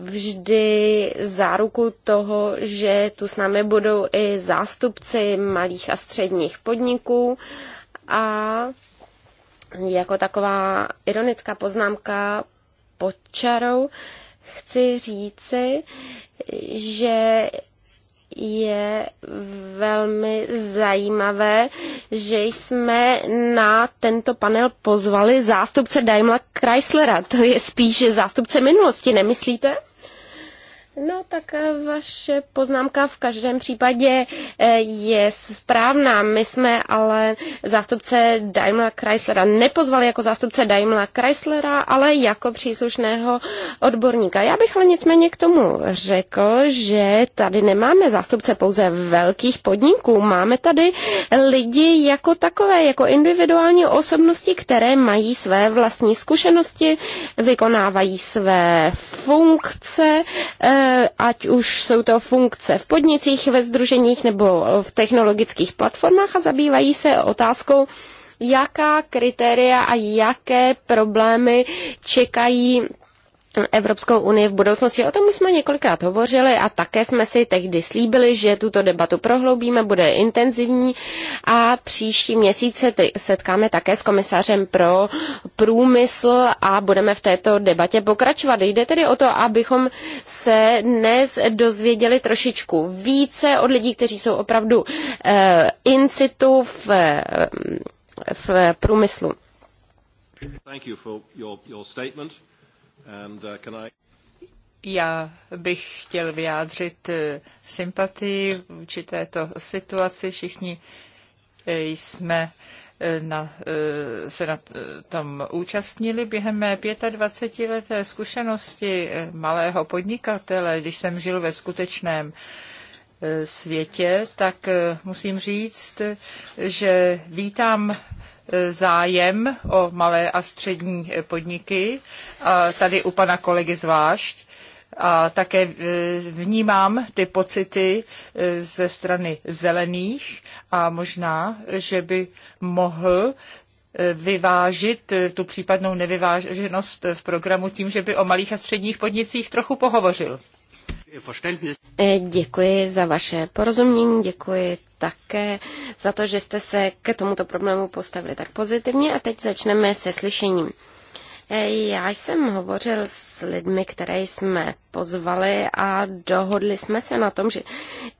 vždy záruku toho, že tu s námi budou i zástupci malých a středních podniků a jako taková ironická poznámka pod čarou chci říci, že je velmi zajímavé, že jsme na tento panel pozvali zástupce Daimler Chryslera. To je spíš zástupce minulosti, nemyslíte? No tak eh, vaše poznámka v každém případě eh, je správná. My jsme ale zástupce Daimler Chryslera nepozvali jako zástupce Daimler Chryslera, ale jako příslušného odborníka. Já bych ale nicméně k tomu řekl, že tady nemáme zástupce pouze velkých podniků, máme tady lidi jako takové, jako individuální osobnosti, které mají své vlastní zkušenosti, vykonávají své funkce, eh, Eh, ať už jsou to funkce v podnicích, ve združeních nebo v technologických platformách a zabývají se otázkou, jaká kritéria a jaké problémy čekají Evropskou unii v budoucnosti. O tom už jsme několikrát hovořili a také jsme si tehdy slíbili, že tuto debatu prohloubíme, bude intenzivní a příští měsíc setkáme také s komisařem pro průmysl a budeme v této debatě pokračovat. Jde tedy o to, abychom se dnes dozvěděli trošičku více od lidí, kteří jsou opravdu eh, in situ v, eh, v průmyslu. Thank you for your, your statement. Uh, Já bych chtěl vyjádřit eh, sympatii vůči této situaci. Všichni eh, jsme eh, na, se na tom účastnili během mé 25 leté zkušenosti malého podnikatele, když jsem žil ve skutečném světě, tak musím říct, že vítám zájem o malé a střední podniky, a tady u pana kolegy zvlášť. A také e, vnímám ty pocity e, ze strany zelených a možná, že by mohl e, vyvážit tu případnou nevyváženost v programu tím, že by o malých a středních podnicích trochu pohovořil. E, děkuji za vaše porozumění, děkuji také za to, že jste se k tomuto problému postavili tak pozitivně a teď začneme se slyšením. E, já jsem hovořil s lidmi, které jsme pozvali a dohodli jsme se na tom, že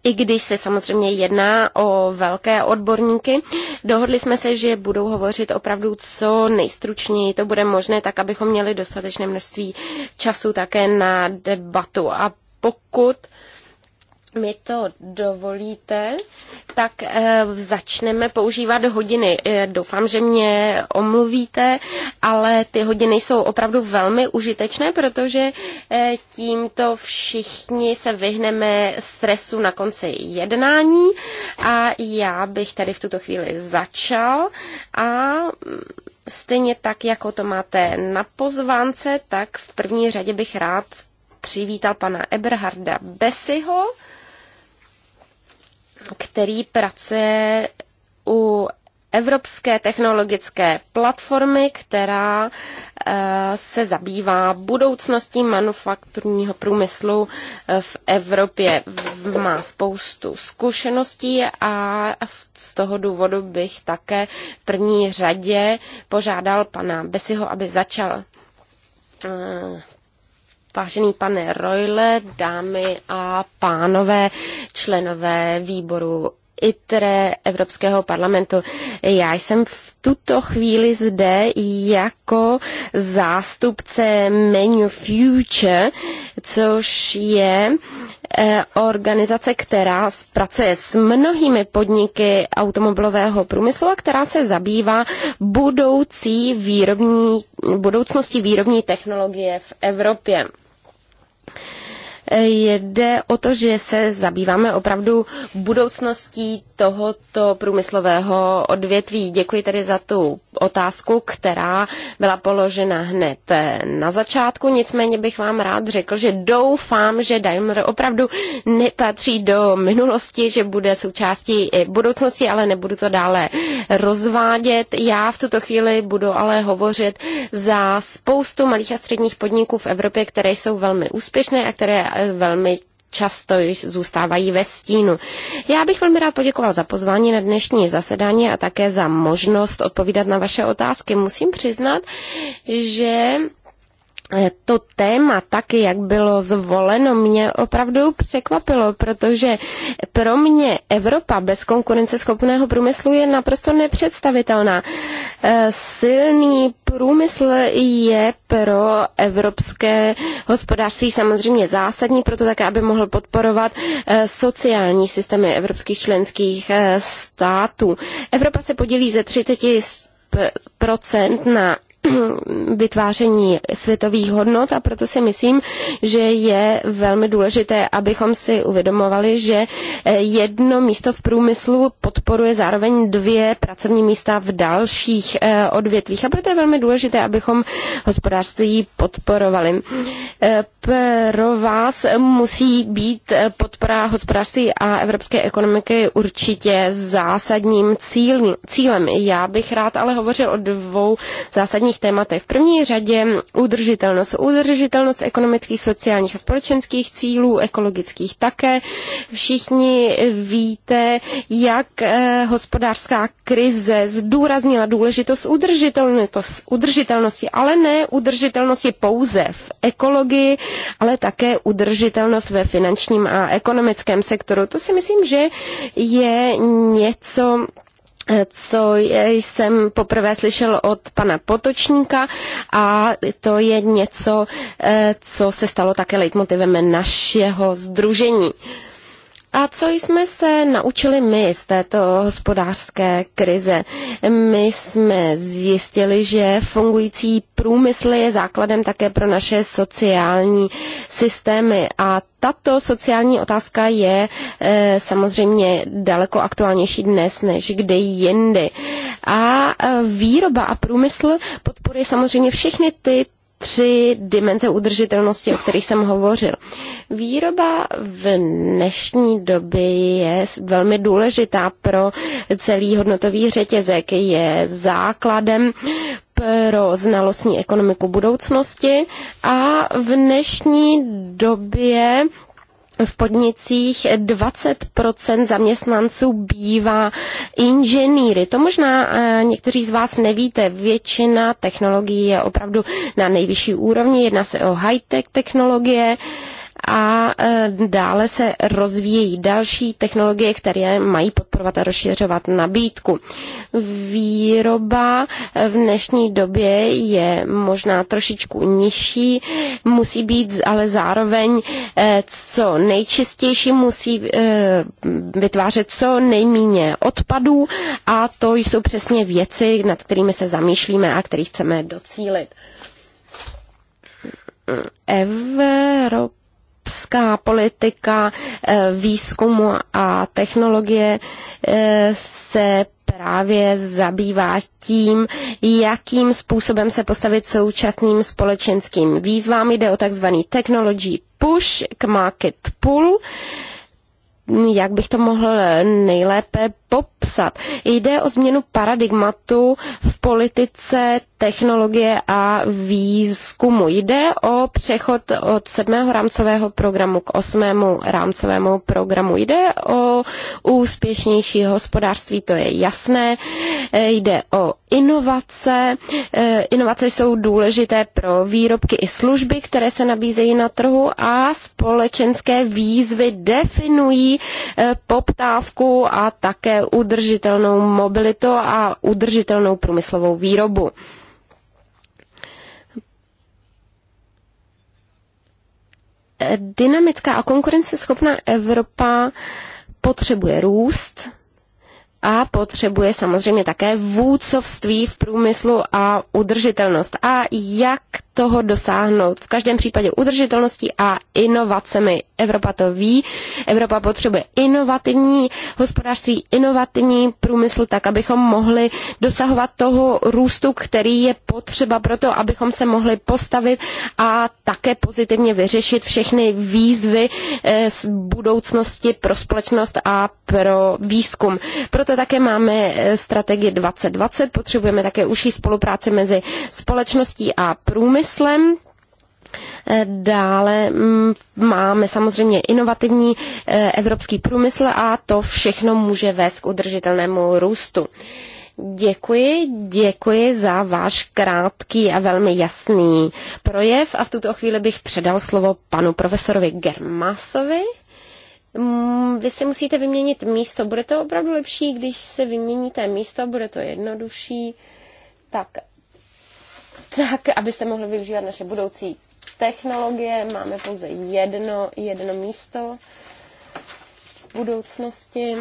i když se samozřejmě jedná o velké odborníky, dohodli jsme se, že budou hovořit opravdu co nejstručněji to bude možné, tak abychom měli dostatečné množství času také na debatu. A pokud mi to dovolíte, tak eh, začneme používat hodiny. Eh, doufám, že mě omluvíte, ale ty hodiny jsou opravdu velmi užitečné, protože eh, tímto všichni se vyhneme stresu na konci jednání a já bych tady v tuto chvíli začal a mm, stejně tak, jako to máte na pozvánce, tak v první řadě bych rád přivítal pana Eberharda Besiho, který pracuje u Evropské technologické platformy, která eh, se zabývá budoucností manufakturního průmyslu eh, v Evropě. Má spoustu zkušeností a z toho důvodu bych také v první řadě požádal pana Besiho, aby začal eh, Vážený pane Royle, dámy a pánové, členové výboru ITRE Evropského parlamentu. Já jsem v tuto chvíli zde jako zástupce Menu Future, což je eh, organizace, která pracuje s mnohými podniky automobilového průmyslu a která se zabývá budoucí výrobní, budoucností výrobní technologie v Evropě. Uh, Jde o to, že se zabýváme opravdu budoucností tohoto průmyslového odvětví. Děkuji tedy za tu otázku, která byla položena hned na začátku. Nicméně bych vám rád řekl, že doufám, že Daimler opravdu nepatří do minulosti, že bude součástí budoucnosti, ale nebudu to dále rozvádět. Já v tuto chvíli budu ale hovořit za spoustu malých a středních podniků v Evropě, které jsou velmi úspěšné a které velmi často již zůstávají ve stínu. Já bych velmi rád poděkoval za pozvání na dnešní zasedání a také za možnost odpovídat na vaše otázky. Musím přiznat, že Eh, to téma taky, jak bylo zvoleno, mě opravdu překvapilo, protože pro mě Evropa bez konkurenceschopného průmyslu je naprosto nepředstavitelná. Eh, silný průmysl je pro evropské hospodářství samozřejmě zásadní, proto také, aby mohl podporovat eh, sociální systémy evropských členských států. Evropa se podělí ze 30 procent na vytváření světových hodnot a proto si myslím, že je velmi důležité, abychom si uvědomovali, že eh, jedno místo v průmyslu podporuje zároveň dvě pracovní místa v dalších eh, odvětvích a proto je velmi důležité, abychom hospodářství podporovali. Eh, pro vás musí být podpora hospodářství a evropské ekonomiky určitě zásadním cílem. Já bych rád ale hovořil o dvou zásadních tématy. V první řadě udržitelnost. Udržitelnost ekonomických, sociálních a společenských cílů, ekologických také. Všichni víte, jak eh, hospodářská krize zdůraznila důležitost udržitelnosti, ale ne udržitelnosti pouze v ekologii, ale také udržitelnost ve finančním a ekonomickém sektoru. To si myslím, že je něco, co jsem poprvé slyšel od pana Potočníka a to je něco, eh, co se stalo také leitmotivem našeho združení. A co jsme se naučili my z této hospodářské krize? My jsme zjistili, že fungující průmysl je základem také pro naše sociální systémy a tato sociální otázka je e, samozřejmě daleko aktuálnější dnes než kdy jindy. A e, výroba a průmysl podporuje samozřejmě všechny ty tři dimenze udržitelnosti, o kterých jsem hovořil. Výroba v dnešní době je velmi důležitá pro celý hodnotový řetězek, je základem pro znalostní ekonomiku budoucnosti a v dnešní době v podnicích 20% zaměstnanců bývá inženýry. To možná eh, někteří z vás nevíte. Většina technologií je opravdu na nejvyšší úrovni. Jedná se o high-tech technologie a e, dále se rozvíjejí další technologie, které mají podporovat a rozšiřovat nabídku. Výroba e, v dnešní době je možná trošičku nižší, musí být ale zároveň e, co nejčistější, musí vytvářet co nejméně odpadů a to jsou přesně věci, nad kterými se zamýšlíme a kterých chceme docílit. Evropa evropská politika eh, výzkumu a technologie eh, se právě zabývá tím, jakým způsobem se postavit současným společenským výzvám. Jde o takzvaný technology push k market pull, jak bych to mohl nejlépe popsat. Jde o změnu paradigmatu politice, technologie a výzkumu. Jde o přechod od sedmého rámcového programu k osmému rámcovému programu. Jde o úspěšnější hospodářství, to je jasné. E, jde o inovace. E, inovace jsou důležité pro výrobky i služby, které se nabízejí na trhu a společenské výzvy definují e, poptávku a také udržitelnou mobilitu a udržitelnou průmysl průmyslovou výrobu. Dynamická a konkurenceschopná Evropa potřebuje růst, a potřebuje samozřejmě také vůdcovství v průmyslu a udržitelnost. A jak toho dosáhnout? V každém případě udržitelností a inovacemi. Evropa to ví. Evropa potřebuje inovativní hospodářství, inovativní průmysl, tak abychom mohli dosahovat toho růstu, který je potřeba pro to, abychom se mohli postavit a také pozitivně vyřešit všechny výzvy z eh, budoucnosti pro společnost a pro výzkum. Proto proto také máme eh, strategii 2020, potřebujeme také užší spolupráci mezi společností a průmyslem, eh, Dále mm, máme samozřejmě inovativní eh, evropský průmysl a to všechno může vést k udržitelnému růstu. Děkuji, děkuji za váš krátký a velmi jasný projev a v tuto chvíli bych předal slovo panu profesorovi Germasovi. Mm, vy si musíte vyměnit místo. Bude to opravdu lepší, když se vyměníte místo, bude to jednodušší, tak, tak abyste mohli využívat naše budoucí technologie. Máme pouze jedno, jedno místo v budoucnosti.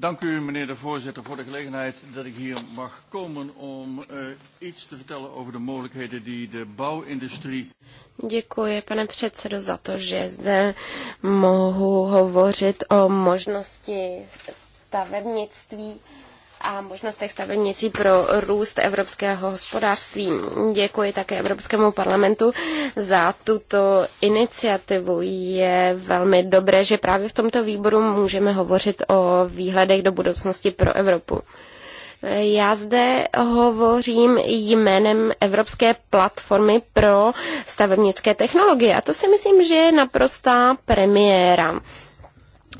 Dank u, meneer de voorzitter, voor de gelegenheid dat ik hier mag komen om uh, iets te vertellen over de mogelijkheden die de bouwindustrie. Děkuji, pane předsedo, za to, že zde mohu hovořit o možnosti stavebnictví a možnostech stavebnicí pro růst evropského hospodářství. Děkuji také Evropskému parlamentu za tuto iniciativu. Je velmi dobré, že právě v tomto výboru můžeme hovořit o výhledech do budoucnosti pro Evropu. Já zde hovořím jménem Evropské platformy pro stavebnické technologie a to si myslím, že je naprostá premiéra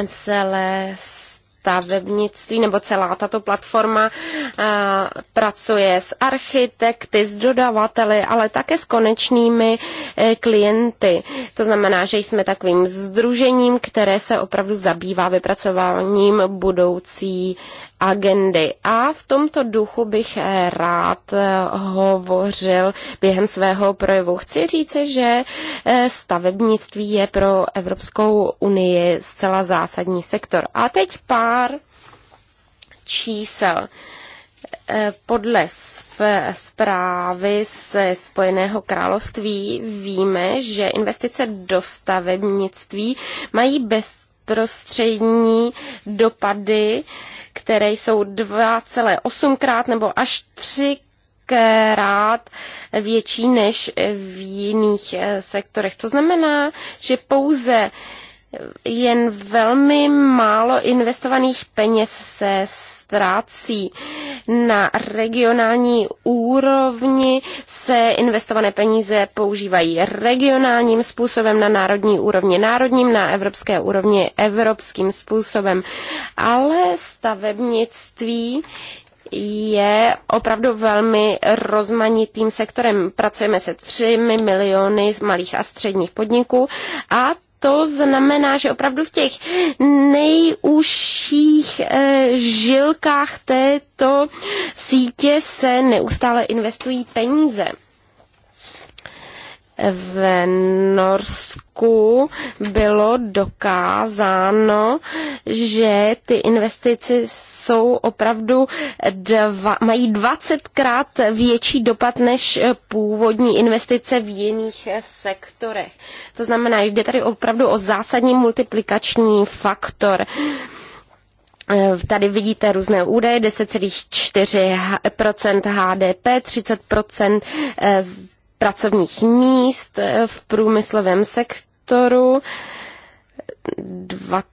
celé stavebnictví nebo celá tato platforma eh, pracuje s architekty, s dodavateli, ale také s konečnými eh, klienty. To znamená, že jsme takovým združením, které se opravdu zabývá vypracováním budoucí agendy. A v tomto duchu bych eh, rád eh, hovořil během svého projevu. Chci říci, že eh, stavebnictví je pro Evropskou unii zcela zásadní sektor. A teď pár čísel. Podle zprávy ze Spojeného království víme, že investice do stavebnictví mají bez bezprostřední dopady, které jsou 2,8 krát nebo až 3 krát větší než v jiných eh, sektorech. To znamená, že pouze jen velmi málo investovaných peněz se ztrácí. Na regionální úrovni se investované peníze používají regionálním způsobem, na národní úrovni národním, na evropské úrovni evropským způsobem. Ale stavebnictví je opravdu velmi rozmanitým sektorem. Pracujeme se třemi miliony malých a středních podniků a to znamená, že opravdu v těch nejúžších eh, žilkách této sítě se neustále investují peníze. V Norsku roku bylo dokázáno, že ty investice jsou opravdu dva, mají 20krát větší dopad než původní investice v jiných sektorech. To znamená, že jde tady opravdu o zásadní multiplikační faktor. Tady vidíte různé údaje, 10,4 HDP, 30 pracovních míst eh, v průmyslovém sektoru prostoru 20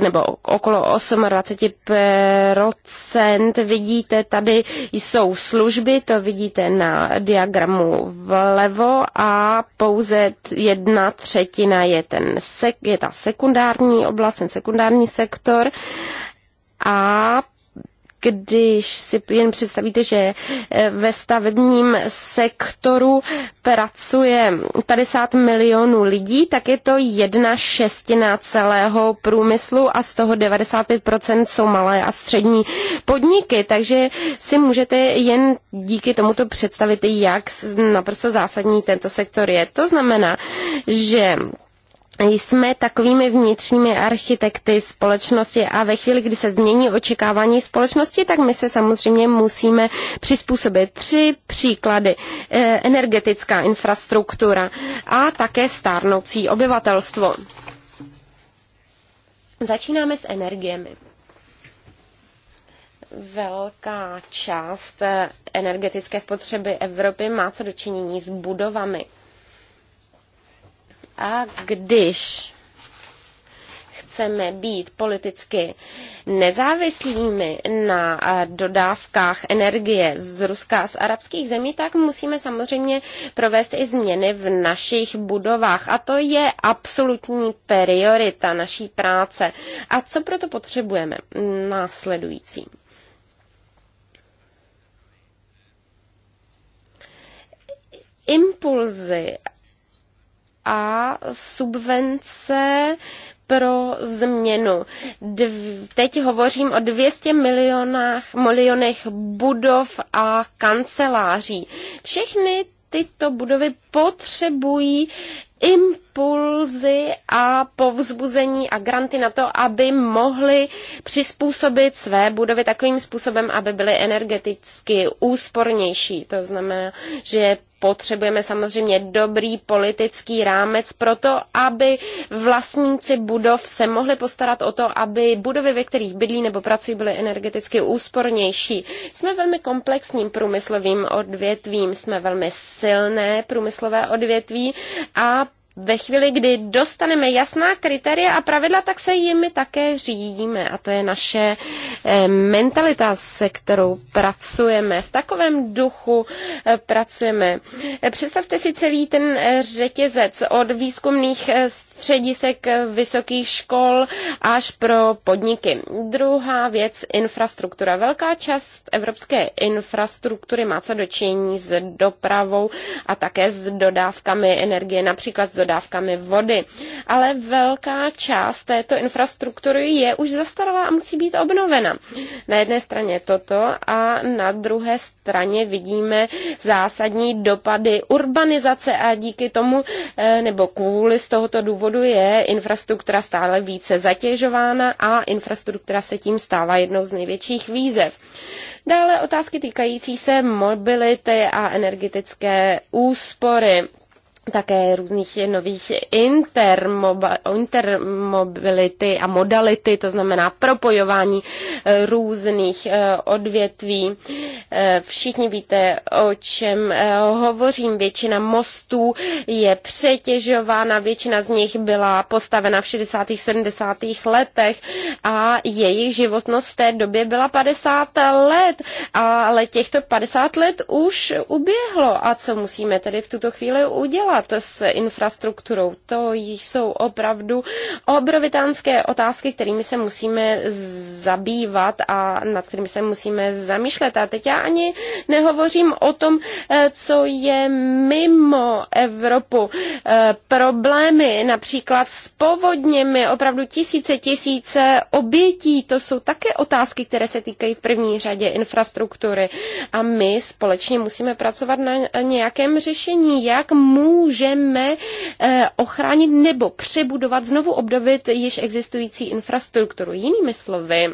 nebo okolo 28 Vidíte, tady jsou služby, to vidíte na diagramu vlevo a pouze jedna třetina je, ten sek, je ta sekundární oblast, ten sekundární sektor a když si jen představíte, že eh, ve stavebním sektoru pracuje 50 milionů lidí, tak je to jedna šestina celého průmyslu a z toho 95% jsou malé a střední podniky, takže si můžete jen díky tomuto představit, jak naprosto zásadní tento sektor je. To znamená, že jsme takovými vnitřními architekty společnosti a ve chvíli, kdy se změní očekávání společnosti, tak my se samozřejmě musíme přizpůsobit. Tři příklady. Eh, energetická infrastruktura a také stárnoucí obyvatelstvo. Začínáme s energiemi velká část eh, energetické spotřeby Evropy má co dočinění s budovami. A když chceme být politicky nezávislými na dodávkách energie z Ruska a z arabských zemí, tak musíme samozřejmě provést i změny v našich budovách. A to je absolutní priorita naší práce. A co proto potřebujeme? Následující. Impulzy a subvence pro změnu. Dv- teď hovořím o 200 milionách, milionech budov a kanceláří. Všechny tyto budovy potřebují impulzy a povzbuzení a granty na to, aby mohly přizpůsobit své budovy takovým způsobem, aby byly energeticky úspornější. To znamená, že potřebujeme samozřejmě dobrý politický rámec pro to, aby vlastníci budov se mohli postarat o to, aby budovy, ve kterých bydlí nebo pracují, byly energeticky úspornější. Jsme velmi komplexním průmyslovým odvětvím, jsme velmi silné průmyslové odvětví a ve chvíli, kdy dostaneme jasná kritéria a pravidla, tak se jimi také řídíme. A to je naše eh, mentalita, se kterou pracujeme. V takovém duchu eh, pracujeme. Eh, představte si celý ten řetězec od výzkumných středisek vysokých škol až pro podniky. Druhá věc, infrastruktura. Velká část evropské infrastruktury má co dočinění s dopravou a také s dodávkami energie, například s dodávkami vody. Ale velká část této infrastruktury je už zastaralá a musí být obnovena. Na jedné straně toto a na druhé straně vidíme zásadní dopady urbanizace a díky tomu eh, nebo kvůli z tohoto důvodu je infrastruktura stále více zatěžována a infrastruktura se tím stává jednou z největších výzev. Dále otázky týkající se mobility a energetické úspory také různých nových intermobility a modality, to znamená propojování eh, různých eh, odvětví. Eh, všichni víte, o čem hovořím. Většina mostů je přetěžována, většina z nich byla postavena v 60. 70. letech a jejich životnost v té době byla 50 let, ale těchto 50 let už uběhlo. A co musíme tedy v tuto chvíli udělat? dělat s infrastrukturou. To jsou opravdu obrovitánské otázky, kterými se musíme zabývat a nad kterými se musíme zamýšlet. A teď já ani nehovořím o tom, eh, co je mimo Evropu. Eh, problémy například s povodněmi, opravdu tisíce, tisíce obětí, to jsou také otázky, které se týkají v první řadě infrastruktury. A my společně musíme pracovat na nějakém řešení, jak můžeme můžeme eh, ochránit nebo přebudovat, znovu obdobit již existující infrastrukturu. Jinými slovy,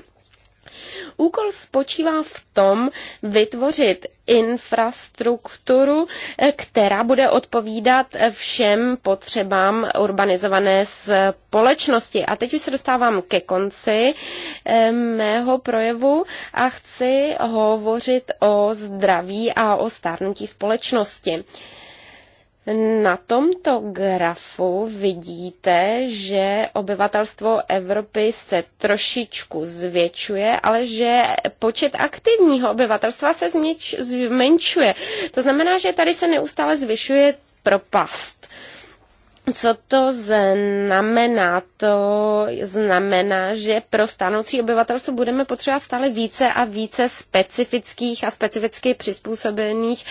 Úkol spočívá v tom vytvořit infrastrukturu, eh, která bude odpovídat všem potřebám urbanizované společnosti. A teď už se dostávám ke konci eh, mého projevu a chci hovořit o zdraví a o stárnutí společnosti. Na tomto grafu vidíte, že obyvatelstvo Evropy se trošičku zvětšuje, ale že počet aktivního obyvatelstva se zmenšuje. To znamená, že tady se neustále zvyšuje propast co to znamená? To znamená, že pro stanoucí obyvatelstvo budeme potřebovat stále více a více specifických a specificky přizpůsobených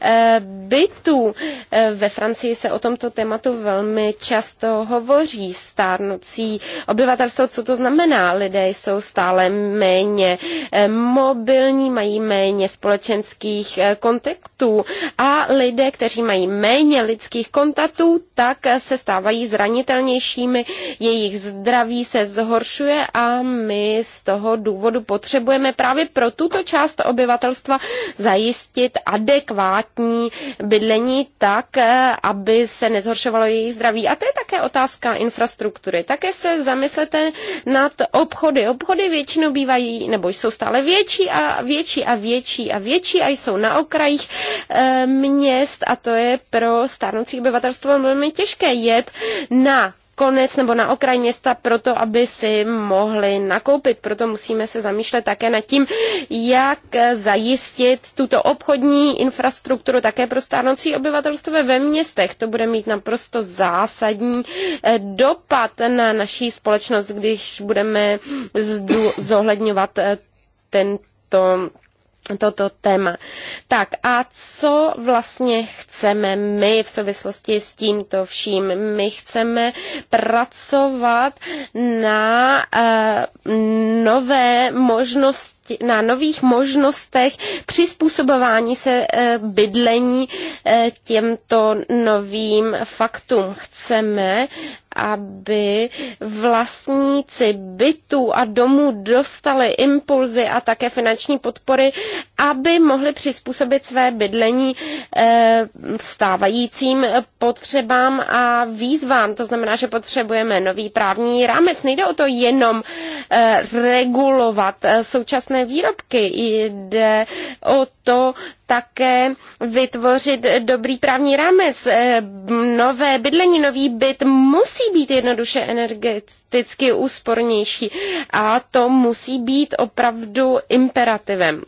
eh, bytů. Eh, ve Francii se o tomto tématu velmi často hovoří. Stárnoucí obyvatelstvo, co to znamená? Lidé jsou stále méně eh, mobilní, mají méně společenských kontaktů a lidé, kteří mají méně lidských kontaktů, tak se stávají zranitelnějšími, jejich zdraví se zhoršuje a my z toho důvodu potřebujeme právě pro tuto část obyvatelstva zajistit adekvátní bydlení tak, eh, aby se nezhoršovalo jejich zdraví. A to je také otázka infrastruktury. Také se zamyslete nad obchody. Obchody většinou bývají nebo jsou stále větší a větší a větší a větší a jsou na okrajích eh, měst a to je pro stárnoucí obyvatelstvo velmi těžké také jet na konec nebo na okraj města proto, aby si mohli nakoupit. Proto musíme se zamýšlet také nad tím, jak zajistit tuto obchodní infrastrukturu také pro stárnoucí obyvatelstvo ve městech. To bude mít naprosto zásadní eh, dopad na naší společnost, když budeme zohledňovat eh, tento toto téma. Tak a co vlastně chceme my v souvislosti s tímto vším? My chceme pracovat na uh, nové možnosti na nových možnostech přizpůsobování se eh, bydlení eh, těmto novým faktům. Chceme, aby vlastníci bytů a domů dostali impulzy a také finanční podpory, aby mohli přizpůsobit své bydlení eh, stávajícím potřebám a výzvám. To znamená, že potřebujeme nový právní rámec. Nejde o to jenom regulovat současné konečné výrobky. Jde o to také vytvořit dobrý právní rámec. Eh, nové bydlení, nový byt musí být jednoduše energeticky úspornější a to musí být opravdu imperativem.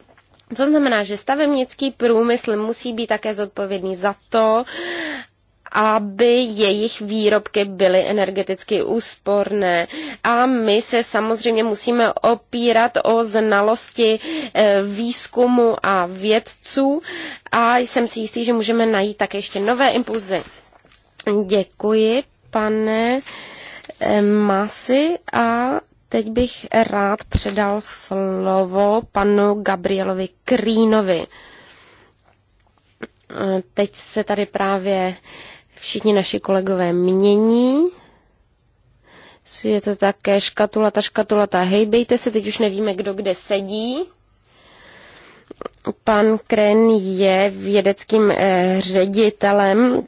To znamená, že stavebnický průmysl musí být také zodpovědný za to, aby jejich výrobky byly energeticky úsporné. A my se samozřejmě musíme opírat o znalosti eh, výzkumu a vědců a jsem si jistý, že můžeme najít také ještě nové impulzy. Děkuji, pane eh, Masy a teď bych rád předal slovo panu Gabrielovi Krínovi. Eh, teď se tady právě všichni naši kolegové mění. Je to také škatulata, škatulata, hejbejte se, teď už nevíme, kdo kde sedí. Pan Kren je vědeckým eh, ředitelem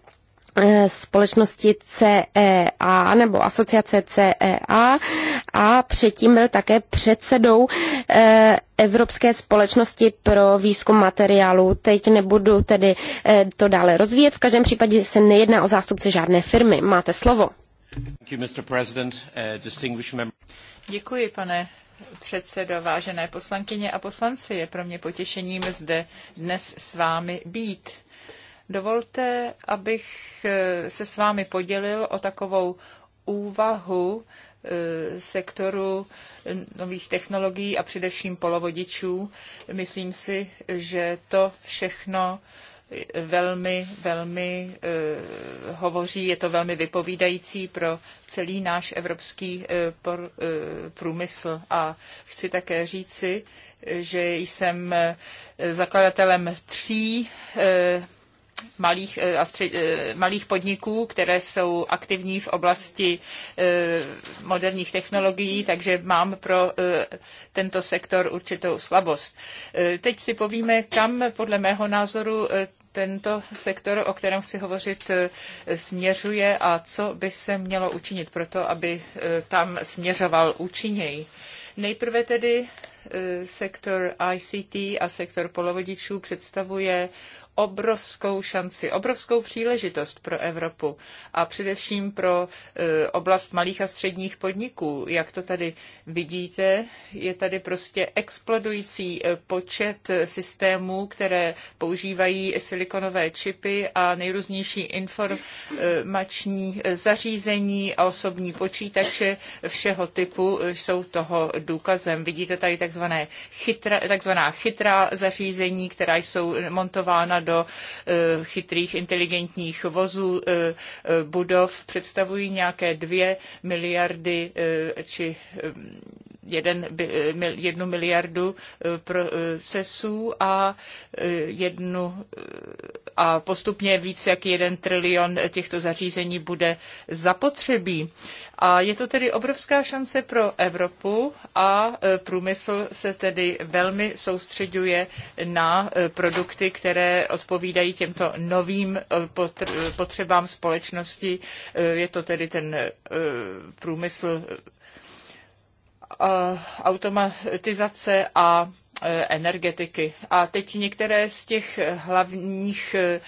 Eh, společnosti CEA nebo asociace CEA a předtím byl také předsedou eh, Evropské společnosti pro výzkum materiálu. Teď nebudu tedy eh, to dále rozvíjet. V každém případě se nejedná o zástupce žádné firmy. Máte slovo. Děkuji, pane předsedo, vážené poslankyně a poslanci. Je pro mě potěšením zde dnes s vámi být. Dovolte, abych eh, se s vámi podělil o takovou úvahu eh, sektoru eh, nových technologií a především polovodičů. Myslím si, že to všechno velmi, velmi hovoří, je to velmi vypovídající pro celý náš evropský průmysl. A chci také říci, že jsem zakladatelem tří malých, eh, a stři, eh, malých podniků, které jsou aktivní v oblasti eh, moderních technologií, takže mám pro tento sektor určitou slabost. Teď si povíme, kam podle mého názoru tento sektor, o kterém chci hovořit, směřuje a co by se mělo učinit pro to, aby tam směřoval účinněji. Nejprve tedy sektor ICT a sektor polovodičů představuje obrovskou šanci, obrovskou příležitost pro Evropu a především pro e, oblast malých a středních podniků. Jak to tady vidíte, je tady prostě explodující e, počet systémů, které používají silikonové čipy a nejrůznější informační e, zařízení a osobní počítače všeho typu jsou toho důkazem. Vidíte tady takzvané chytra, takzvaná chytrá zařízení, která jsou montována do eh, chytrých inteligentních vozů eh, eh, budov představují nějaké dvě miliardy či jeden, jednu miliardu eh, procesů a, eh, jednu, eh, a postupně víc jak jeden trilion těchto zařízení bude zapotřebí. A je to tedy obrovská šance pro Evropu a průmysl se tedy velmi soustředuje na produkty, které odpovídají těmto novým potřebám společnosti. Je to tedy ten průmysl Eh, automatizace a eh, energetiky. A teď některé z těch hlavních eh,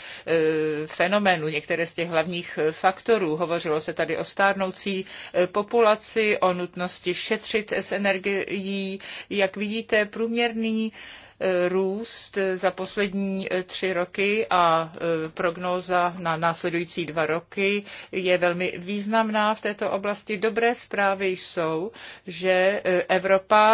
fenoménů, některé z těch hlavních faktorů. Hovořilo se tady o stárnoucí populaci, o nutnosti šetřit s energií. Jak vidíte, průměrný růst za poslední eh, tři roky a eh, prognóza na následující dva roky je velmi významná v této oblasti. Dobré zprávy jsou, že eh, Evropa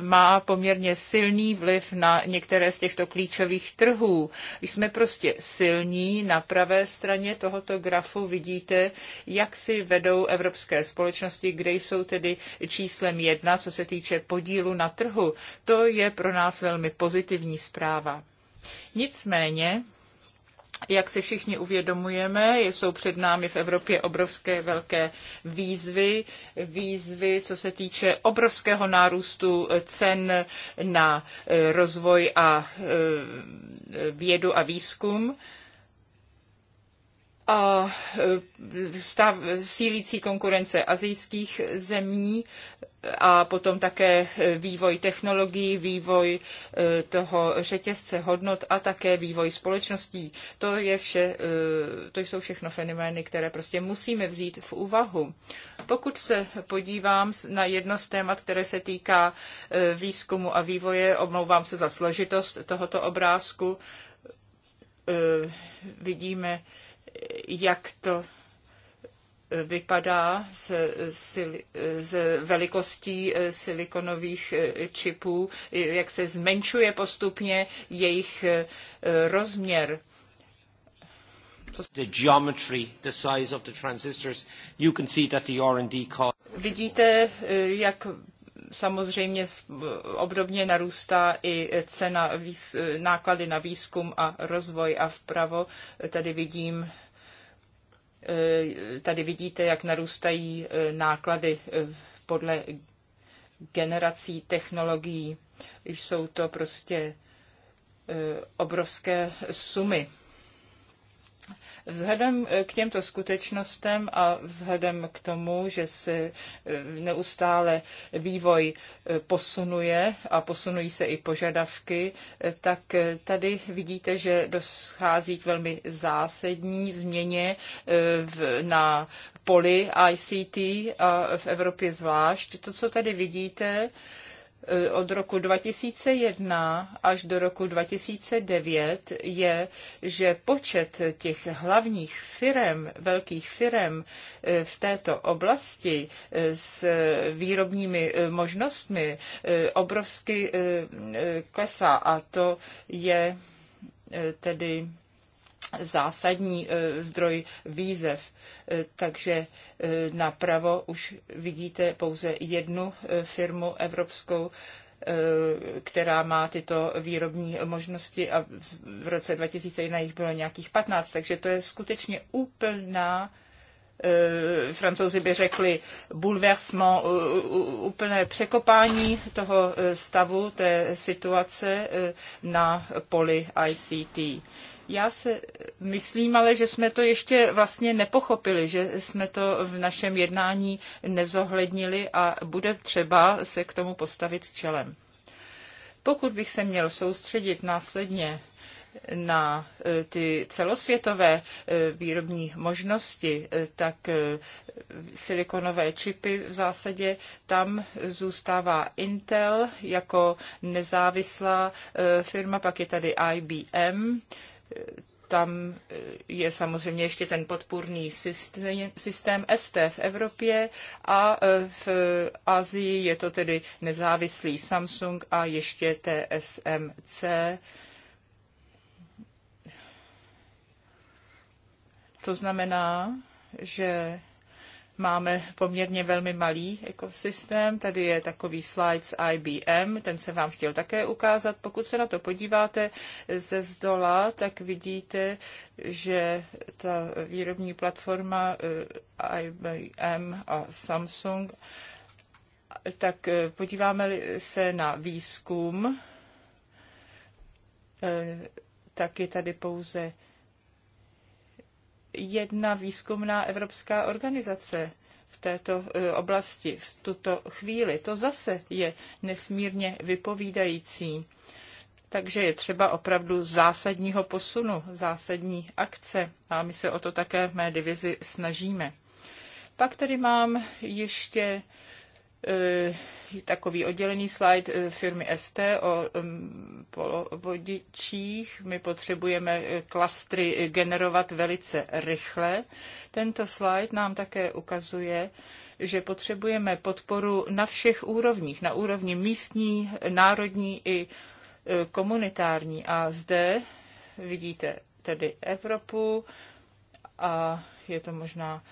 má poměrně silný vliv na některé z těchto klíčových trhů. Jsme prostě silní. Na pravé straně tohoto grafu vidíte, jak si vedou evropské společnosti, kde jsou tedy číslem jedna, co se týče podílu na trhu. To je pro nás velmi pozitivní zpráva. Nicméně, jak se všichni uvědomujeme, jsou před námi v Evropě obrovské velké výzvy. Výzvy, co se týče obrovského nárůstu cen na e, rozvoj a e, vědu a výzkum a e, stav sílící konkurence azijských zemí a potom také e, vývoj technologií, vývoj e, toho řetězce hodnot a také vývoj společností. To, je vše, e, to jsou všechno fenomény, které prostě musíme vzít v úvahu. Pokud se podívám na jedno z témat, které se týká výzkumu a vývoje, omlouvám se za složitost tohoto obrázku, vidíme, jak to vypadá z, z, z velikostí eh, silikonových eh, čipů, jak se zmenšuje postupně jejich eh, rozměr. The geometry, the size of the transistors, you can see that the R&D cost. Vidíte, jak samozřejmě obdobně narůstá i cena, náklady na výzkum a rozvoj a vpravo tady vidím Eh, tady vidíte, jak narůstají eh, náklady eh, podle generací technologií. Jsou to prostě obrovské sumy. Vzhledem eh, k těmto skutečnostem a vzhledem k tomu, že se eh, neustále vývoj eh, posunuje a posunují se i požadavky, tak tady vidíte, že dochází k velmi zásadní změně na poli ICT a v Evropě zvlášť. To, co tady vidíte, Eh, od roku 2001 až do roku 2009 je, že počet těch hlavních firem, velkých firem eh, v této oblasti eh, s výrobními možnostmi obrovsky klesá a to je tedy zásadní e, zdroj výzev. E, takže e, napravo už vidíte pouze jednu firmu evropskou, která má tyto výrobní možnosti a v roce 2001 jich bylo nějakých 15, takže to je skutečně úplná francouzi by řekli bouleversement, úplné překopání toho stavu, té situace na poli ICT. Já se myslím ale, že jsme to ještě vlastně nepochopili, že jsme to v našem jednání nezohlednili a bude třeba se k tomu postavit čelem. Pokud bych se měl soustředit následně na e, ty celosvětové e, výrobní možnosti, e, tak silikonové čipy v zásadě tam zůstává Intel jako nezávislá firma, pak je tady IBM, tam eh, je samozřejmě ještě ten podpůrný systém, systém ST v Evropě a eh, v Asii je to tedy nezávislý Samsung a ještě TSMC. To znamená, že máme poměrně velmi malý ekosystém. Tady je takový slide z IBM, ten jsem vám chtěl také ukázat. Pokud se na to podíváte ze zdola, tak vidíte, že ta výrobní platforma eh, IBM a Samsung, tak eh, podíváme se na výzkum, eh, tak je tady pouze jedna výzkumná evropská organizace v této e, oblasti v tuto chvíli. To zase je nesmírně vypovídající. Takže je třeba opravdu zásadního posunu, zásadní akce a my se o to také v mé divizi snažíme. Pak tady mám ještě Eh, takový oddělený slide eh, firmy ST o polovodičích. My potřebujeme eh, klastry generovat velice rychle. Tento slide nám také ukazuje, že potřebujeme podporu na všech úrovních, na úrovni místní, národní i komunitární. A zde vidíte tedy Evropu a je to možná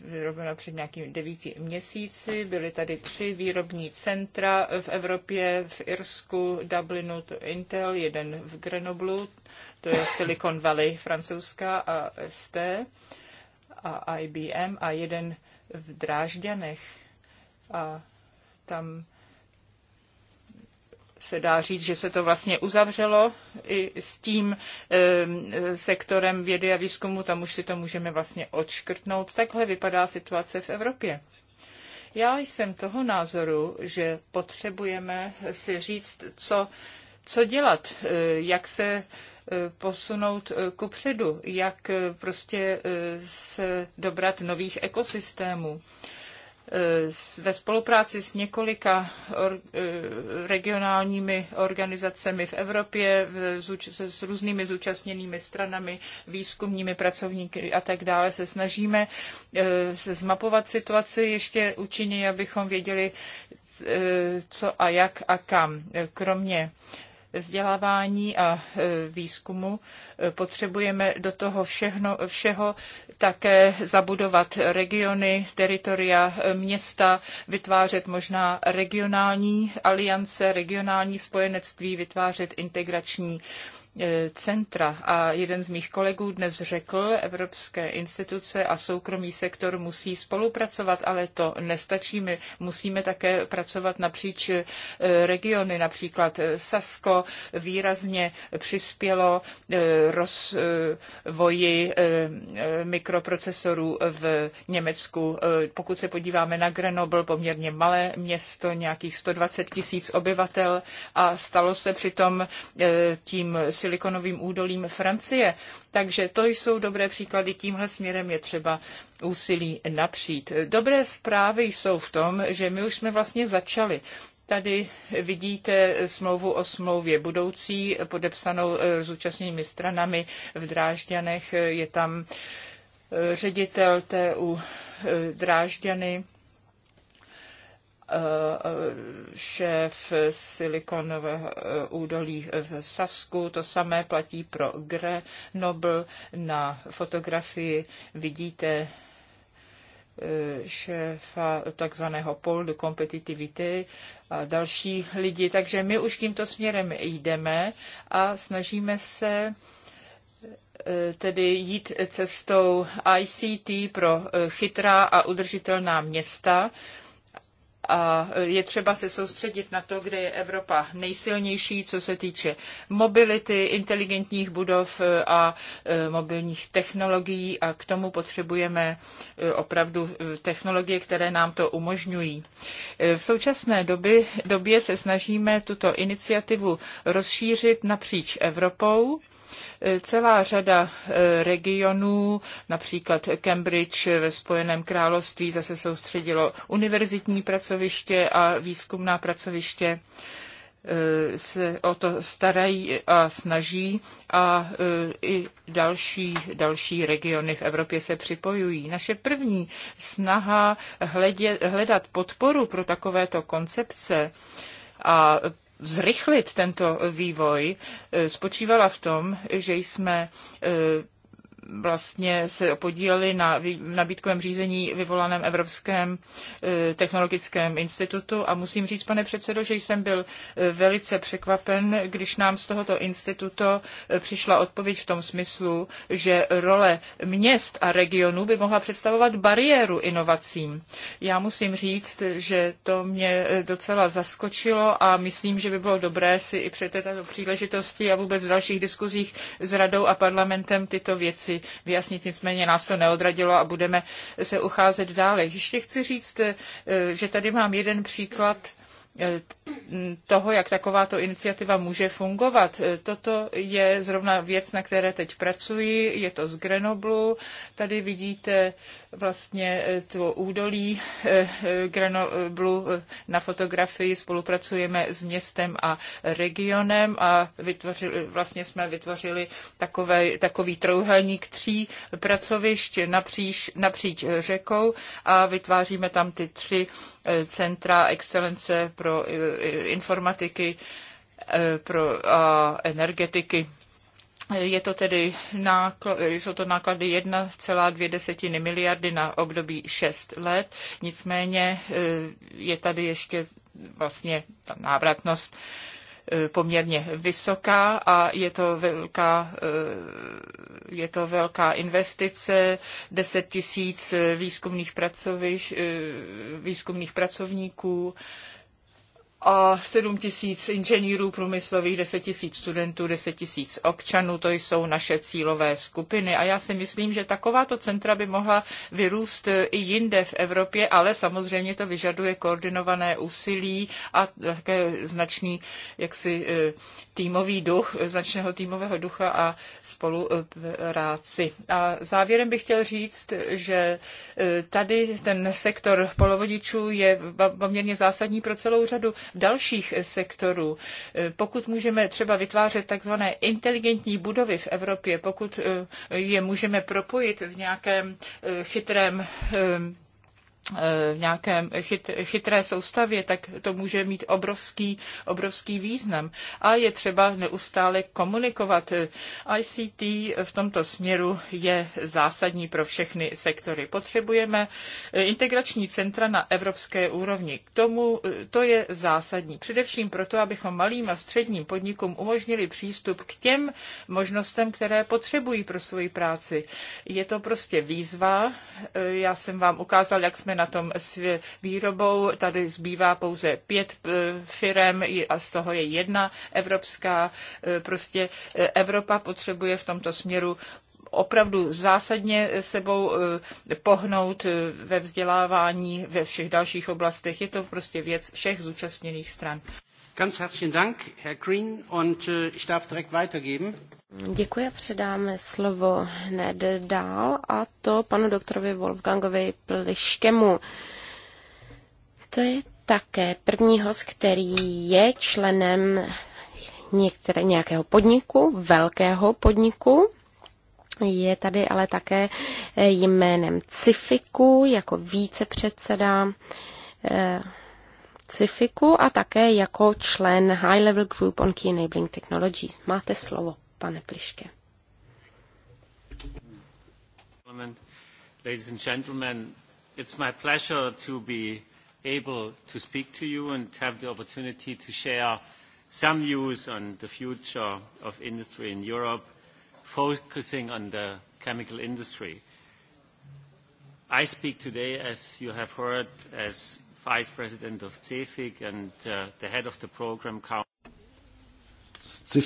Vyrobeno před nějakými devíti měsíci. Byly tady tři výrobní centra v Evropě, v Irsku, Dublinu, to Intel, jeden v Grenoblu, to je Silicon Valley francouzská a ST a IBM a jeden v Drážďanech. A tam se dá říct, že se to vlastně uzavřelo i s tím sektorem vědy a výzkumu, tam už si to můžeme vlastně odškrtnout. Takhle vypadá situace v Evropě. Já jsem toho názoru, že potřebujeme si říct, co, co dělat, e, jak se e, posunout e, ku předu, jak prostě se dobrat nových ekosystémů ve spolupráci s několika or, eh, regionálními organizacemi v Evropě, s různými zúčastněnými stranami, výzkumními pracovníky a tak dále se snažíme eh, se zmapovat situaci ještě účinněji, abychom věděli, eh, co a jak a kam. Kromě vzdělávání a e, výzkumu e, potřebujeme do toho všechno, všeho také zabudovat regiony, teritoria, e, města, vytvářet možná regionální aliance, regionální spojenectví, vytvářet integrační E, centra. A jeden z mých kolegů dnes řekl, evropské instituce a soukromý sektor musí spolupracovat, ale to nestačí. My musíme také pracovat napříč e, regiony. Například e, Sasko výrazně přispělo rozvoji mikroprocesorů v Německu. Pokud se podíváme na Grenoble, poměrně malé město, nějakých 120 tisíc obyvatel a stalo se přitom tím silikonovým údolím Francie. Takže to jsou dobré příklady, tímhle směrem je třeba úsilí napřít. Dobré zprávy jsou v tom, že my už jsme vlastně začali tady vidíte smlouvu o smlouvě budoucí, podepsanou zúčastněnými eh, stranami v Drážďanech. Je tam eh, ředitel TU eh, Drážďany, šéf Silikonového eh, údolí v Sasku. To samé platí pro Grenoble. Na fotografii vidíte eh, šéfa takzvaného pol de competitivity a další lidi. Takže my už tímto směrem jdeme a snažíme se eh, tedy jít cestou ICT pro chytrá a udržitelná města, a je třeba se soustředit na to, kde je Evropa nejsilnější, co se týče mobility, inteligentních budov e, a e, mobilních technologií a k tomu potřebujeme e, opravdu technologie, které nám to umožňují. V současné doby, době se snažíme tuto iniciativu rozšířit napříč Evropou Celá řada e, regionů, například Cambridge ve Spojeném království, zase soustředilo univerzitní pracoviště a výzkumná pracoviště e, se o to starají a snaží a e, i další, další regiony v Evropě se připojují. Naše první snaha hledě, hledat podporu pro takovéto koncepce a zrychlit tento vývoj, eh, spočívala v tom, že jsme eh, vlastně se podíleli na nabídkovém řízení vyvolaném Evropském eh, technologickém institutu a musím říct, pane předsedo, že jsem byl eh, velice překvapen, když nám z tohoto institutu eh, přišla odpověď v tom smyslu, že role měst a regionů by mohla představovat bariéru inovacím. Já musím říct, že to mě docela zaskočilo a myslím, že by bylo dobré si i před této příležitosti a vůbec v dalších diskuzích s radou a parlamentem tyto věci věci vyjasnit, nicméně nás to neodradilo a budeme se ucházet dále. Ještě chci říct, eh, že tady mám jeden příklad eh, toho, jak takováto iniciativa může fungovat. Eh, toto je zrovna věc, na které teď pracuji, je to z Grenoblu. Tady vidíte vlastně eh, to údolí eh, eh, Grenoblu na fotografii spolupracujeme s městem a regionem a vytvořili, vlastně jsme vytvořili takové, takový trouhelník tří pracovišť napříč, napříč řekou a vytváříme tam ty tři centra excelence pro informatiky pro a energetiky. Je to tedy náklady, jsou to náklady 1,2 miliardy na období 6 let, nicméně e, je tady ještě vlastně ta návratnost e, poměrně vysoká a je to velká, e, je to velká investice, 10 tisíc výzkumných, výzkumných pracovníků, a 7 tisíc inženýrů průmyslových, 10 tisíc studentů, 10 tisíc občanů, to jsou naše cílové skupiny. A já si myslím, že takováto centra by mohla vyrůst i jinde v Evropě, ale samozřejmě to vyžaduje koordinované úsilí a také značný jaksi e, týmový duch, značného týmového ducha a spolupráci. A závěrem bych chtěl říct, že e, tady ten sektor polovodičů je poměrně zásadní pro celou řadu dalších sektorů, eh, pokud můžeme třeba vytvářet takzvané inteligentní budovy v Evropě, pokud eh, je můžeme propojit v nějakém eh, chytrém Eh, v nějakém chyt, chytré soustavě, tak to může mít obrovský, obrovský význam. A je třeba neustále komunikovat. ICT v tomto směru je zásadní pro všechny sektory. Potřebujeme eh, integrační centra na evropské úrovni. K tomu eh, to je zásadní. Především proto, abychom malým a středním podnikům umožnili přístup k těm možnostem, které potřebují pro svoji práci. Je to prostě výzva. Já jsem vám ukázal, jak jsme jsme na tom s výrobou. Tady zbývá pouze pět eh, firem a z toho je jedna evropská. Eh, prostě eh, Evropa potřebuje v tomto směru opravdu zásadně sebou pohnout ve vzdělávání, ve všech dalších oblastech. Je to prostě věc všech zúčastněných stran. Ganz herzlichen Dank, Herr Green, und äh, ich darf direkt weitergeben. Děkuji a předáme slovo hned dál a to panu doktorovi Wolfgangovi Pliškemu. To je také první host, který je členem některé, nějakého podniku, velkého podniku. Je tady ale také eh, jménem Cifiku jako vícepředseda eh, Pacifiku a také jako člen High Level Group on Key Enabling Technologies. Máte slovo, pane Pliške. Ladies and gentlemen, it's my pleasure to be able to speak to you and have the opportunity to share some views on the future of industry in Europe, focusing on the chemical industry. I speak today, as you have heard, as vice president of CIFIC and uh, the head of the program Z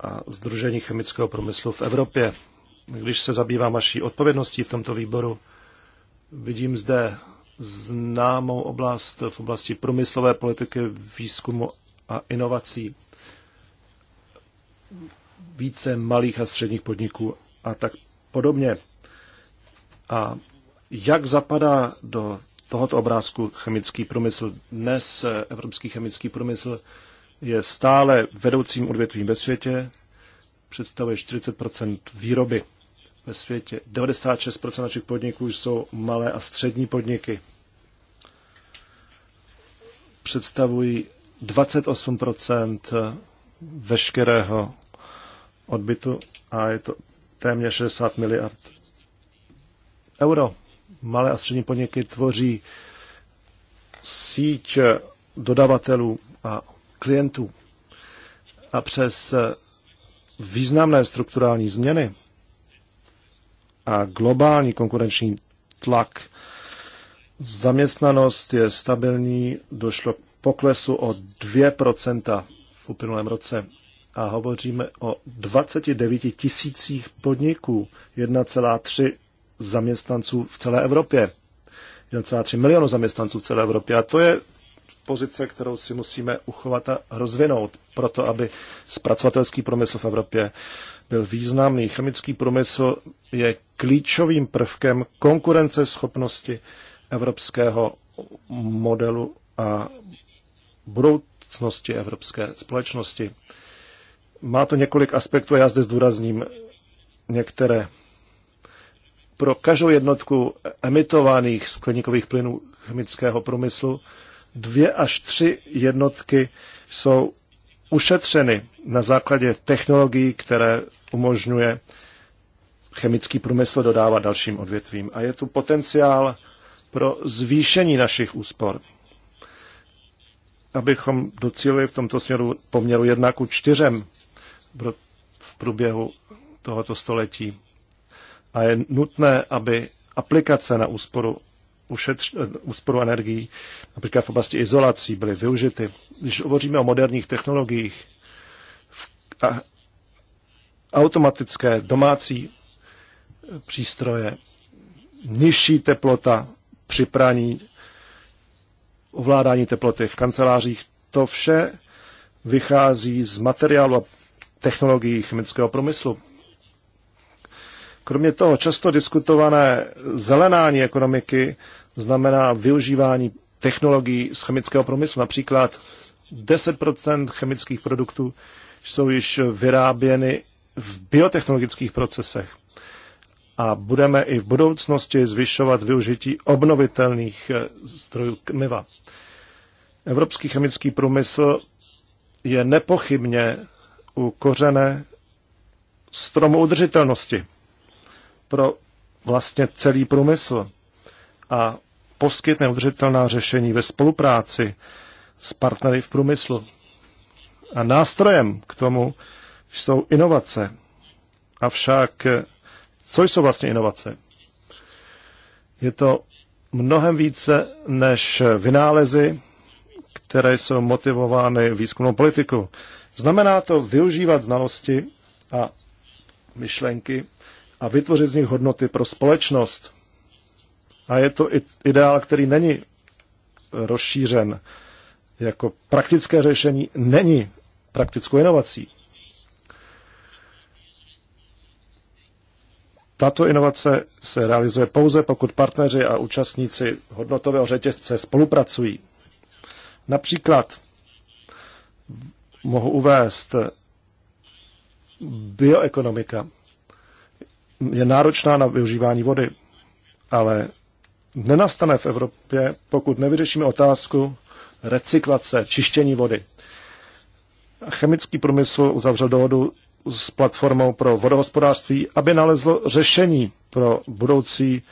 a Združení chemického průmyslu v Evropě. Když se zabývám vaší odpovědností v tomto výboru, vidím zde známou oblast v oblasti průmyslové politiky, výzkumu a inovací. Více malých a středních podniků a tak podobně. A jak zapadá do tohoto obrázku chemický průmysl? Dnes eh, evropský chemický průmysl je stále vedoucím odvětvím ve světě, představuje 40 výroby ve světě. 96 našich podniků jsou malé a střední podniky. Představují 28 veškerého odbytu a je to téměř 60 miliard euro. Malé a střední podniky tvoří síť dodavatelů a klientů. A přes významné strukturální změny a globální konkurenční tlak zaměstnanost je stabilní, došlo k poklesu o 2% v uplynulém roce a hovoříme o 29 tisících podniků, 1,3 zaměstnanců v celé Evropě. 1,3 milionu zaměstnanců v celé Evropě. A to je pozice, kterou si musíme uchovat a rozvinout, proto aby zpracovatelský průmysl v Evropě byl významný. Chemický průmysl je klíčovým prvkem konkurenceschopnosti evropského modelu a budoucnosti evropské společnosti. Má to několik aspektů a já zde zdůrazním některé pro každou jednotku emitovaných skleníkových plynů chemického průmyslu dvě až tři jednotky jsou ušetřeny na základě technologií, které umožňuje chemický průmysl dodávat dalším odvětvím. A je tu potenciál pro zvýšení našich úspor. Abychom docílili v tomto směru poměru jedna ku čtyřem v průběhu tohoto století a je nutné, aby aplikace na úsporu, ušetř, úsporu energií, například v oblasti izolací, byly využity. Když hovoříme o moderních technologiích, a automatické domácí přístroje, nižší teplota při praní, ovládání teploty v kancelářích, to vše vychází z materiálu a technologií chemického průmyslu. Kromě toho často diskutované zelenání ekonomiky znamená využívání technologií z chemického průmyslu. Například 10% chemických produktů jsou již vyráběny v biotechnologických procesech. A budeme i v budoucnosti zvyšovat využití obnovitelných eh, zdrojů kmiva. Evropský chemický průmysl je nepochybně u kořene stromu udržitelnosti pro vlastně celý průmysl a poskytne udržitelná řešení ve spolupráci s partnery v průmyslu. A nástrojem k tomu jsou inovace. Avšak, co jsou vlastně inovace? Je to mnohem více než vynálezy, které jsou motivovány výzkumnou politikou. Znamená to využívat znalosti a myšlenky a vytvořit z nich hodnoty pro společnost. A je to ideál, který není rozšířen. Jako praktické řešení není praktickou inovací. Tato inovace se realizuje pouze, pokud partneři a účastníci hodnotového řetězce spolupracují. Například mohu uvést bioekonomika je náročná na využívání vody, ale nenastane v Evropě, pokud nevyřešíme otázku recyklace, čištění vody. Chemický průmysl uzavřel dohodu s platformou pro vodohospodářství, aby nalezlo řešení pro budoucí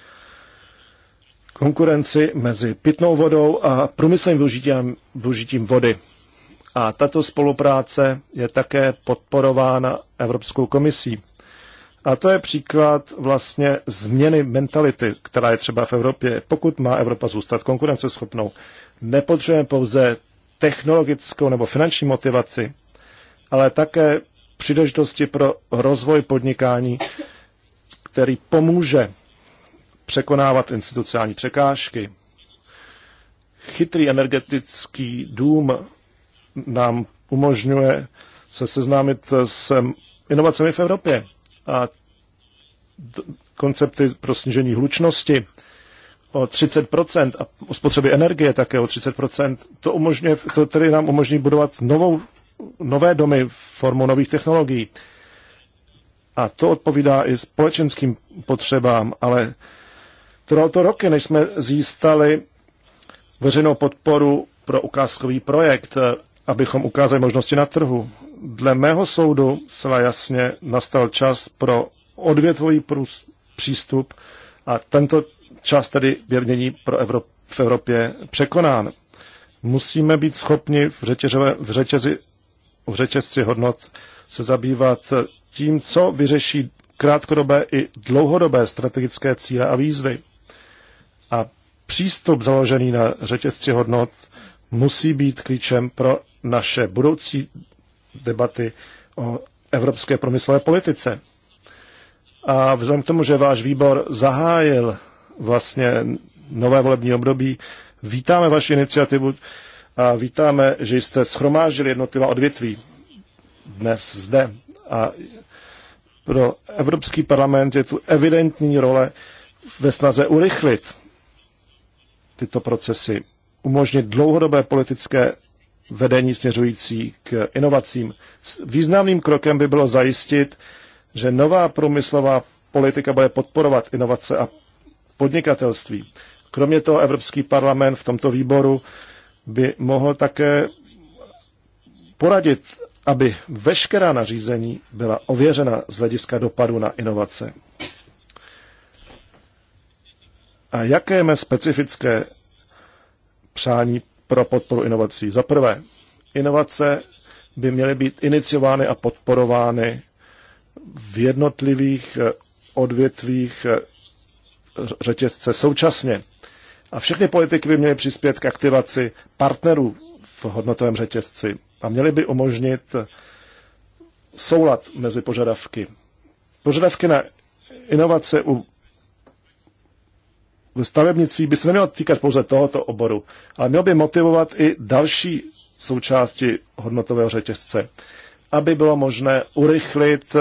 konkurenci mezi pitnou vodou a průmyslovým využitím, využitím vody. A tato spolupráce je také podporována Evropskou komisí a to je příklad vlastně změny mentality, která je třeba v Evropě. Pokud má Evropa zůstat konkurenceschopnou, nepotřebujeme pouze technologickou nebo finanční motivaci, ale také příležitosti pro rozvoj podnikání, který pomůže překonávat institucionální překážky. Chytrý energetický dům nám umožňuje se seznámit s inovacemi v Evropě. A koncepty pro snížení hlučnosti o 30% a o spotřeby energie také o 30%. To, umožňuje, to tedy nám umožní budovat novou, nové domy formou nových technologií. A to odpovídá i společenským potřebám, ale trvalo to roky, než jsme získali veřejnou podporu pro ukázkový projekt, abychom ukázali možnosti na trhu. Dle mého soudu se jasně nastal čas pro odvětvový přístup a tento čas tedy je pro Evrop, v Evropě překonán. Musíme být schopni v, řetěřové, v, řetězi, v řetězci hodnot se zabývat tím, co vyřeší krátkodobé i dlouhodobé strategické cíle a výzvy. A přístup založený na řetězci hodnot musí být klíčem pro naše budoucí debaty o evropské promyslové politice. A vzhledem k tomu, že váš výbor zahájil vlastně nové volební období, vítáme vaši iniciativu a vítáme, že jste schromážili jednotlivá odvětví dnes zde. A pro Evropský parlament je tu evidentní role ve snaze urychlit tyto procesy, umožnit dlouhodobé politické vedení směřující k inovacím. Významným krokem by bylo zajistit, že nová průmyslová politika bude podporovat inovace a podnikatelství. Kromě toho Evropský parlament v tomto výboru by mohl také poradit, aby veškerá nařízení byla ověřena z hlediska dopadu na inovace. A jaké mé specifické přání pro podporu inovací? Za prvé, inovace by měly být iniciovány a podporovány v jednotlivých eh, odvětvích eh, řetězce současně. A všechny politiky by měly přispět k aktivaci partnerů v hodnotovém řetězci a měly by umožnit eh, soulad mezi požadavky. Požadavky na inovace u ve stavebnictví by se nemělo týkat pouze tohoto oboru, ale měl by motivovat i další součásti hodnotového řetězce aby bylo možné urychlit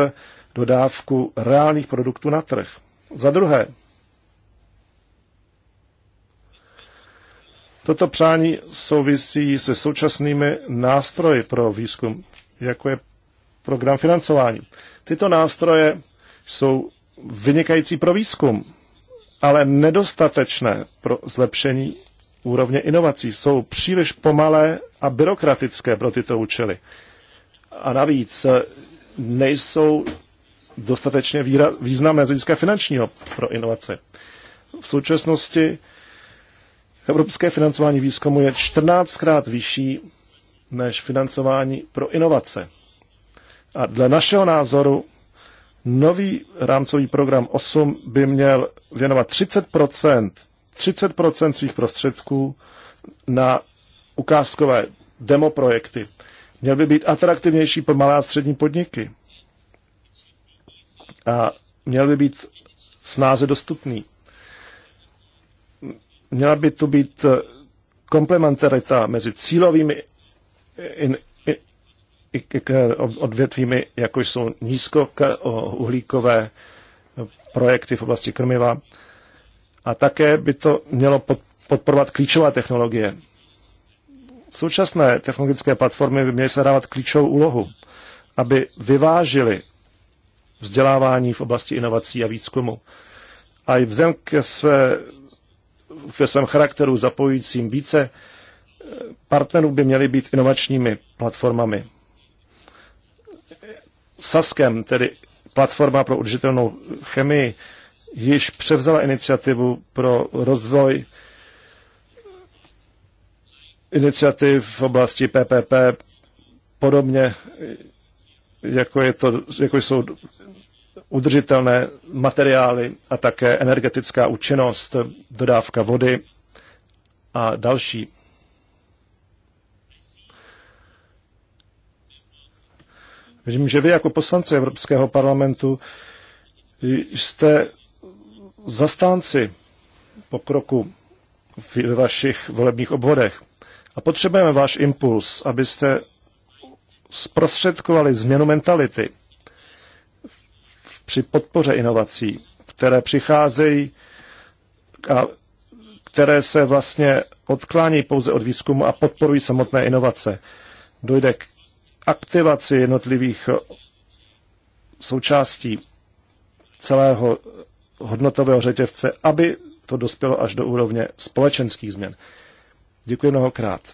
dodávku reálných produktů na trh. Za druhé, toto přání souvisí se současnými nástroji pro výzkum, jako je program financování. Tyto nástroje jsou vynikající pro výzkum, ale nedostatečné pro zlepšení úrovně inovací. Jsou příliš pomalé a byrokratické pro tyto účely a navíc eh, nejsou dostatečně významné z hlediska finančního pro inovace. V současnosti evropské financování výzkumu je 14krát vyšší než financování pro inovace. A dle našeho názoru nový rámcový program 8 by měl věnovat 30%, 30% svých prostředků na ukázkové demoprojekty měl by být atraktivnější pro malé a střední podniky. A měl by být snáze dostupný. Měla by to být eh, komplementarita mezi cílovými in, in, in, odvětvími, jako jsou nízkouhlíkové eh, projekty v oblasti krmiva. A také by to mělo podporovat klíčové technologie, Současné technologické platformy by měly sehrávat klíčovou úlohu, aby vyvážily vzdělávání v oblasti inovací a výzkumu. A i vzhledem ke, své, ke svém charakteru zapojujícím více eh, partnerů by měly být inovačními platformami. Saskem, tedy platforma pro udržitelnou chemii, již převzala iniciativu pro rozvoj iniciativ v oblasti PPP, podobně jako, je to, jako jsou udržitelné materiály a také energetická účinnost, dodávka vody a další. Vidím, že vy jako poslanci Evropského parlamentu jste zastánci pokroku ve vašich volebních obvodech. A potřebujeme váš impuls, abyste zprostředkovali změnu mentality při podpoře inovací, které přicházejí a které se vlastně odklání pouze od výzkumu a podporují samotné inovace. Dojde k aktivaci jednotlivých součástí celého hodnotového řetěvce, aby to dospělo až do úrovně společenských změn. Děkuji mnohokrát.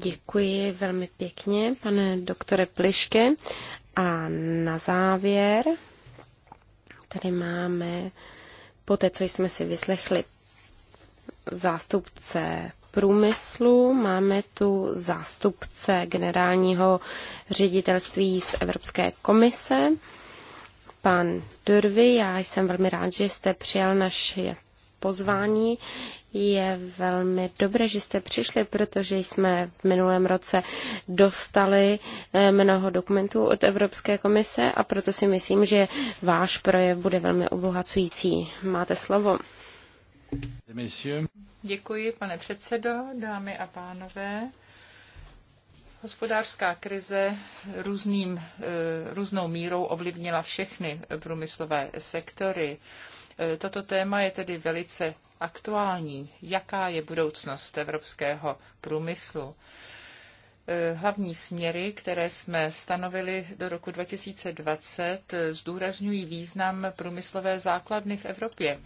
Děkuji velmi pěkně, pane doktore Pliške. A na závěr tady máme, po té, co jsme si vyslechli zástupce průmyslu, máme tu zástupce generálního ředitelství z Evropské komise, pan Durvy. Já jsem velmi rád, že jste přijal naše pozvání. Je velmi dobré, že jste přišli, protože jsme v minulém roce dostali eh, mnoho dokumentů od Evropské komise a proto si myslím, že váš projev bude velmi obohacující. Máte slovo. Děkuji, pane předsedo, dámy a pánové. Hospodářská krize různým, eh, různou mírou ovlivnila všechny průmyslové sektory. Eh, toto téma je tedy velice aktuální. Jaká je budoucnost evropského průmyslu? Eh, hlavní směry, které jsme stanovili do roku 2020, eh, zdůrazňují význam průmyslové základny v Evropě.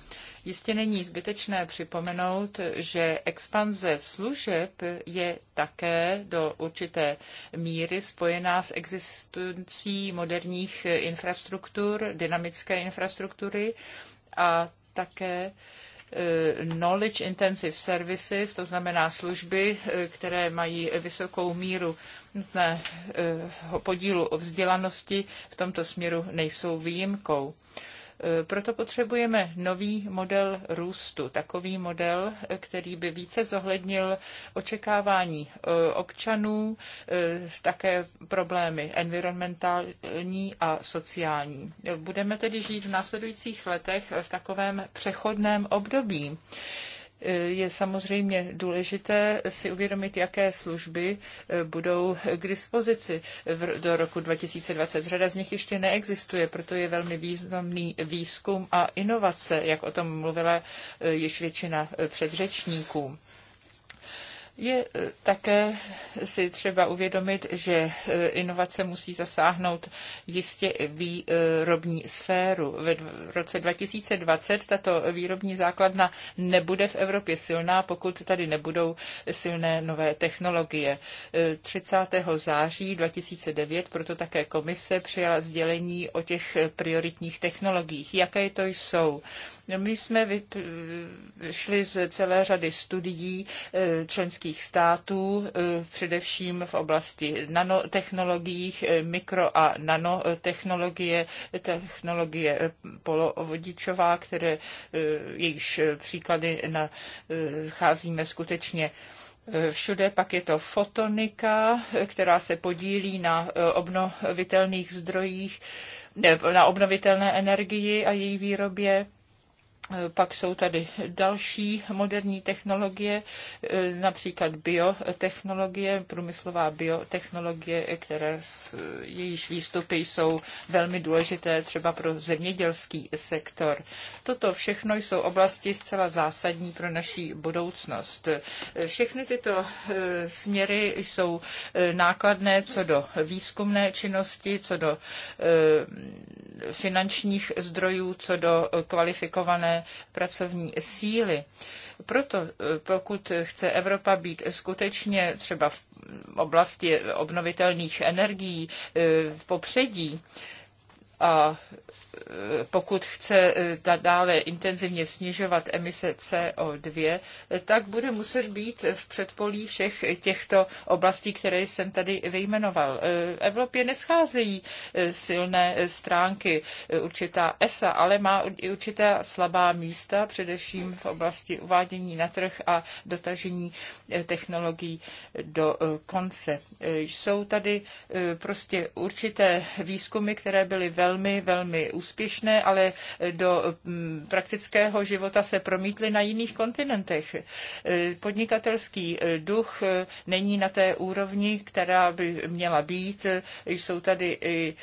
Jistě není zbytečné připomenout, že expanze služeb je také do určité míry spojená s existencí moderních infrastruktur, dynamické infrastruktury a také e, knowledge intensive services, to znamená služby, e, které mají vysokou míru nutného e, podílu o vzdělanosti, v tomto směru nejsou výjimkou. Eh, proto potřebujeme nový model růstu, takový model, eh, který by více zohlednil očekávání eh, občanů, také problémy environmentální a sociální. Budeme tedy žít v následujících letech v takovém přechodném období je samozřejmě důležité si uvědomit, jaké služby e, budou k dispozici do roku 2020. Řada z nich ještě neexistuje, proto je velmi významný výzkum a inovace, jak o tom mluvila e, již většina e, předřečníků. Je eh, také si třeba uvědomit, že eh, inovace musí zasáhnout jistě výrobní sféru. V roce 2020 tato výrobní základna nebude v Evropě silná, pokud tady nebudou silné nové technologie. 30. Eh, září 2009 proto také komise přijala sdělení o těch prioritních technologiích. Jaké to jsou? My jsme vyšli z celé řady studií členských členských států, e, především v oblasti nanotechnologií, e, mikro a nanotechnologie, technologie e, polovodičová, které jejíž příklady nacházíme skutečně Všude pak je to fotonika, která se podílí na obnovitelných zdrojích, na obnovitelné energii a její výrobě. Pak jsou tady další moderní technologie, eh, například biotechnologie, průmyslová biotechnologie, které jejíž výstupy jsou velmi důležité třeba pro zemědělský sektor. Toto všechno jsou oblasti zcela zásadní pro naší budoucnost. Všechny tyto eh, směry jsou eh, nákladné co do výzkumné činnosti, co do finančních zdrojů, co do kvalifikované levné pracovní síly. Proto eh, pokud chce Evropa být skutečně třeba v oblasti obnovitelných energií eh, v popředí, a e, pokud chce e, dále intenzivně snižovat emise CO2, e, tak bude muset být v předpolí všech těchto oblastí, které jsem tady vyjmenoval. Evropě nescházejí silné stránky, určitá ESA, ale má i určitá slabá místa, především v oblasti uvádění na trh a dotažení technologií do konce. Jsou tady prostě určité výzkumy, které byly velmi velmi, velmi úspěšné, ale do mm, praktického života se promítly na jiných kontinentech. E, podnikatelský e, duch e, není na té úrovni, která by měla být. Jsou tady i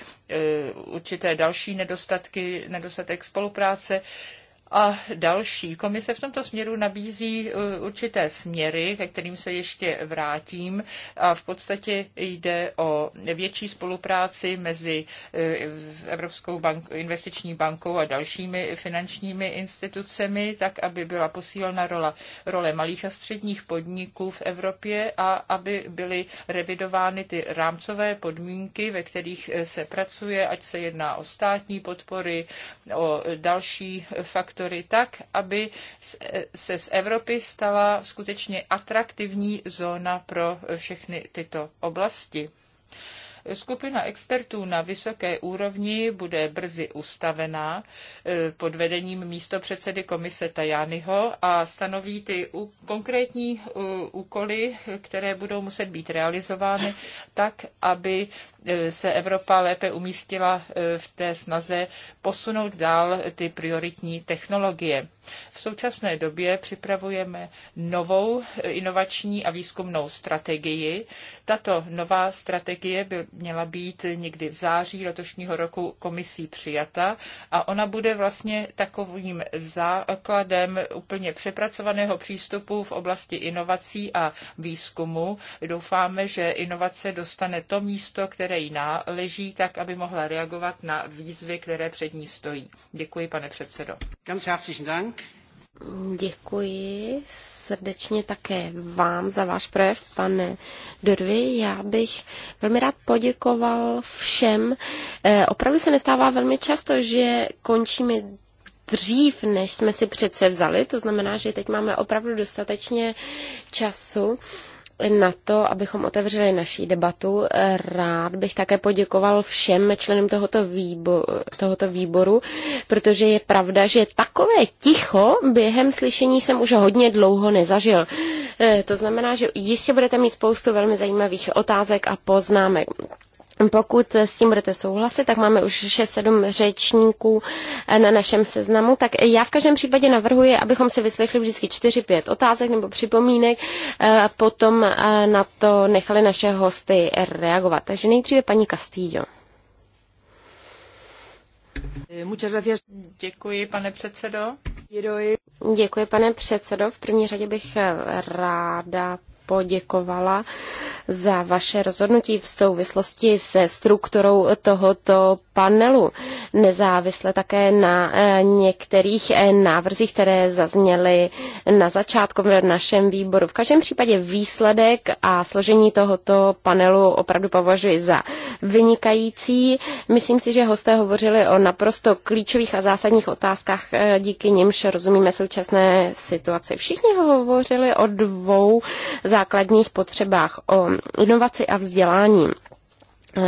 určité další nedostatky, nedostatek spolupráce a další. Komise v tomto směru nabízí uh, určité směry, ke kterým se ještě vrátím. A v podstatě jde o větší spolupráci mezi uh, Evropskou bank, investiční bankou a dalšími finančními institucemi, tak aby byla posílena rola, role malých a středních podniků v Evropě a aby byly revidovány ty rámcové podmínky, ve kterých eh, se pracuje, ať se jedná o státní podpory, o další faktory, sektory tak, aby se z Evropy stala skutečně atraktivní zóna pro všechny tyto oblasti. Skupina expertů na vysoké úrovni bude brzy ustavená eh, pod vedením místopředsedy komise Tajányho a stanoví ty konkrétní eh, úkoly, které budou muset být realizovány tak, aby eh, se Evropa lépe umístila v té snaze posunout dál ty prioritní technologie. V současné době připravujeme novou inovační a výzkumnou strategii. Tato nová strategie by měla být někdy v září letošního roku komisí přijata a ona bude vlastně takovým základem úplně přepracovaného přístupu v oblasti inovací a výzkumu. Doufáme, že inovace dostane to místo, které jí náleží, tak aby mohla reagovat na výzvy, které před ní stojí. Děkuji, pane předsedo. Ganz herzlichen Dank. Děkuji srdečně také vám za váš projev, pane Dorvi. Já bych velmi rád poděkoval všem. Eh, opravdu se nestává velmi často, že končíme dřív, než jsme si přece vzali. To znamená, že teď máme opravdu dostatečně času na to, abychom otevřeli naší debatu. Rád bych také poděkoval všem členům tohoto, výbo- tohoto výboru, protože je pravda, že takové ticho během slyšení jsem už hodně dlouho nezažil. E, to znamená, že jistě budete mít spoustu velmi zajímavých otázek a poznámek. Pokud s tím budete souhlasit, tak máme už 6-7 řečníků eh, na našem seznamu. Tak já v každém případě navrhuji, abychom si vyslechli vždycky 4-5 otázek nebo připomínek, eh, potom eh, na to nechali naše hosty reagovat. Takže nejdříve paní Castillo. Děkuji, pane předsedo. Děkuji, pane předsedo. V první řadě bych ráda poděkovala za vaše rozhodnutí v souvislosti se strukturou tohoto panelu. Nezávisle také na eh, některých eh, návrzích, které zazněly na začátku v našem výboru. V každém případě výsledek a složení tohoto panelu opravdu považuji za vynikající. Myslím si, že hosté hovořili o naprosto klíčových a zásadních otázkách, eh, díky nimž rozumíme současné situaci. Všichni hovořili o dvou základních potřebách, o inovaci a vzdělání.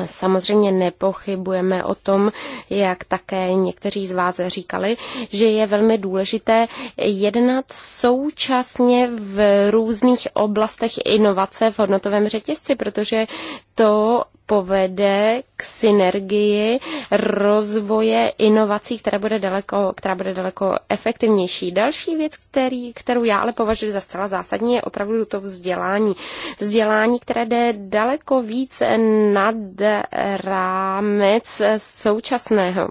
Samozřejmě nepochybujeme o tom, jak také někteří z vás říkali, že je velmi důležité jednat současně v různých oblastech inovace v hodnotovém řetězci, protože to povede k synergii rozvoje inovací, která bude daleko, která bude daleko efektivnější. Další věc, který, kterou já ale považuji za zcela zásadní, je opravdu to vzdělání. Vzdělání, které jde daleko více nad rámec současného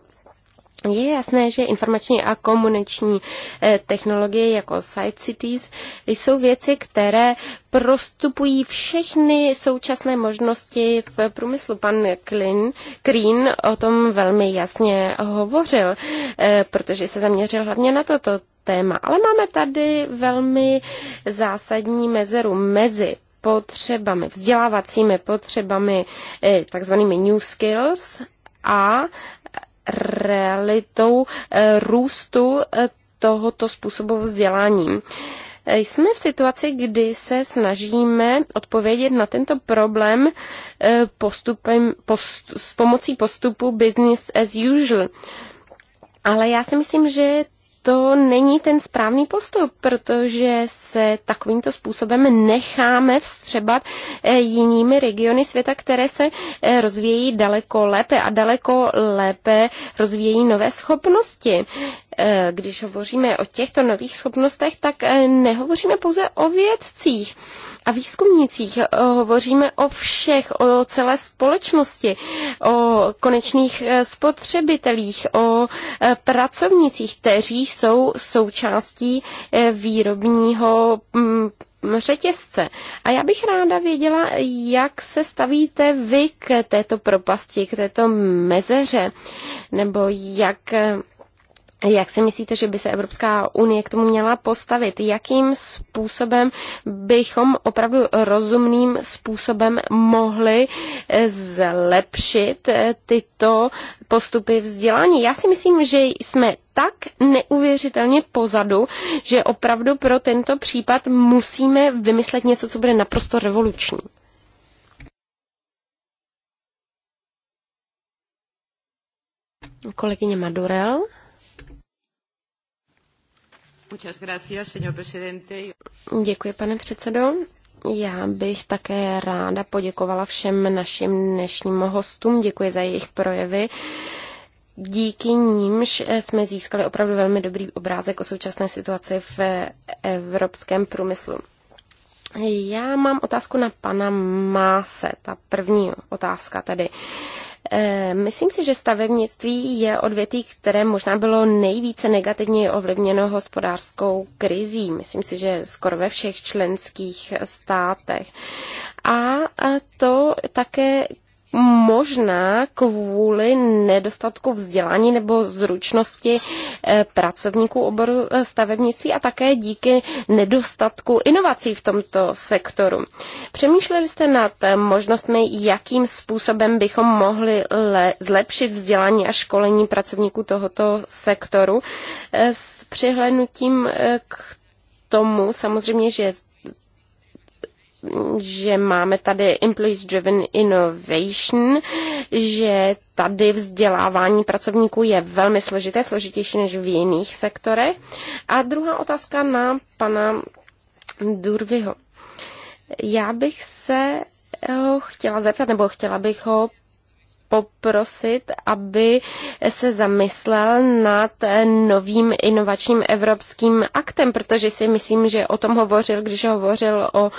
je jasné, že informační a komuniční eh, technologie jako Site Cities jsou věci, které prostupují všechny současné možnosti v průmyslu. Pan Klin, Green o tom velmi jasně hovořil, eh, protože se zaměřil hlavně na toto téma. Ale máme tady velmi zásadní mezeru mezi potřebami, vzdělávacími potřebami, eh, takzvanými new skills a realitou eh, růstu eh, tohoto způsobu vzdělání. Eh, jsme v situaci, kdy se snažíme odpovědět na tento problém postupem, post, s pomocí postupu business as usual. Ale já si myslím, že to není ten správný postup, protože se takovýmto způsobem necháme vstřebat eh, jinými regiony světa, které se eh, rozvíjí daleko lépe a daleko lépe rozvíjí nové schopnosti. Eh, když hovoříme o těchto nových schopnostech, tak eh, nehovoříme pouze o vědcích a výzkumnících. Eh, hovoříme o všech, o celé společnosti, o konečných spotřebitelích, o pracovnicích, kteří jsou součástí výrobního mm, řetězce. A já bych ráda věděla, jak se stavíte vy k této propasti, k této mezeře, nebo jak jak si myslíte, že by se Evropská unie k tomu měla postavit? Jakým způsobem bychom opravdu rozumným způsobem mohli eh, zlepšit eh, tyto postupy vzdělání? Já si myslím, že jsme tak neuvěřitelně pozadu, že opravdu pro tento případ musíme vymyslet něco, co bude naprosto revoluční. Kolegyně Madurel. Děkuji, pane předsedo. Já bych také ráda poděkovala všem našim dnešním hostům. Děkuji za jejich projevy. Díky nímž jsme získali opravdu velmi dobrý obrázek o současné situaci v evropském průmyslu. Já mám otázku na pana Máse, ta první otázka tedy. Eh, myslím si, že stavebnictví je odvětví, které možná bylo nejvíce negativně ovlivněno hospodářskou krizí. Myslím si, že skoro ve všech členských státech. A to také možná kvůli nedostatku vzdělání nebo zručnosti eh, pracovníků oboru eh, stavebnictví a také díky nedostatku inovací v tomto sektoru. Přemýšleli jste nad eh, možnostmi, jakým způsobem bychom mohli zlepšit vzdělání a školení pracovníků tohoto sektoru s přihlednutím k tomu samozřejmě, že že máme tady Employees Driven Innovation, že tady vzdělávání pracovníků je velmi složité, složitější než v jiných sektorech. A druhá otázka na pana Durviho. Já bych se ho chtěla zeptat, nebo chtěla bych ho poprosit, aby se zamyslel nad novým inovačním evropským aktem, protože si myslím, že o tom hovořil, když hovořil o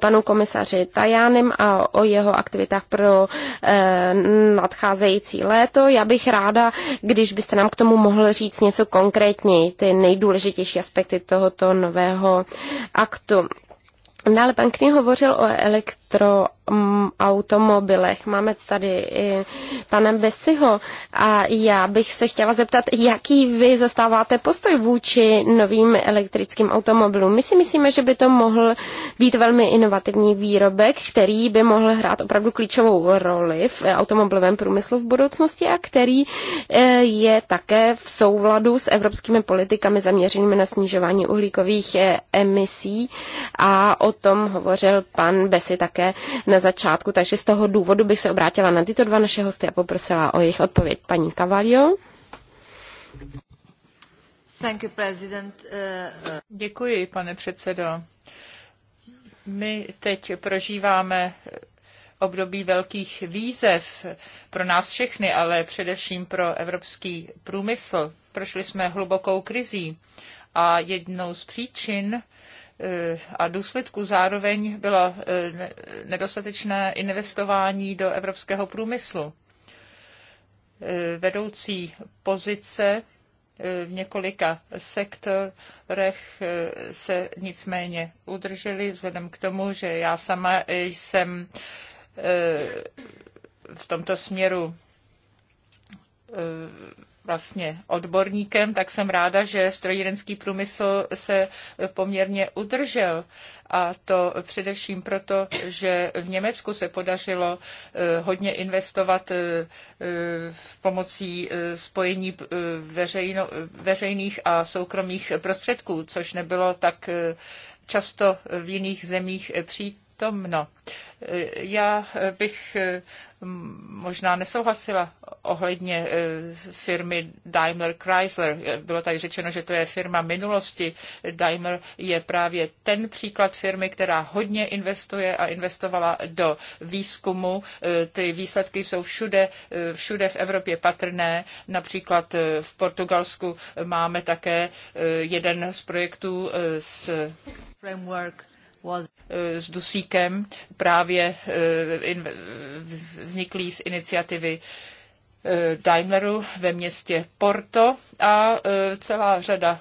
panu komisaři Tajánem a o jeho aktivitách pro eh, nadcházející léto. Já bych ráda, když byste nám k tomu mohl říct něco konkrétněji, ty nejdůležitější aspekty tohoto nového aktu. Dále pan Kny hovořil o elekt elektroautomobilech. Máme tady i pana Besiho a já bych se chtěla zeptat, jaký vy zastáváte postoj vůči novým elektrickým automobilům. My si myslíme, že by to mohl být velmi inovativní výrobek, který by mohl hrát opravdu klíčovou roli v automobilovém průmyslu v budoucnosti a který eh, je také v souladu s evropskými politikami zaměřenými na snižování uhlíkových eh, emisí a o tom hovořil pan Besi také také na začátku, takže z toho důvodu bych se obrátila na tyto dva naše hosty a poprosila o jejich odpověď. Paní Cavalio. Thank you, president. Uh, uh. Děkuji, pane předsedo. My teď prožíváme období velkých výzev pro nás všechny, ale především pro evropský průmysl. Prošli jsme hlubokou krizí a jednou z příčin a důsledku zároveň bylo e, nedostatečné investování do evropského průmyslu. E, vedoucí pozice e, v několika sektorech se nicméně udržely, vzhledem k tomu, že já sama jsem v tomto směru vlastně odborníkem, tak jsem ráda, že strojírenský průmysl se poměrně udržel. A to především proto, že v Německu se podařilo eh, hodně investovat eh, v pomocí eh, spojení veřejno, veřejných a soukromých prostředků, což nebylo tak často v jiných zemích přítomné přítomno. Já bych mm, možná nesouhlasila ohledně eh, firmy Daimler Chrysler. Bylo tady řečeno, že to je firma minulosti. Daimler je právě ten příklad firmy, která hodně investuje a investovala do výzkumu. Eh, ty výsledky jsou všude, eh, všude v Evropě patrné. Například v Portugalsku máme také jeden z projektů s framework Eh, s Dusíkem, právě eh, vzniklý z iniciativy eh, Daimleru ve městě Porto a celá řada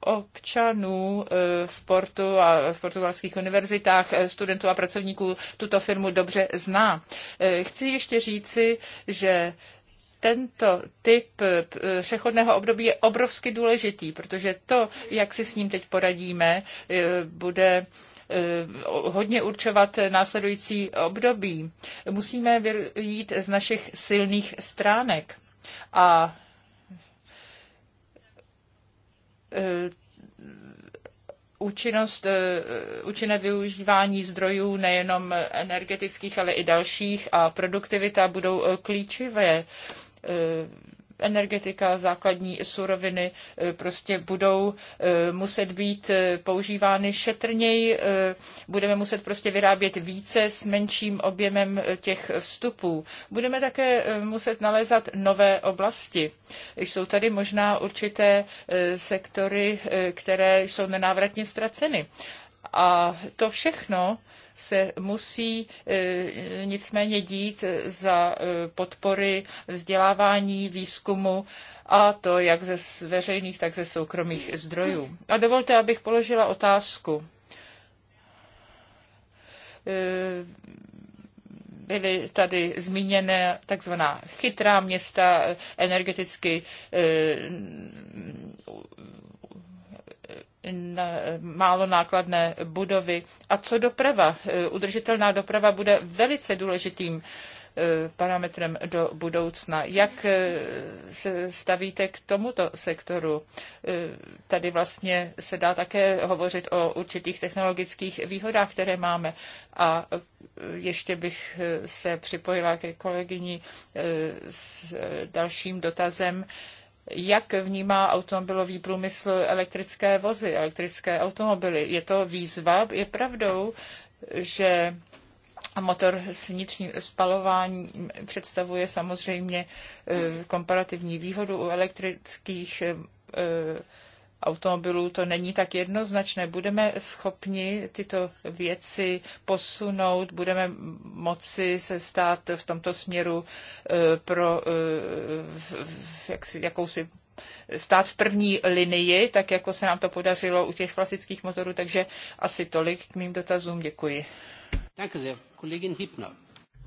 občanů v Portu a v portugalských univerzitách, studentů a pracovníků tuto firmu dobře zná. Chci ještě říci, že tento typ přechodného období je obrovsky důležitý, protože to, jak si s ním teď poradíme, bude Eh, hodně určovat následující období. Musíme vyjít z našich silných stránek a eh, účinnost, eh, účinné využívání zdrojů nejenom energetických, ale i dalších a produktivita budou klíčivé energetika, základní suroviny eh, prostě budou eh, muset být eh, používány šetrněji, budeme muset prostě vyrábět více s menším objemem těch vstupů. Budeme také muset nalézat nové oblasti. Jsou tady možná určité sektory, které jsou nenávratně ztraceny. A to všechno se musí e, nicméně dít za e, podpory vzdělávání, výzkumu a to jak ze veřejných, tak ze soukromých zdrojů. A dovolte, abych položila otázku e, byly tady zmíněné takzvaná chytrá města, energeticky málo nákladné budovy. A co doprava? E, udržitelná doprava bude velice důležitým e, parametrem do budoucna. Jak e, se stavíte k tomuto sektoru? Tady vlastně se dá také hovořit o určitých technologických výhodách, které máme. A ještě bych se připojila ke kolegyni s dalším dotazem jak vnímá automobilový průmysl elektrické vozy, elektrické automobily. Je to výzva, je pravdou, že motor s vnitřním spalováním představuje samozřejmě eh, komparativní výhodu u elektrických eh, automobilů to není tak jednoznačné. Budeme schopni tyto věci posunout, budeme moci se stát v tomto směru eh, pro eh, jaksi, jakousi stát v první linii, tak jako se nám to podařilo u těch klasických motorů, takže asi tolik k mým dotazům. Děkuji.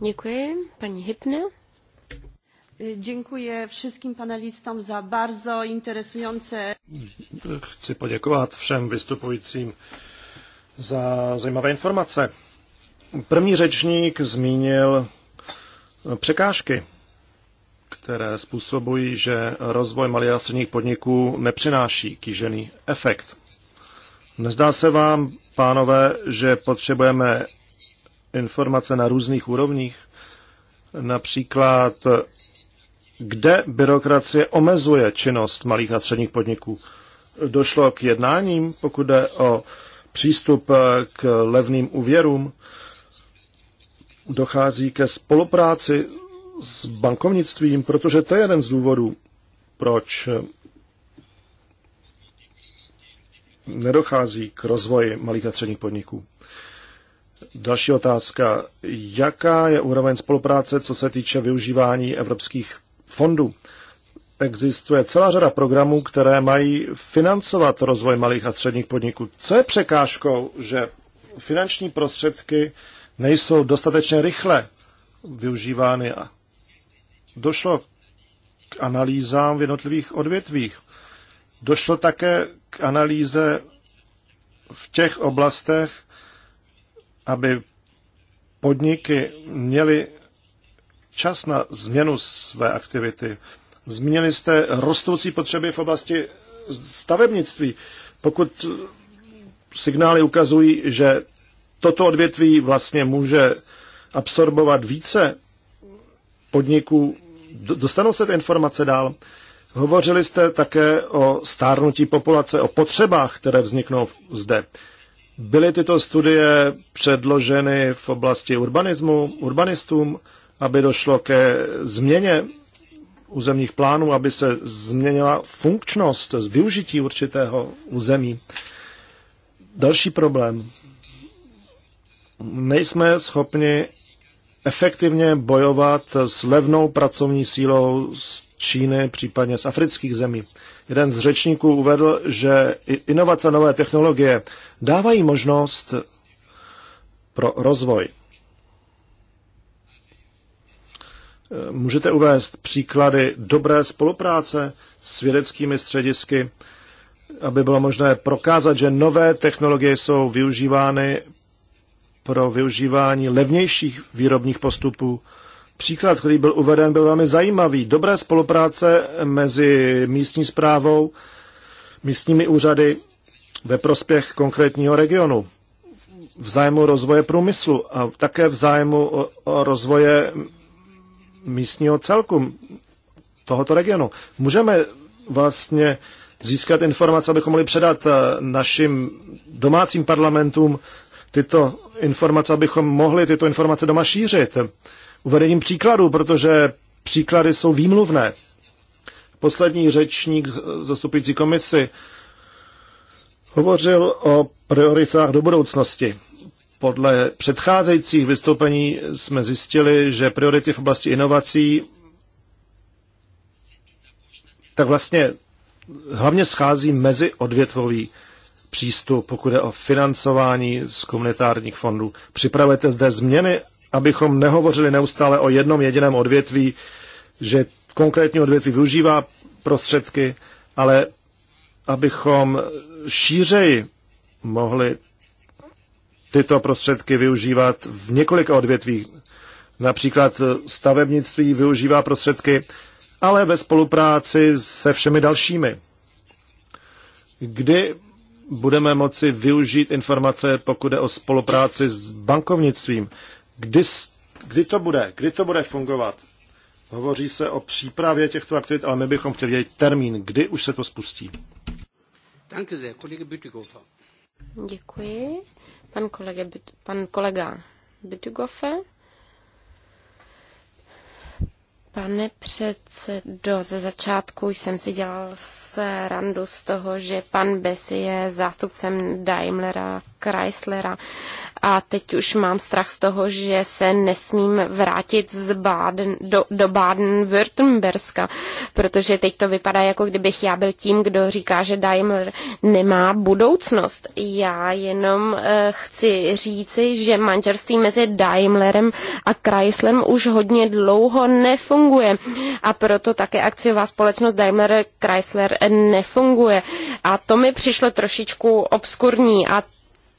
Děkuji, paní Hypner. Dziękuję wszystkim panelistom za bardzo interesujące. Chci poděkovat všem vystupujícím za zajímavé informace. První řečník zmínil překážky, které způsobují, že rozvoj malých a středních podniků nepřináší kýžený efekt. Nezdá se vám, pánové, že potřebujeme informace na různých úrovních, například kde byrokracie omezuje činnost malých a středních podniků. Došlo k jednáním, pokud jde o přístup eh, k levným úvěrům. Dochází ke spolupráci s bankovnictvím, protože to je jeden z důvodů, proč eh, nedochází k rozvoji malých a středních podniků. Další otázka. Jaká je úroveň spolupráce, co se týče využívání evropských fondu. Existuje celá řada programů, které mají financovat rozvoj malých a středních podniků. Co je překážkou, že finanční prostředky nejsou dostatečně rychle využívány a došlo k analýzám v jednotlivých odvětvích. Došlo také k analýze v těch oblastech, aby podniky měly čas na změnu své aktivity. Zmínili jste rostoucí potřeby v oblasti stavebnictví. Pokud signály ukazují, že toto odvětví vlastně může absorbovat více podniků, dostanou se ty informace dál. Hovořili jste také o stárnutí populace, o potřebách, které vzniknou zde. Byly tyto studie předloženy v oblasti urbanismu, urbanistům aby došlo ke změně územních plánů, aby se změnila funkčnost z využití určitého území. Další problém. Nejsme schopni efektivně bojovat s levnou pracovní sílou z Číny, případně z afrických zemí. Jeden z řečníků uvedl, že inovace nové technologie dávají možnost pro rozvoj. Eh, můžete uvést příklady dobré spolupráce s vědeckými středisky, aby bylo možné prokázat, že nové technologie jsou využívány pro využívání levnějších výrobních postupů. Příklad, který byl uveden, byl velmi zajímavý. Dobré spolupráce mezi místní zprávou, místními úřady ve prospěch konkrétního regionu v zájmu rozvoje průmyslu a také v zájmu o, o rozvoje místního celku tohoto regionu. Můžeme vlastně získat informace, abychom mohli předat eh, našim domácím parlamentům tyto informace, abychom mohli tyto informace doma šířit. Uvedením příkladů, protože příklady jsou výmluvné. Poslední řečník zastupující komisi hovořil o prioritách do budoucnosti podle předcházejících vystoupení jsme zjistili, že priority v oblasti inovací tak vlastně hlavně schází mezi odvětvový přístup, pokud je o financování z komunitárních fondů. Připravujete zde změny, abychom nehovořili neustále o jednom jediném odvětví, že konkrétní odvětví využívá prostředky, ale abychom šířeji mohli tyto prostředky využívat v několika odvětvích. Například stavebnictví využívá prostředky, ale ve spolupráci se všemi dalšími. Kdy budeme moci využít informace, pokud jde o spolupráci s bankovnictvím? Kdy, kdy to bude? Kdy to bude fungovat? Hovoří se o přípravě těchto aktivit, ale my bychom chtěli vědět termín, kdy už se to spustí. Děkuji. Pan kolega, pan kolega Bidugofe. Pane předsedo, ze začátku jsem si dělal srandu z toho, že pan Bessi je zástupcem Daimlera, Chryslera a teď už mám strach z toho, že se nesmím vrátit z Baden, do, do Baden-Württemberska, protože teď to vypadá, jako kdybych já byl tím, kdo říká, že Daimler nemá budoucnost. Já jenom eh, chci říci, že manželství mezi Daimlerem a Chryslerem už hodně dlouho nefunguje a proto také akciová společnost Daimler Chrysler nefunguje. A to mi přišlo trošičku obskurní a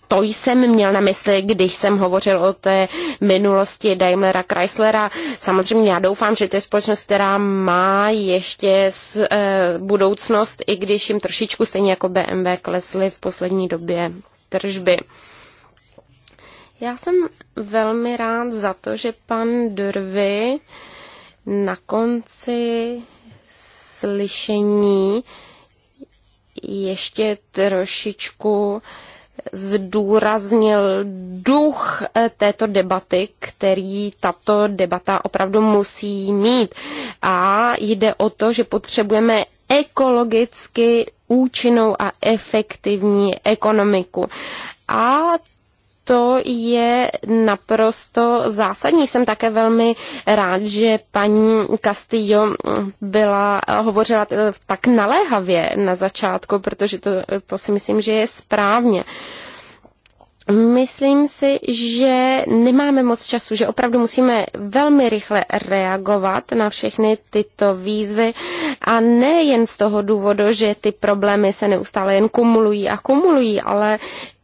to jsem měl na mysli, když jsem hovořil o té minulosti Daimlera Chryslera. Samozřejmě já doufám, že to je společnost, která má ještě z, e, eh, budoucnost, i když jim trošičku stejně jako BMW klesly v poslední době tržby. Já jsem velmi rád za to, že pan Drvy na konci slyšení ještě trošičku e, zdůraznil duch této debaty, který tato debata opravdu musí mít. A jde o to, že potřebujeme ekologicky účinnou a efektivní ekonomiku. A to je naprosto zásadní. Jsem také velmi rád, že paní Castillo byla, hovořila tak naléhavě na začátku, protože to, to si myslím, že je správně. Myslím si, že nemáme moc času, že opravdu musíme velmi rychle reagovat na všechny tyto výzvy a nejen z toho důvodu, že ty problémy se neustále jen kumulují a kumulují, ale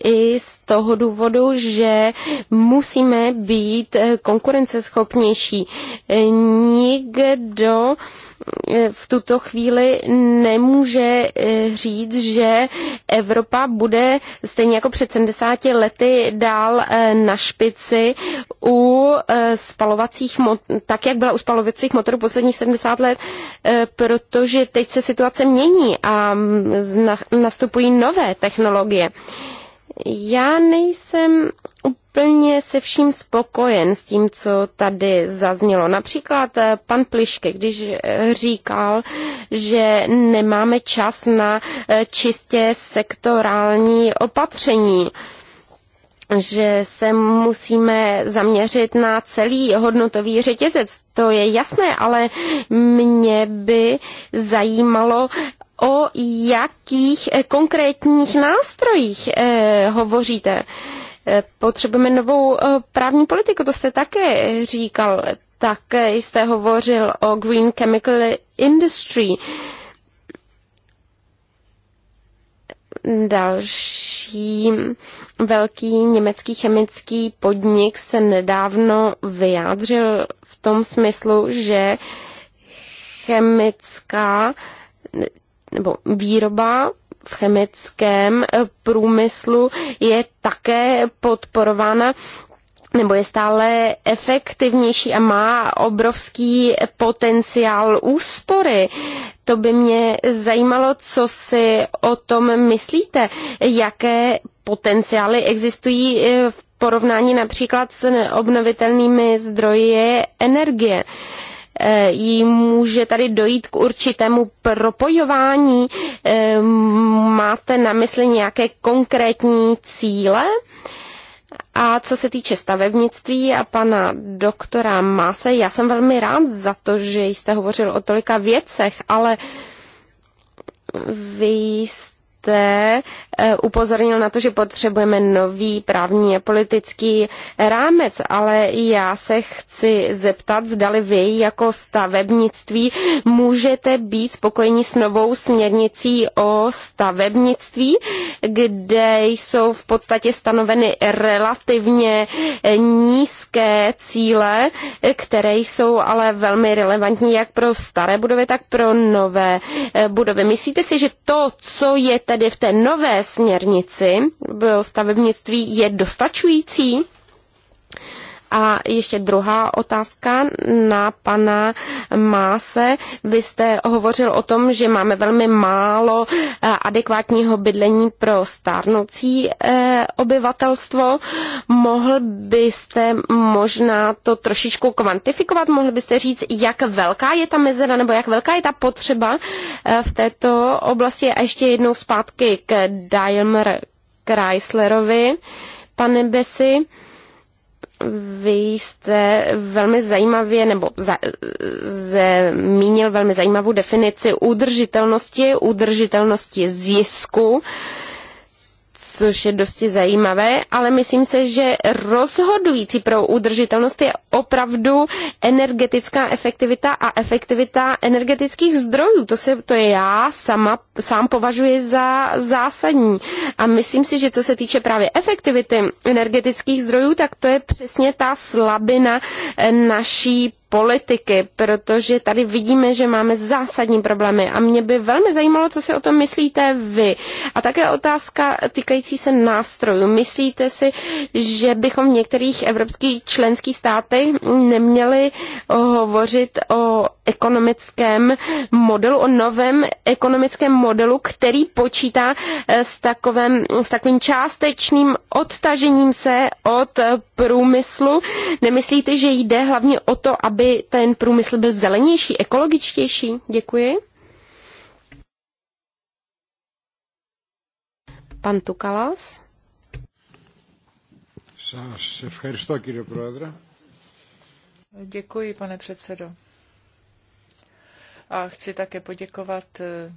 i z toho důvodu, že musíme být konkurenceschopnější. Nikdo eh, v tuto chvíli nemůže eh, říct, že Evropa bude stejně jako před 70 lety dál eh, na špici u spalovacích tak jak byla u spalovacích motorů posledních 70 let, protože teď se situace mění a mm, nastupují nové technologie. Já nejsem úplně se vším spokojen s tím, co tady zaznělo. Například eh, pan Pliške, když eh, říkal, že nemáme čas na eh, čistě sektorální opatření že se musíme zaměřit na celý hodnotový řetězec. To je jasné, ale mě by zajímalo, o jakých eh, konkrétních nástrojích eh, hovoříte. Eh, potřebujeme novou právní politiku, to jste také říkal. Tak jste hovořil o Green Chemical Industry. Další velký německý chemický podnik se nedávno vyjádřil v tom smyslu, že chemická nebo výroba v chemickém eh, průmyslu je také podporována nebo je stále efektivnější a má obrovský potenciál úspory. To by mě zajímalo, co si o tom myslíte, jaké potenciály existují eh, v porovnání například s obnovitelnými zdroji energie. Eh, jí může tady dojít k určitému propojování? Ehm, máte na mysli nějaké konkrétní cíle? A co se týče stavebnictví a pana doktora Mase, já jsem velmi rád za to, že jste hovořil o tolika věcech, ale vy jste poté eh, upozornil na to, že potřebujeme nový právní a politický rámec, ale já se chci zeptat, zdali vy jako stavebnictví můžete být spokojeni s novou směrnicí o stavebnictví, kde jsou v podstatě stanoveny relativně eh, nízké cíle, které jsou ale velmi relevantní jak pro staré budovy, tak pro nové eh, budovy. Myslíte si, že to, co je tedy v té nové směrnici stavebnictví je dostačující? A ještě druhá otázka na pana Máse. Vy jste hovořil o tom, že máme velmi málo eh, adekvátního bydlení pro stárnoucí eh, obyvatelstvo. Mohl byste možná to trošičku kvantifikovat? Mohl byste říct, jak velká je ta mezera nebo jak velká je ta potřeba eh, v této oblasti? A ještě jednou zpátky k Daimler Chryslerovi, pane Besi vy jste velmi zajímavě, nebo za, zmínil velmi zajímavou definici udržitelnosti, udržitelnosti zisku. Uh, což je dosti zajímavé, ale myslím se, že rozhodující pro udržitelnost je opravdu energetická efektivita a efektivita energetických zdrojů. To, se, to je já sama, sám považuji za zásadní. A myslím si, že co se týče právě efektivity energetických zdrojů, tak to je přesně ta slabina eh, naší politiky, protože tady vidíme, že máme zásadní problémy a mě by velmi zajímalo, co si o tom myslíte vy. A také otázka týkající se nástrojů. Myslíte si, že bychom v některých evropských členských státech neměli hovořit o ekonomickém modelu, o novém ekonomickém modelu, který počítá s, takovém, s takovým částečným odtažením se od průmyslu. Nemyslíte, že jde hlavně o to, aby ten průmysl byl zelenější, ekologičtější? Děkuji. Pan Tukalas. Děkuji, pane předsedo. A chci také poděkovat eh,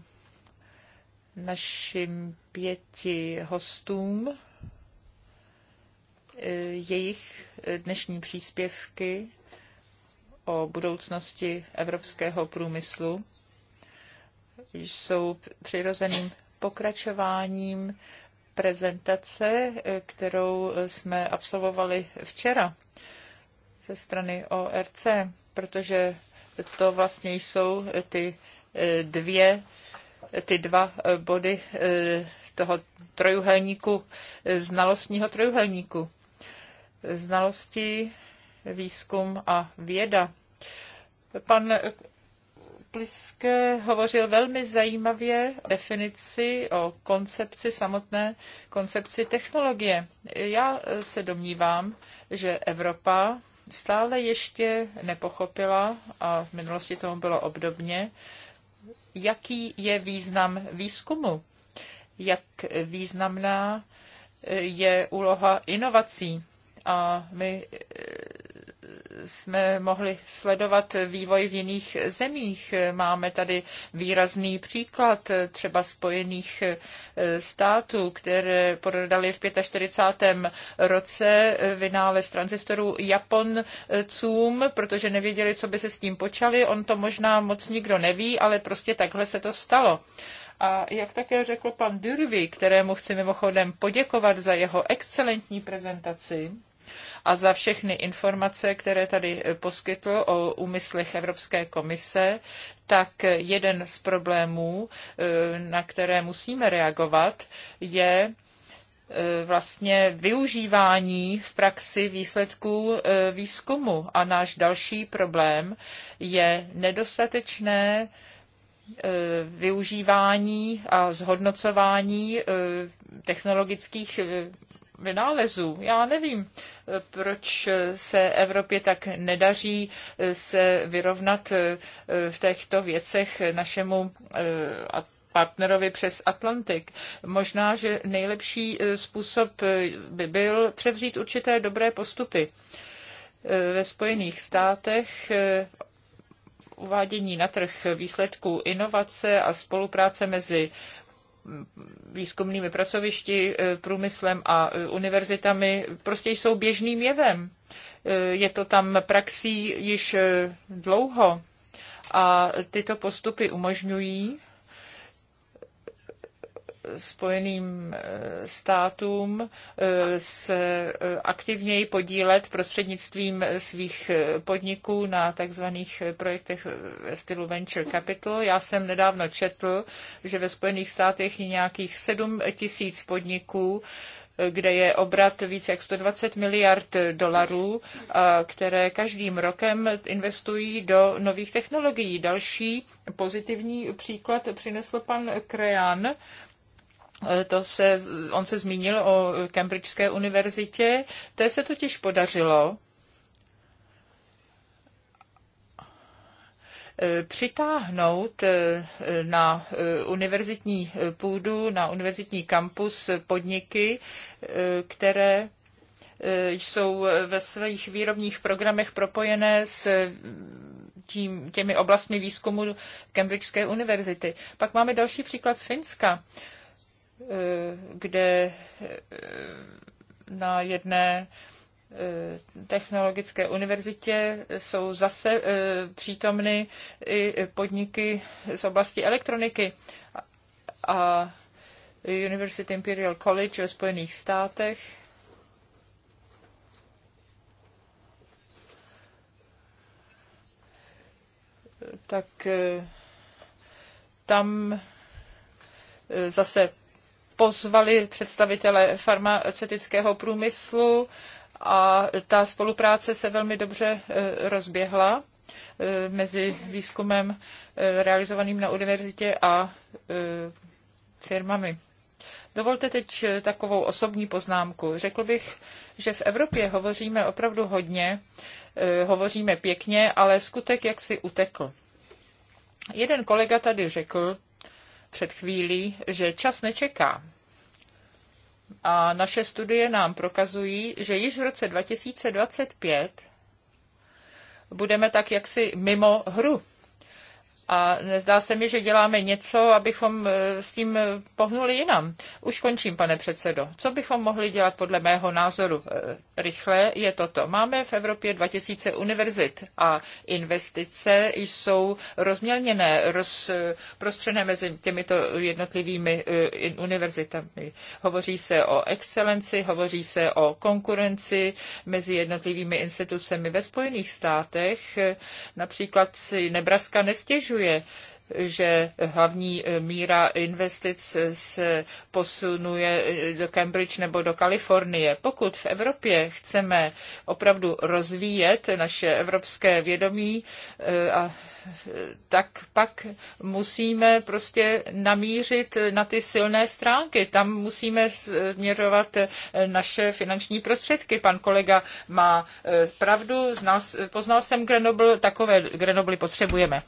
našim pěti hostům jejich dnešní příspěvky o budoucnosti evropského průmyslu jsou přirozeným pokračováním prezentace, kterou jsme absolvovali včera ze strany ORC, protože to vlastně jsou ty eh, dvě, ty dva eh, body eh, toho trojuhelníku, znalostního trojuhelníku znalosti, výzkum a věda. Pan Pliske hovořil velmi zajímavě o definici, o koncepci samotné, koncepci technologie. Já se domnívám, že Evropa stále ještě nepochopila, a v minulosti tomu bylo obdobně, jaký je význam výzkumu, jak významná je úloha inovací a my eh, jsme mohli sledovat vývoj v jiných zemích. Máme tady výrazný příklad třeba Spojených eh, států, které prodali v 45. roce eh, vynález transistorů Japoncům, protože nevěděli, co by se s tím počali. On to možná moc nikdo neví, ale prostě takhle se to stalo. A jak také řekl pan Durvy, kterému chci mimochodem poděkovat za jeho excelentní prezentaci, a za všechny informace, které tady eh, poskytl o úmyslech Evropské komise, tak jeden z problémů, eh, na které musíme reagovat, je eh, vlastně využívání v praxi výsledků výzkumu. A náš další problém je nedostatečné využívání a zhodnocování technologických vynálezů. Já nevím, proč se Evropě tak nedaří se vyrovnat eh, v těchto věcech našemu eh, partnerovi přes Atlantik. Možná, že nejlepší eh, způsob by byl převzít určité dobré postupy. Ve Spojených státech uvádění na trh výsledků inovace a spolupráce mezi výzkumnými pracovišti, e, průmyslem a e, univerzitami prostě jsou běžným jevem. E, je to tam praxí již dlouho a tyto postupy umožňují Spojeným eh, státům eh, se eh, aktivněji podílet prostřednictvím svých podniků na takzvaných projektech ve stylu venture capital. Já jsem nedávno četl, že ve Spojených státech je nějakých 7 tisíc podniků, kde je obrat více jak 120 miliard dolarů, které každým rokem investují do nových technologií. Další pozitivní příklad přinesl pan Krejan, Eh, to se, on se zmínil o Cambridgeské univerzitě, té se totiž podařilo eh, přitáhnout eh, na univerzitní půdu, na univerzitní kampus podniky, které jsou ve svých výrobních programech propojené s mm, tím, těmi oblastmi výzkumu Cambridgeské univerzity. Pak máme další příklad z Finska. Eh, kde eh, na jedné eh, technologické univerzitě jsou zase přítomny i podniky z oblasti elektroniky. A University Imperial College ve Spojených státech tak tam zase pozvali představitele farmaceutického průmyslu a ta spolupráce se velmi dobře e, rozběhla e, mezi výzkumem e, realizovaným na univerzitě a firmami. Dovolte teď takovou osobní poznámku. Řekl bych, že v Evropě hovoříme opravdu hodně, hovoříme pěkně, ale skutek jaksi utekl. Jeden kolega tady řekl, před chvílí, že čas nečeká. A naše studie nám prokazují, že již v roce 2025 budeme tak jaksi mimo hru a nezdá se mi, že děláme něco, abychom e, s tím e, pohnuli jinam. Už končím, pane předsedo. Co bychom mohli dělat podle mého názoru e, rychle, je toto. Máme v Evropě 2000 univerzit a investice jsou rozmělněné, rozprostřené mezi těmito jednotlivými univerzitami. Hovoří se o excelenci, hovoří se o konkurenci mezi jednotlivými institucemi ve Spojených státech. Například si Nebraska nestěžuje zvažuje, že hlavní míra investic se posunuje do Cambridge nebo do Kalifornie. Pokud v Evropě chceme opravdu rozvíjet naše evropské vědomí, eh, a tak pak musíme prostě namířit na ty silné stránky. Tam musíme směrovat naše finanční prostředky. Pan kolega má eh, pravdu, poznal jsem Grenoble, takové Grenoble potřebujeme.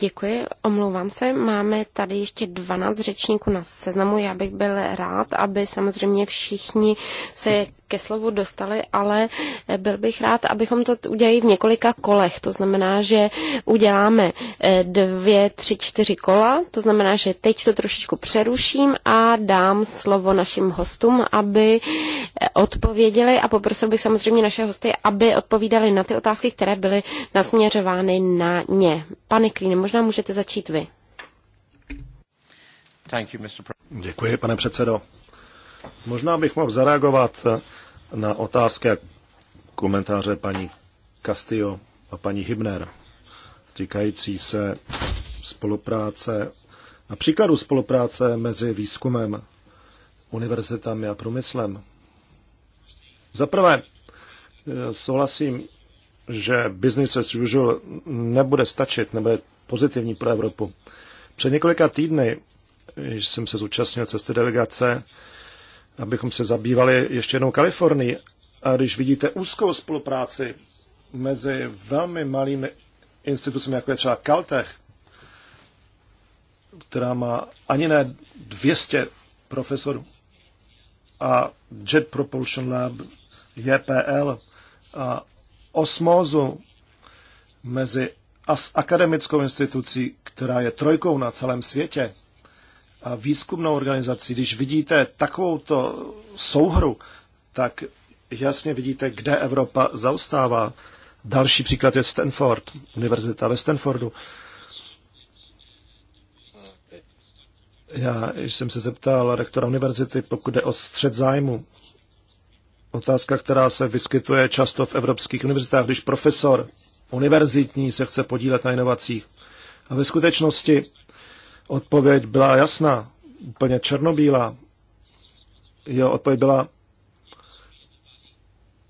Děkuji, omlouvám se. Máme tady ještě 12 řečníků na seznamu. Já bych byl rád, aby samozřejmě všichni se ke slovu dostali, ale byl bych rád, abychom to udělali v několika kolech. To znamená, že uděláme eh, dvě, tři, čtyři kola. To znamená, že teď to trošičku přeruším a dám slovo našim hostům, aby eh, odpověděli a poprosil bych samozřejmě naše hosty, aby odpovídali na ty otázky, které byly nasměřovány na ně. Pane Klíne, možná můžete začít vy. Děkuji, pane předsedo. Možná bych mohl zareagovat eh, na otázky a komentáře paní Castillo a paní Hibner týkající se spolupráce a příkladu spolupráce mezi výzkumem, univerzitami a průmyslem. Za prvé, souhlasím, že business as usual nebude stačit, nebude pozitivní pro Evropu. Před několika týdny jsem se zúčastnil cesty delegace abychom se zabývali ještě jednou Kalifornii. A když vidíte úzkou spolupráci mezi velmi malými institucemi, jako je třeba Caltech, která má ani ne 200 profesorů, a Jet Propulsion Lab, JPL a osmózu mezi akademickou institucí, která je trojkou na celém světě, a výzkumnou organizací, když vidíte takovouto souhru, tak jasně vidíte, kde Evropa zaostává. Další příklad je Stanford, univerzita ve Stanfordu. Já jsem se zeptal rektora univerzity, pokud jde o střed zájmu. Otázka, která se vyskytuje často v evropských univerzitách, když profesor univerzitní se chce podílet na inovacích. A ve skutečnosti odpověď byla jasná, úplně černobílá. Jeho odpověď byla,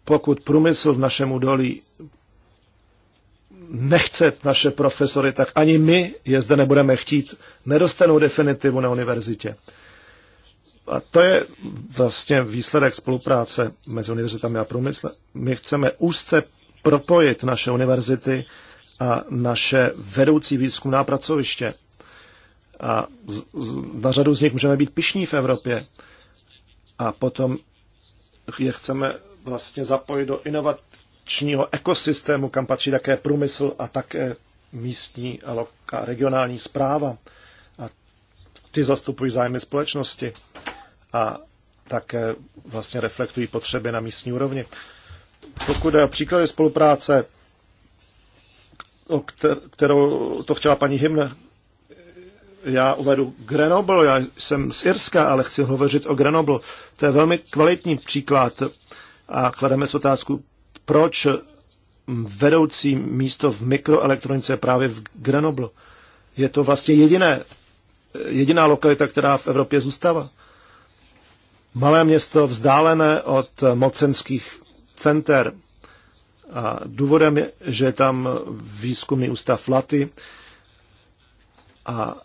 pokud průmysl v našem údolí nechce naše profesory, tak ani my je zde nebudeme chtít, nedostanou definitivu na univerzitě. A to je vlastně výsledek spolupráce mezi univerzitami a průmyslem. My chceme úzce propojit naše univerzity a naše vedoucí výzkumná pracoviště a z, z, na řadu z nich můžeme být pišní v Evropě. A potom je chceme vlastně zapojit do inovačního ekosystému, kam patří také průmysl a také místní a, a regionální zpráva. A ty zastupují zájmy společnosti a také vlastně reflektují potřeby na místní úrovni. Pokud je o příklady spolupráce, o kterou to chtěla paní Himner, já uvedu Grenoble, já jsem z Irska, ale chci hovořit o Grenoble. To je velmi kvalitní příklad a klademe si otázku, proč vedoucí místo v mikroelektronice právě v Grenoble. Je to vlastně jediné, jediná lokalita, která v Evropě zůstává. Malé město vzdálené od mocenských center. A důvodem je, že je tam výzkumný ústav Laty a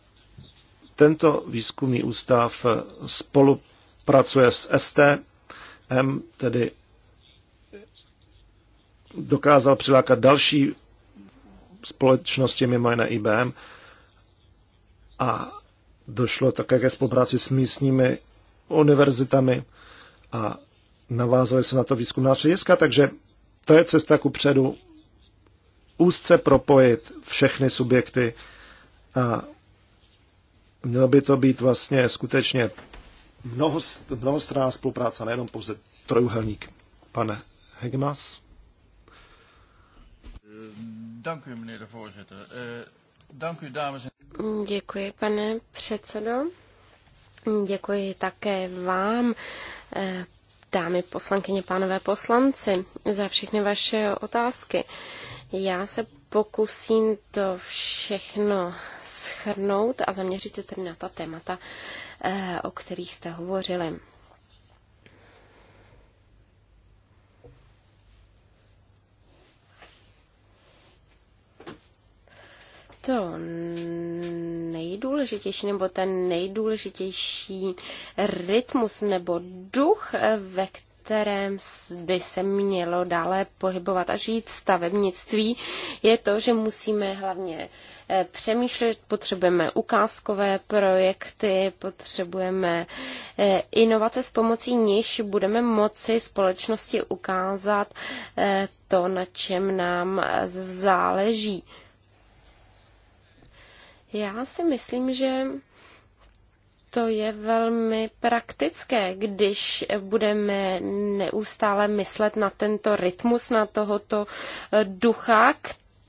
tento výzkumný ústav eh, spolupracuje s STM, tedy dokázal přilákat další společnosti, mimo jiné IBM, a došlo také ke spolupráci s místními univerzitami a navázali se na to výzkumná střediska, takže to je cesta ku předu. Úzce propojit všechny subjekty a Mělo by to být vlastně skutečně mnohost, mnohostranná spolupráce, nejenom pouze trojuhelník. Pane Hegmas? Děkuji, pane předsedo. Děkuji také vám, eh, dámy poslankyně, pánové poslanci, za všechny vaše otázky. Já se pokusím to všechno schrnout a zaměřit se tedy na ta témata, eh, o kterých jste hovořili. to nejdůležitější nebo ten nejdůležitější rytmus nebo duch, eh, ve kterém by se mělo dále pohybovat a žít stavebnictví, je to, že musíme hlavně eh, přemýšlet, potřebujeme ukázkové projekty, potřebujeme eh, inovace s pomocí níž budeme moci společnosti ukázat eh, to, na čem nám záleží. Já si myslím, že to je velmi praktické, když budeme neustále myslet na tento rytmus, na tohoto eh, ducha,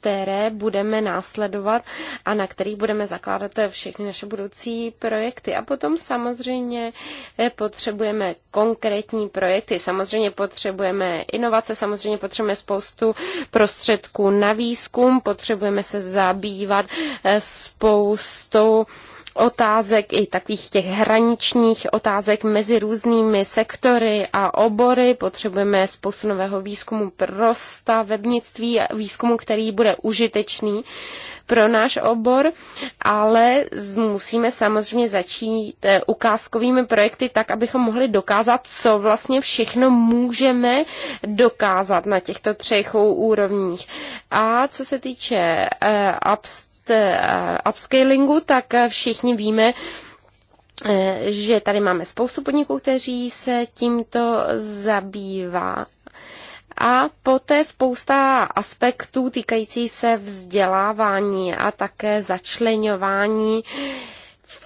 které budeme následovat a na kterých budeme zakládat všechny naše budoucí projekty. A potom samozřejmě eh, potřebujeme konkrétní projekty, samozřejmě potřebujeme inovace, samozřejmě potřebujeme spoustu prostředků na výzkum, potřebujeme se zabývat eh, spoustou otázek, i takových těch hraničních otázek mezi různými sektory a obory. Potřebujeme spoustu nového výzkumu pro stavebnictví, výzkumu, který bude užitečný pro náš obor, ale musíme samozřejmě začít eh, ukázkovými projekty tak, abychom mohli dokázat, co vlastně všechno můžeme dokázat na těchto třech úrovních. A co se týče eh, Eh, upscalingu, tak eh, všichni víme, eh, že tady máme spoustu podniků, kteří se tímto zabývá. A poté spousta aspektů týkající se vzdělávání a také začlenování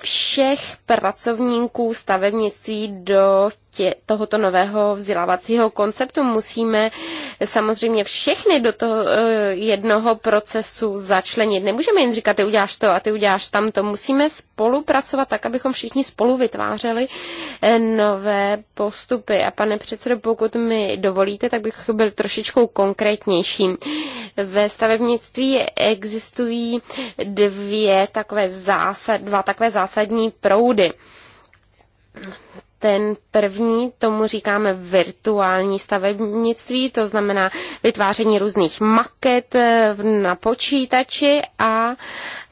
všech pracovníků stavebnictví do tě, tohoto nového vzdělávacího konceptu musíme samozřejmě všechny do toho eh, jednoho procesu začlenit. Nemůžeme jen říkat, ty uděláš to a ty uděláš tamto. Musíme spolupracovat tak, abychom všichni spolu vytvářeli eh, nové postupy. A pane předsedo, pokud mi dovolíte, tak bych byl trošičku konkrétnější. Ve stavebnictví existují dvě takové zásad, dva takové zásadní proudy. Ten první, tomu říkáme virtuální stavebnictví, to znamená vytváření různých maket eh, na počítači a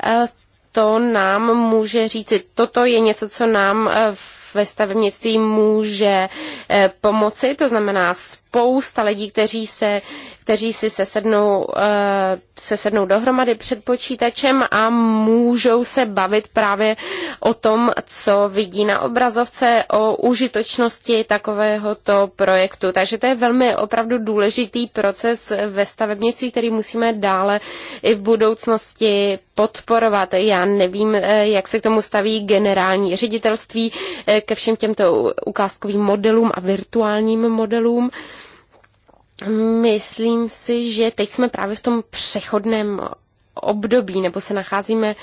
eh, to nám může říci, toto je něco, co nám eh, v ve stavebnictví může eh, pomoci, to znamená spousta lidí, kteří, se, kteří si sesednou, eh, sesednou dohromady před počítačem a můžou se bavit právě o tom, co vidí na obrazovce, o užitočnosti takovéhoto projektu. Takže to je velmi opravdu důležitý proces ve stavebnictví, který musíme dále i v budoucnosti podporovat. Já nevím, eh, jak se k tomu staví generální ředitelství, ke všem těmto ukázkovým modelům a virtuálním modelům. Myslím si, že teď jsme právě v tom přechodném období, nebo se nacházíme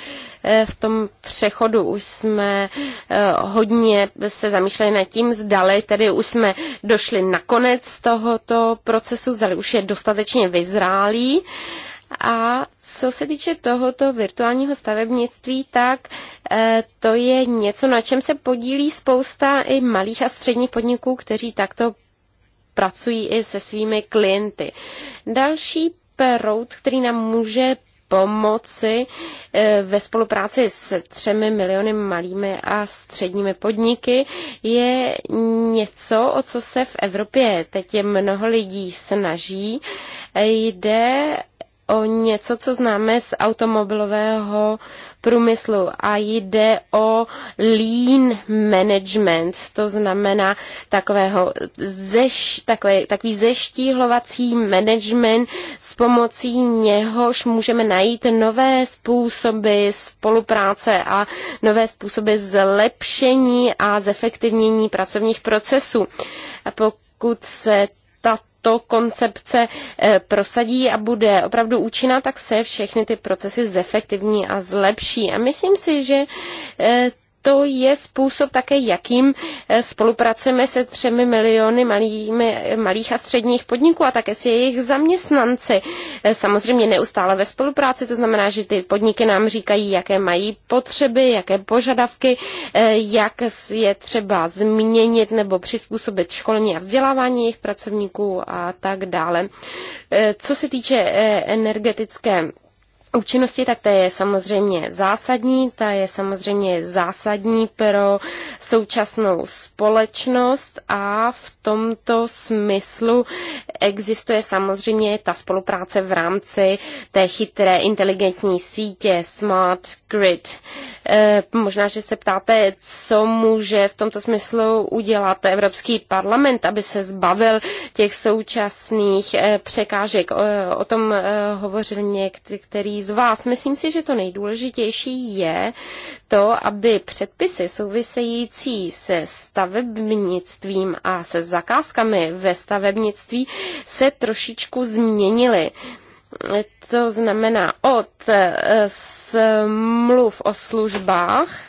eh, v tom přechodu. Už jsme eh, hodně se zamýšleli nad tím, zdali tedy už jsme došli na konec tohoto procesu, zdali už je dostatečně vyzrálý a co se týče tohoto virtuálního stavebnictví, tak eh, to je něco, na čem se podílí spousta i malých a středních podniků, kteří takto pracují i se svými klienty. Další proud, který nám může pomoci eh, ve spolupráci s třemi miliony malými a středními podniky je něco, o co se v Evropě teď mnoho lidí snaží. Eh, jde o něco, co známe z automobilového průmyslu a jde o lean management, to znamená takového zeš, takové, takový zeštíhlovací management, s pomocí něhož můžeme najít nové způsoby spolupráce a nové způsoby zlepšení a zefektivnění pracovních procesů. A pokud se tato koncepce eh, prosadí a bude opravdu účinná, tak se všechny ty procesy zefektivní a zlepší. A myslím si, že eh, to je způsob také, jakým eh, spolupracujeme se třemi miliony malými, malých a středních podniků a také s jejich zaměstnanci. Eh, samozřejmě neustále ve spolupráci, to znamená, že ty podniky nám říkají, jaké mají potřeby, jaké požadavky, eh, jak je třeba změnit nebo přizpůsobit školní a vzdělávání jejich pracovníků a tak dále. Co se týče energetické účinnosti, tak ta je samozřejmě zásadní, ta je samozřejmě zásadní pro současnou společnost a v tomto smyslu existuje samozřejmě ta spolupráce v rámci té chytré inteligentní sítě Smart Grid. E, možná, že se ptáte, co může v tomto smyslu udělat Evropský parlament, aby se zbavil těch současných e, překážek. O tom e, hovořil některý z vás. Myslím si, že to nejdůležitější je to, aby předpisy související se stavebnictvím a se zakázkami ve stavebnictví se trošičku změnily. To znamená od eh, smluv o službách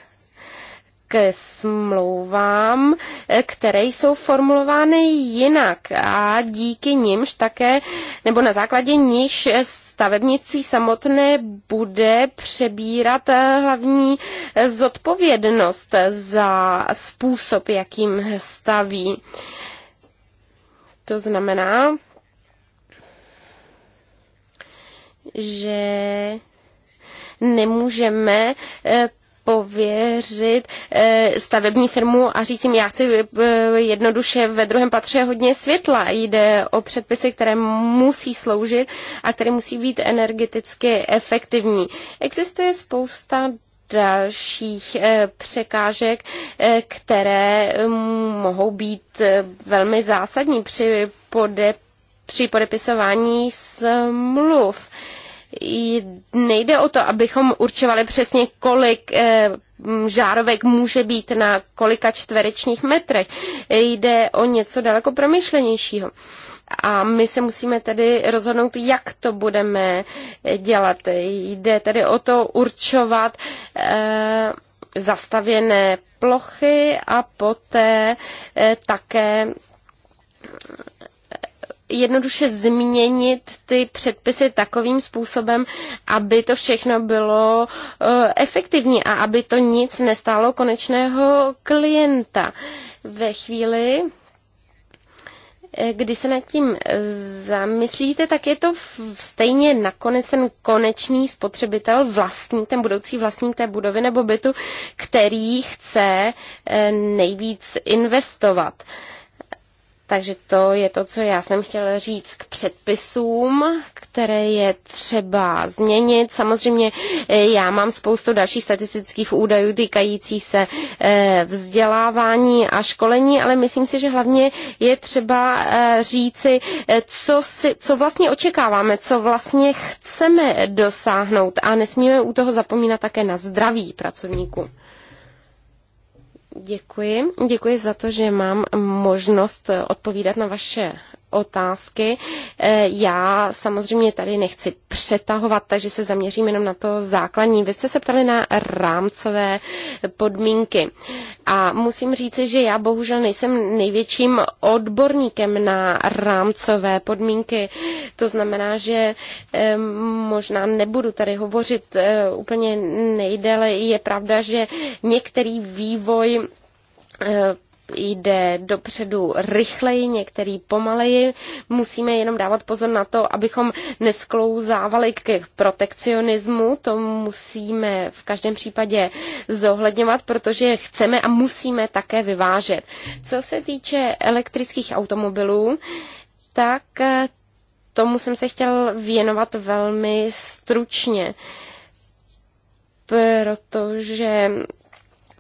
k smlouvám, eh, které jsou formulovány jinak a díky nimž také, nebo na základě níž stavebnicí samotné bude přebírat eh, hlavní eh, zodpovědnost za způsob, jakým staví. To znamená, že nemůžeme pověřit eh, stavební firmu a říct jim, já chci eh, jednoduše ve druhém patře hodně světla. Jde o předpisy, které musí sloužit a které musí být energeticky efektivní. Existuje spousta dalších eh, překážek, které mohou být velmi zásadní při, pode, při podepisování smluv. mluv nejde o to, abychom určovali přesně, kolik eh, žárovek může být na kolika čtverečních metrech. Jde o něco daleko promyšlenějšího. A my se musíme tedy rozhodnout, jak to budeme eh, dělat. Jde tedy o to určovat eh, zastavěné plochy a poté eh, také jednoduše změnit ty předpisy takovým způsobem, aby to všechno bylo eh, efektivní a aby to nic nestálo konečného klienta. Ve chvíli, eh, kdy se nad tím zamyslíte, tak je to stejně nakonec ten konečný spotřebitel, vlastní, ten budoucí vlastník té budovy nebo bytu, který chce eh, nejvíc investovat. Takže to je to, co já jsem chtěla říct k předpisům, které je třeba změnit. Samozřejmě eh, já mám spoustu dalších statistických údajů týkající se eh, vzdělávání a školení, ale myslím si, že hlavně je třeba eh, říci, co, si, co vlastně očekáváme, co vlastně chceme dosáhnout a nesmíme u toho zapomínat také na zdraví pracovníků. Děkuji. Děkuji za to, že mám možnost eh, odpovídat na vaše otázky. E, já samozřejmě tady nechci přetahovat, takže se zaměřím jenom na to základní. Vy jste se ptali na rámcové podmínky. A musím říci, že já bohužel nejsem největším odborníkem na rámcové podmínky. To znamená, že e, možná nebudu tady hovořit e, úplně nejdéle. Je pravda, že některý vývoj jde dopředu rychleji, některý pomaleji. Musíme jenom dávat pozor na to, abychom nesklouzávali k protekcionismu. To musíme v každém případě zohledňovat, protože chceme a musíme také vyvážet. Co se týče elektrických automobilů, tak eh, tomu jsem se chtěl věnovat velmi stručně, protože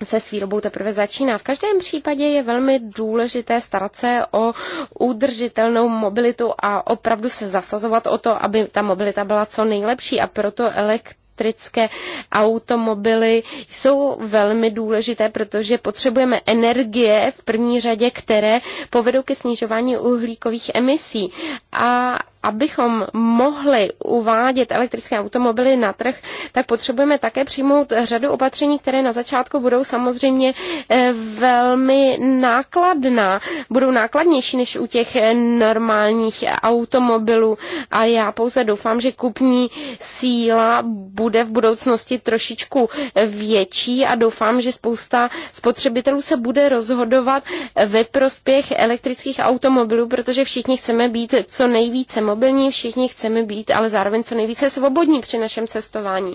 se s výrobou teprve začíná. V každém případě je velmi důležité starat se o udržitelnou mobilitu a opravdu se zasazovat o to, aby ta mobilita byla co nejlepší a proto elekt elektrické automobily jsou velmi důležité, protože potřebujeme energie v první řadě, které povedou ke snižování uhlíkových emisí. A abychom mohli uvádět elektrické automobily na trh, tak potřebujeme také přijmout řadu opatření, které na začátku budou samozřejmě eh, velmi nákladná, budou nákladnější než u těch eh, normálních automobilů a já pouze doufám, že kupní síla bude v budoucnosti trošičku eh, větší a doufám, že spousta spotřebitelů se bude rozhodovat ve prospěch elektrických automobilů, protože všichni chceme být co nejvíce mobilní, všichni chceme být, ale zároveň co nejvíce svobodní při našem cestování.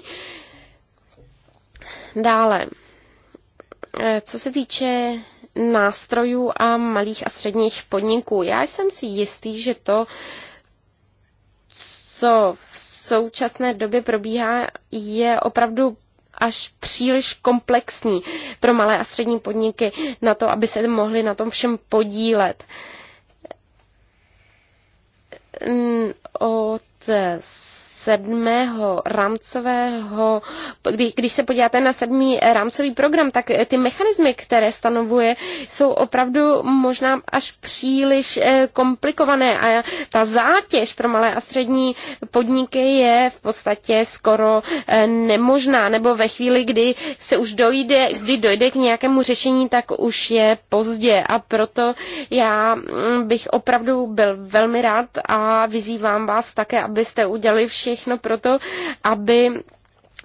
Dále, eh, co se týče nástrojů a malých a středních podniků, já jsem si jistý, že to, co v současné době probíhá, je opravdu až příliš komplexní pro malé a střední podniky na to, aby se mohly na tom všem podílet. Uh, od sedmého rámcového, kdy, když se podíváte na sedmý rámcový program, tak ty mechanismy, které stanovuje, jsou opravdu možná až příliš eh, komplikované a ta zátěž pro malé a střední podniky je v podstatě skoro eh, nemožná, nebo ve chvíli, kdy se už dojde, kdy dojde k nějakému řešení, tak už je pozdě a proto já mm, bych opravdu byl velmi rád a vyzývám vás také, abyste udělali vše všechno proto, aby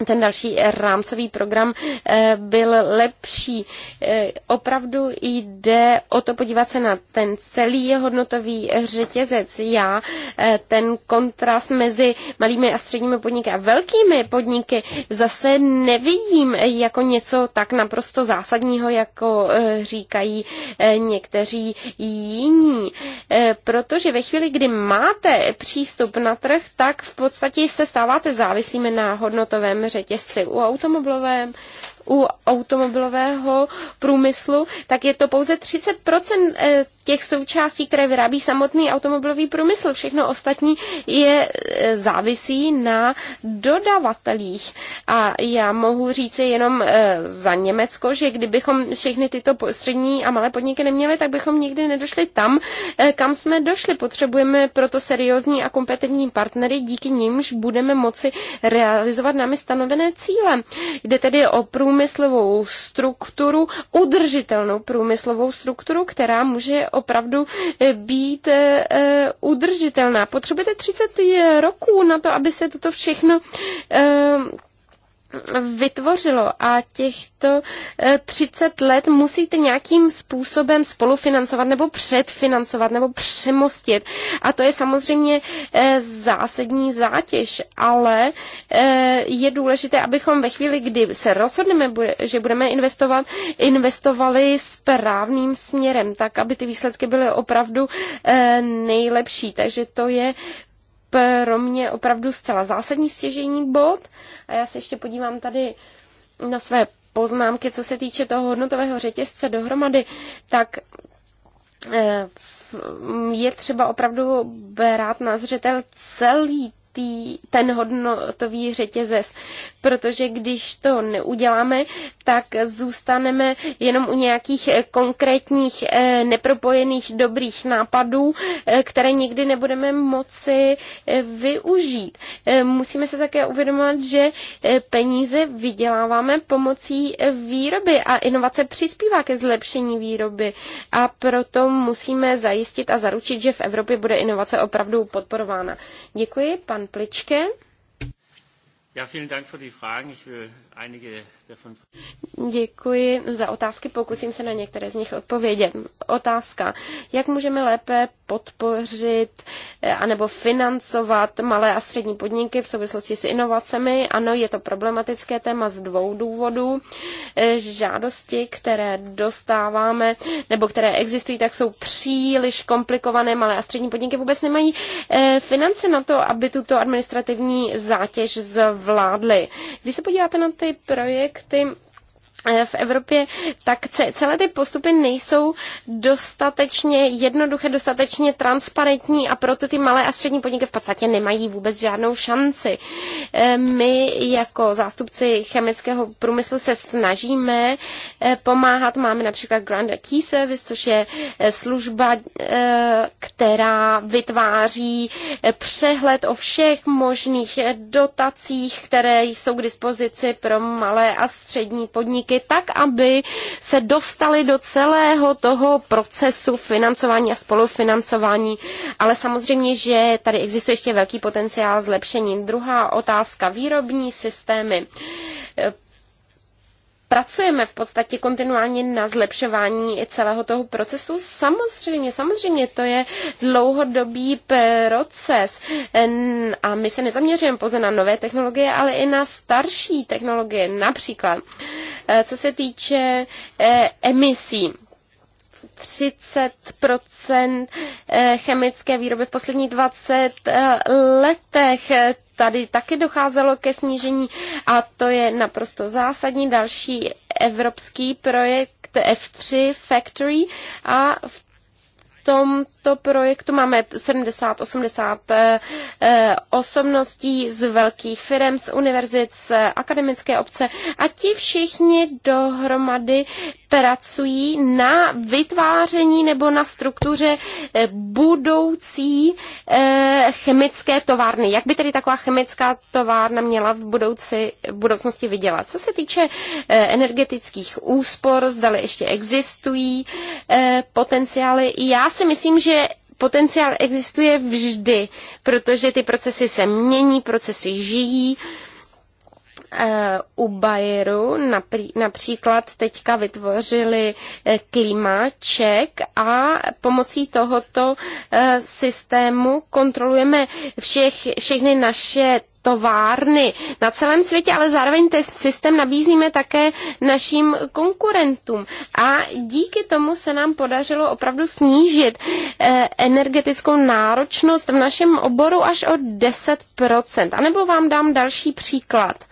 ten další rámcový program eh, byl lepší. Eh, opravdu jde o to podívat se na ten celý hodnotový řetězec. Já eh, ten kontrast mezi malými a středními podniky a velkými podniky zase nevidím jako něco tak naprosto zásadního, jako říkají někteří jiní. Protože ve chvíli, kdy máte přístup na trh, tak v podstatě se stáváte závislými na hodnotovém řetězci. U automobilovém u automobilového průmyslu, tak je to pouze 30% eh, těch součástí, které vyrábí samotný automobilový průmysl. Všechno ostatní je eh, závisí na dodavatelích. A já mohu říci jenom eh, za Německo, že kdybychom všechny tyto střední a malé podniky neměli, tak bychom nikdy nedošli tam, kam jsme došli. Potřebujeme proto seriózní a kompetentní partnery, díky nimž budeme moci realizovat námi stanovené cíle. Jde tedy o průmysl průmyslovou strukturu, udržitelnou průmyslovou strukturu, která může opravdu eh, být eh, eh, udržitelná. Potřebujete 30 roků na to, aby se toto všechno vytvořilo a těchto 30 e, let musíte nějakým způsobem spolufinancovat nebo předfinancovat nebo přemostit. A to je samozřejmě e, zásadní zátěž, ale e, je důležité, abychom ve chvíli, kdy se rozhodneme, že budeme investovat, investovali správným směrem, tak aby ty výsledky byly opravdu nejlepší. Takže to je pro mě opravdu zcela zásadní stěžení bod a já se ještě podívám tady na své poznámky, co se týče toho hodnotového řetězce dohromady, tak eh, je třeba opravdu brát na zřetel celý tý, ten hodnotový řetězec, protože když to neuděláme, tak zůstaneme jenom u nějakých eh, konkrétních eh, nepropojených dobrých nápadů, eh, které nikdy nebudeme moci využít. Musíme se také uvědomovat, že peníze vyděláváme pomocí výroby a inovace přispívá ke zlepšení výroby a proto musíme zajistit a zaručit, že v Evropě bude inovace opravdu podporována. Děkuji, pan Pan Pličke. Ja, vielen Dank für die Fragen. Ich will äh, Děkuji za otázky, pokusím se na některé z nich odpovědět. Otázka, jak můžeme lépe podpořit eh, anebo financovat malé a střední podniky v souvislosti s inovacemi? Ano, je to problematické téma z dvou důvodů. Eh, žádosti, které dostáváme nebo které existují, tak jsou příliš komplikované. Malé a střední podniky vůbec nemají eh, finance na to, aby tuto administrativní zátěž zvládly. Když se podíváte na ty projekty Eh, v Evropě, tak celé ty postupy nejsou dostatečně jednoduché, dostatečně transparentní a proto ty malé a střední podniky v podstatě nemají vůbec žádnou šanci. Eh, my jako zástupci chemického průmyslu se snažíme eh, pomáhat. Máme například Grand Key Service, což je služba, která vytváří přehled o všech možných dotacích, které jsou k dispozici pro malé a střední podniky podniky, tak aby se dostali do celého toho procesu financování a spolufinancování. Ale samozřejmě, že tady existuje ještě velký potenciál zlepšení. Druhá otázka, výrobní systémy pracujeme v podstatě kontinuálně na zlepšování celého toho procesu. Samozřejmě, samozřejmě, to je dlouhodobý proces a my se nezaměřujeme pouze na nové technologie, ale i na starší technologie, například eh, co se týče eh, emisí. 30 eh, chemické výroby v posledních 20 letech tady taky docházelo ke snížení a to je naprosto zásadní další evropský projekt F3 Factory a v tom tomto projektu. Máme 70-80 eh, eh, osobností z velkých firm, z univerzit, z akademické obce a ti všichni dohromady pracují na vytváření nebo na struktuře eh, budoucí chemické továrny. Jak by tedy taková chemická továrna měla v budoucí, v budoucnosti vydělat? Co se týče energetických úspor, zdali ještě existují potenciály, já si myslím, že že potenciál existuje vždy, protože ty procesy se mění, procesy žijí. Eh, u Bayeru například teďka vytvořili eh, klimaček a pomocí tohoto eh, systému kontrolujeme všech, všechny naše továrny na celém světě, ale zároveň ten systém nabízíme také našim konkurentům. A díky tomu se nám podařilo opravdu snížit eh, energetickou náročnost v našem oboru až o 10%. A nebo vám dám další příklad.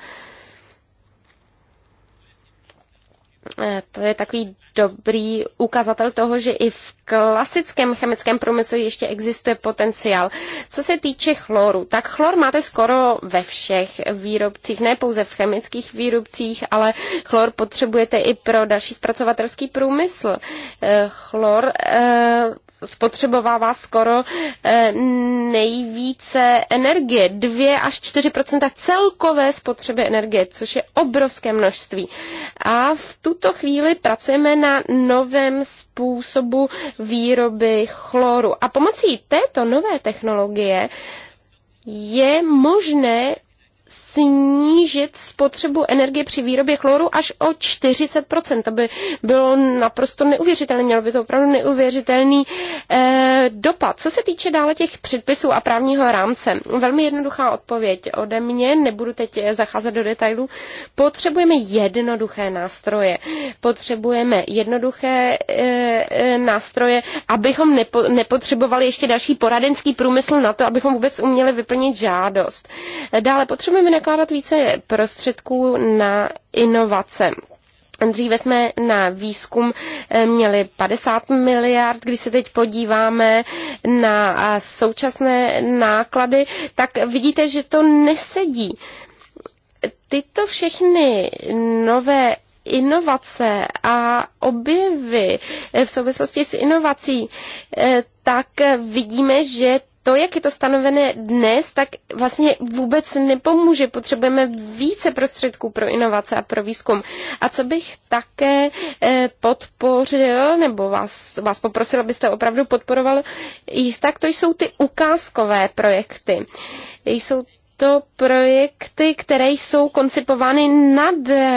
Eh, to je takový dobrý ukazatel toho, že i v klasickém chemickém průmyslu ještě existuje potenciál. Co se týče chloru, tak chlor máte skoro ve všech výrobcích, ne pouze v chemických výrobcích, ale chlor potřebujete i pro další zpracovatelský průmysl. Eh, chlor eh, spotřebovává skoro eh, nejvíce energie, 2 až 4 celkové spotřeby energie, což je obrovské množství. A v tuto chvíli pracujeme na na novém způsobu výroby chloru. A pomocí této nové technologie je možné snížit spotřebu energie při výrobě chloru až o 40%. To by bylo naprosto neuvěřitelné, mělo by to opravdu neuvěřitelný eh, dopad. Co se týče dále těch předpisů a právního rámce, velmi jednoduchá odpověď ode mě, nebudu teď zacházet do detailů. Potřebujeme jednoduché nástroje. Potřebujeme jednoduché eh, eh, nástroje, abychom nepo, nepotřebovali ještě další poradenský průmysl na to, abychom vůbec uměli vyplnit žádost. Dále potřebujeme musíme vynakládat více prostředků na inovace. Dříve jsme na výzkum eh, měli 50 miliard, když se teď podíváme na eh, současné náklady, tak vidíte, že to nesedí. Tyto všechny nové inovace a objevy eh, v souvislosti s inovací, tak vidíme, že to, jak je to stanovené dnes, tak vlastně vůbec nepomůže. Potřebujeme více prostředků pro inovace a pro výzkum. A co bych také eh, podpořil, nebo vás, vás poprosil, abyste opravdu podporoval tak to jsou ty ukázkové projekty. Jsou to projekty, které jsou koncipovány nad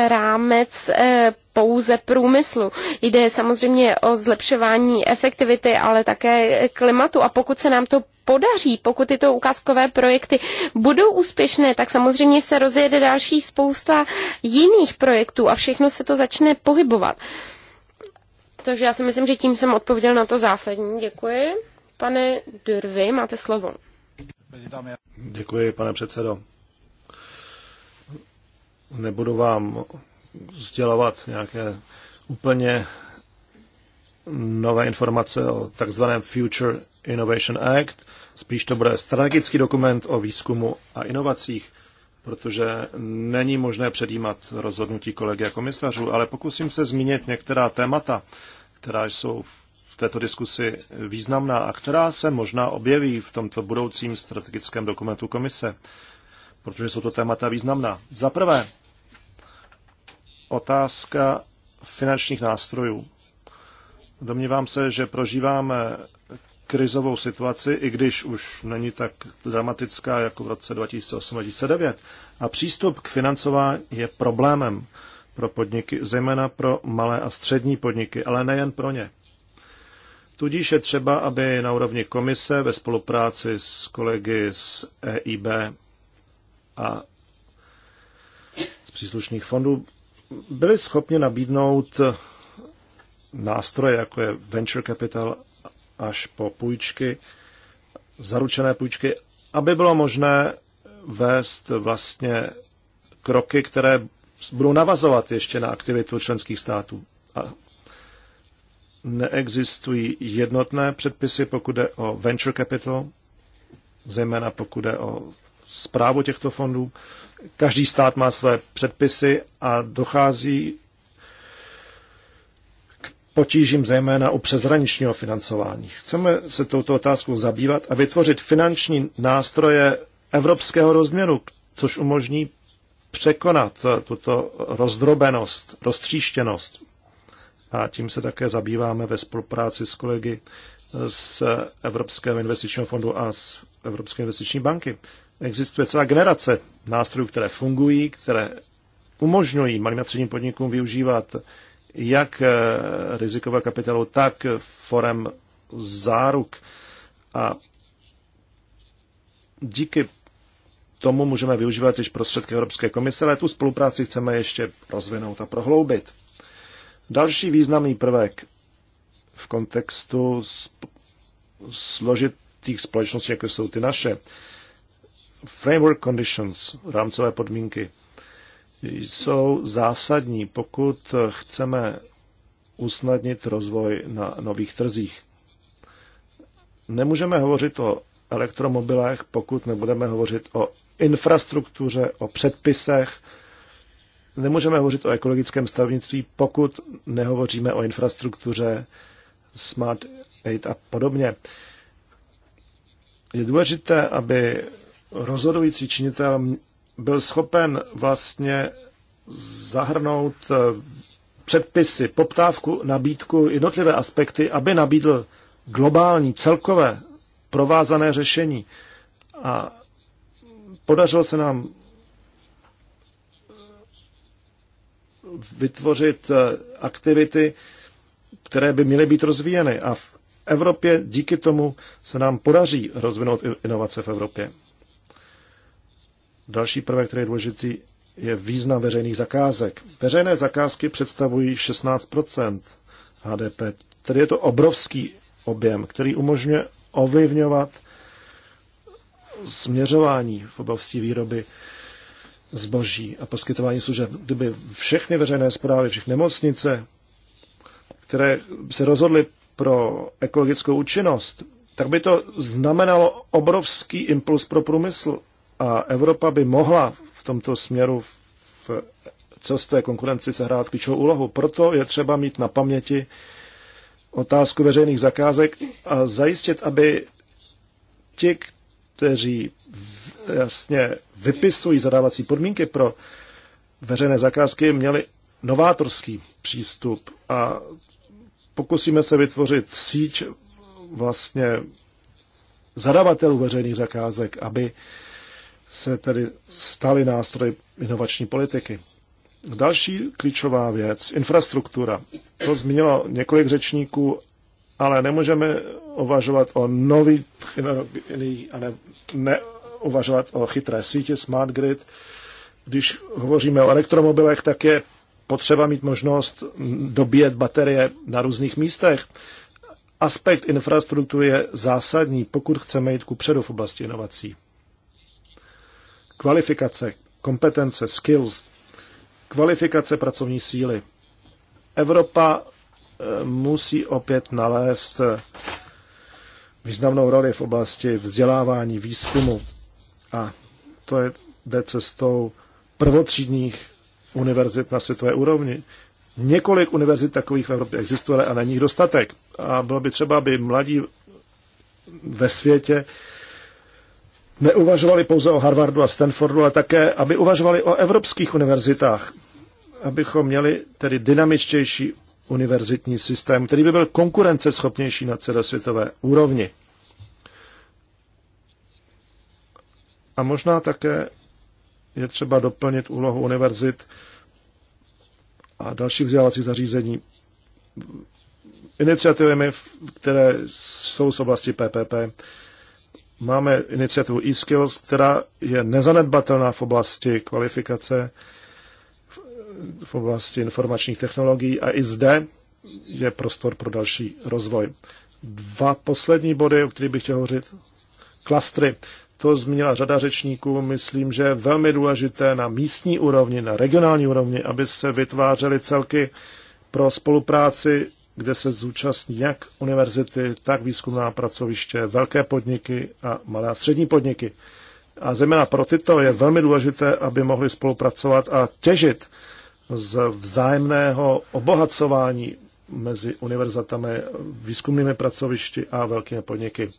rámec eh, pouze průmyslu. Jde samozřejmě o zlepšování efektivity, ale také klimatu. A pokud se nám to podaří, pokud tyto ukázkové projekty budou úspěšné, tak samozřejmě se rozjede další spousta jiných projektů a všechno se to začne pohybovat. Takže já si myslím, že tím jsem odpověděl na to zásadní. Děkuji. Pane Dürvy, máte slovo. Děkuji, pane předsedo. Nebudu vám sdělovat nějaké úplně nové informace o takzvaném Future Innovation Act. Spíš to bude strategický dokument o výzkumu a inovacích, protože není možné předjímat rozhodnutí kolegy a komisařů, ale pokusím se zmínit některá témata, která jsou v této diskusi významná a která se možná objeví v tomto budoucím strategickém dokumentu komise, protože jsou to témata významná. Za prvé, otázka finančních nástrojů. Domnívám se, že prožíváme krizovou situaci, i když už není tak dramatická jako v roce 2008-2009. A přístup k financování je problémem pro podniky, zejména pro malé a střední podniky, ale nejen pro ně. Tudíž je třeba, aby na úrovni komise ve spolupráci s kolegy z EIB a z příslušných fondů byli schopni nabídnout nástroje, jako je venture capital až po půjčky, zaručené půjčky, aby bylo možné vést vlastně kroky, které budou navazovat ještě na aktivitu členských států. A neexistují jednotné předpisy, pokud jde o venture capital, zejména pokud jde o zprávu těchto fondů. Každý stát má své předpisy a dochází k potížím zejména u přezraničního financování. Chceme se touto otázkou zabývat a vytvořit finanční nástroje evropského rozměru, což umožní překonat tuto rozdrobenost, roztříštěnost. A tím se také zabýváme ve spolupráci s kolegy z Evropského investičního fondu a z Evropské investiční banky existuje celá generace nástrojů, které fungují, které umožňují malým a středním podnikům využívat jak eh, rizikové kapitálu, tak forem záruk. A díky tomu můžeme využívat již prostředky Evropské komise, ale tu spolupráci chceme ještě rozvinout a prohloubit. Další významný prvek v kontextu složitých společností, jako jsou ty naše, framework conditions, rámcové podmínky, jsou zásadní, pokud chceme usnadnit rozvoj na nových trzích. Nemůžeme hovořit o elektromobilech, pokud nebudeme hovořit o infrastruktuře, o předpisech. Nemůžeme hovořit o ekologickém stavnictví, pokud nehovoříme o infrastruktuře, smart aid a podobně. Je důležité, aby rozhodující činitel byl schopen vlastně zahrnout eh, předpisy, poptávku, nabídku, jednotlivé aspekty, aby nabídl globální, celkové, provázané řešení. A podařilo se nám eh, vytvořit eh, aktivity, které by měly být rozvíjeny. A v Evropě díky tomu se nám podaří rozvinout inovace v Evropě. Další prvek, který je důležitý, je význam veřejných zakázek. Veřejné zakázky představují 16 HDP, tedy je to obrovský objem, který umožňuje ovlivňovat směřování v oblasti výroby zboží a poskytování služeb. Kdyby všechny veřejné zprávy, všechny nemocnice, které se rozhodly pro ekologickou účinnost, tak by to znamenalo obrovský impuls pro průmysl a Evropa by mohla v tomto směru v celosté konkurenci sehrát klíčovou úlohu. Proto je třeba mít na paměti otázku veřejných zakázek a zajistit, aby ti, kteří jasně vypisují zadávací podmínky pro veřejné zakázky, měli novátorský přístup a pokusíme se vytvořit síť vlastně zadavatelů veřejných zakázek, aby se tedy staly nástroji inovační politiky. Další klíčová věc, infrastruktura. To zmínilo několik řečníků, ale nemůžeme uvažovat o nových a ne, neuvažovat o chytré sítě, smart grid. Když hovoříme o elektromobilech, tak je potřeba mít možnost dobíjet baterie na různých místech. Aspekt infrastruktury je zásadní, pokud chceme jít ku předu v oblasti inovací. Kvalifikace, kompetence, skills, kvalifikace pracovní síly. Evropa eh, musí opět nalézt eh, významnou roli v oblasti vzdělávání, výzkumu. A to je, jde cestou prvotřídních univerzit na světové úrovni. Několik univerzit takových v Evropě existuje, ale není jich dostatek. A bylo by třeba, aby mladí ve světě neuvažovali pouze o Harvardu a Stanfordu, ale také, aby uvažovali o evropských univerzitách, abychom měli tedy dynamičtější univerzitní systém, který by byl konkurenceschopnější na celosvětové úrovni. A možná také je třeba doplnit úlohu univerzit a dalších vzdělávacích zařízení iniciativami, které jsou z oblasti PPP, Máme iniciativu eSkills, která je nezanedbatelná v oblasti kvalifikace, v oblasti informačních technologií a i zde je prostor pro další rozvoj. Dva poslední body, o kterých bych chtěl hovořit. Klastry. To zmínila řada řečníků. Myslím, že je velmi důležité na místní úrovni, na regionální úrovni, aby se vytvářely celky pro spolupráci kde se zúčastní jak univerzity, tak výzkumná pracoviště, velké podniky a malé a střední podniky. A zejména pro tyto je velmi důležité, aby mohli spolupracovat a těžit z vzájemného obohacování mezi univerzitami, výzkumnými pracovišti a velkými podniky.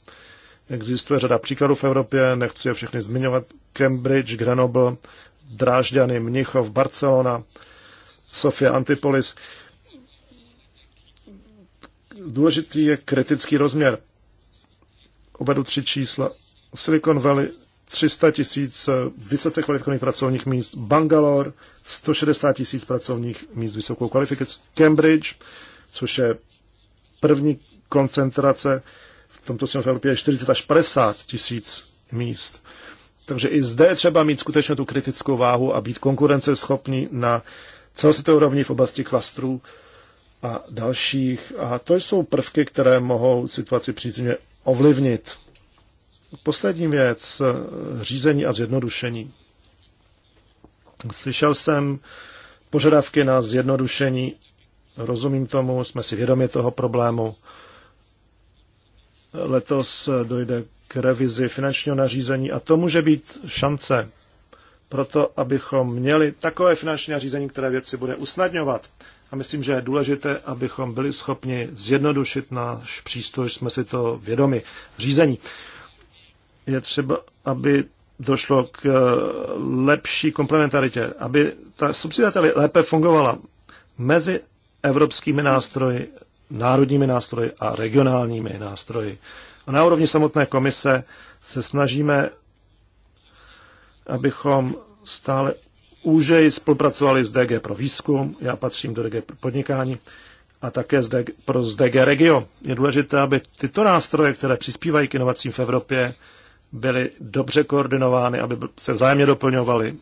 Existuje řada příkladů v Evropě, nechci je všechny zmiňovat. Cambridge, Grenoble, Drážďany, Mnichov, Barcelona, Sofia Antipolis důležitý je kritický rozměr. Obedu tři čísla. Silicon Valley 300 tisíc eh, vysoce kvalifikovaných pracovních míst, Bangalore 160 tisíc pracovních míst vysokou kvalifikací, Cambridge, což je první koncentrace v tomto směru v Evropě je 40 až 50 tisíc míst. Takže i zde je třeba mít skutečně tu kritickou váhu a být konkurenceschopní na celosvětové úrovni v oblasti klastrů a dalších. A to jsou prvky, které mohou situaci příznivě ovlivnit. Poslední věc, řízení a zjednodušení. Slyšel jsem požadavky na zjednodušení, rozumím tomu, jsme si vědomi toho problému. Letos dojde k revizi finančního nařízení a to může být šance pro to, abychom měli takové finanční nařízení, které věci bude usnadňovat a myslím, že je důležité, abychom byli schopni zjednodušit náš přístup, jsme si to vědomi. Řízení. Je třeba, aby došlo k eh, lepší komplementaritě, aby ta subsidiarita lépe fungovala mezi evropskými nástroji, národními nástroji a regionálními nástroji. A na úrovni samotné komise se snažíme, abychom stále úžej spolupracovali s DG pro výzkum, já patřím do DG pro podnikání a také z DG, pro z DG Regio. Je důležité, aby tyto nástroje, které přispívají k inovacím v Evropě, byly dobře koordinovány, aby se vzájemně doplňovaly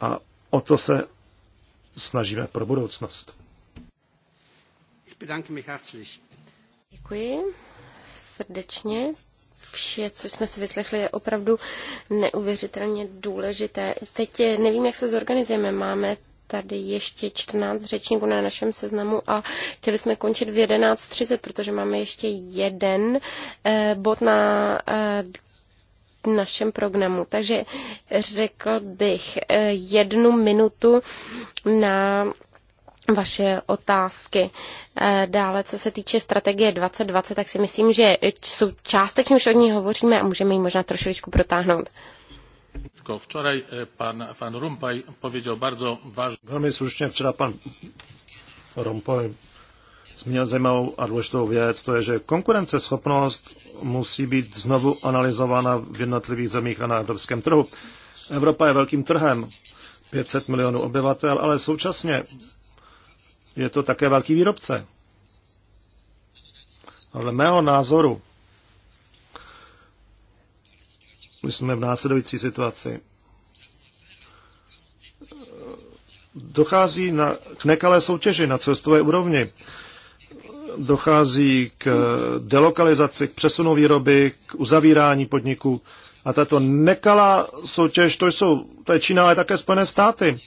a o to se snažíme pro budoucnost. Děkuji srdečně vše, co jsme si vyslechli, je opravdu neuvěřitelně důležité. Teď eh, nevím, jak se zorganizujeme. Máme tady ještě 14 řečníků na našem seznamu a chtěli jsme končit v 11.30, protože máme ještě jeden eh, bod na eh, našem programu. Takže řekl bych eh, jednu minutu na vaše otázky. Eh, dále, co se týče strategie 2020, tak si myslím, že jsou částečně už o ní hovoříme a můžeme ji možná trošičku protáhnout. Včeraj eh, pan, pan Rumpaj pověděl bardzo vážně. Velmi slušně včera pan Rumpaj zmínil zajímavou a důležitou věc, to je, že konkurenceschopnost musí být znovu analyzována v jednotlivých zemích a na evropském trhu. Evropa je velkým trhem, 500 milionů obyvatel, ale současně je to také velký výrobce. Ale mého názoru my jsme v následující situaci. Dochází na, k nekalé soutěži na celostové úrovni. Dochází k delokalizaci, k přesunu výroby, k uzavírání podniků. A tato nekalá soutěž, to, jsou, to je Čína, ale také Spojené státy,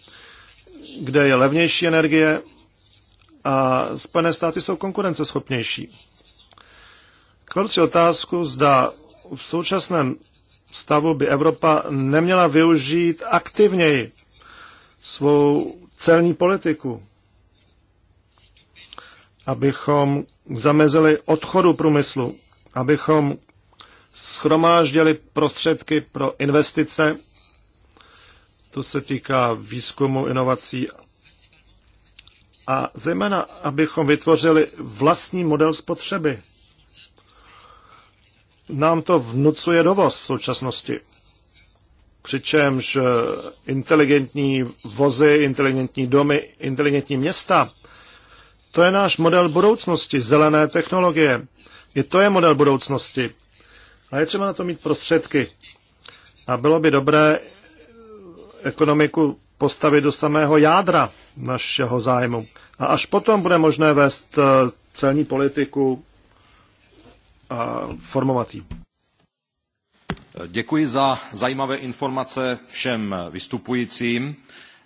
kde je levnější energie, a Spojené státy jsou konkurenceschopnější. Kladu si otázku, zda v současném stavu by Evropa neměla využít aktivněji svou celní politiku, abychom zamezili odchodu průmyslu, abychom schromáždili prostředky pro investice, to se týká výzkumu, inovací a zejména, abychom vytvořili vlastní model spotřeby. Nám to vnucuje dovoz v současnosti. Přičemž eh, inteligentní vozy, inteligentní domy, inteligentní města, to je náš model budoucnosti, zelené technologie. I to je model budoucnosti. A je třeba na to mít prostředky. A bylo by dobré ekonomiku postavit do samého jádra našeho zájmu. A až potom bude možné vést eh, celní politiku a formovat ji. Děkuji za zajímavé informace všem vystupujícím.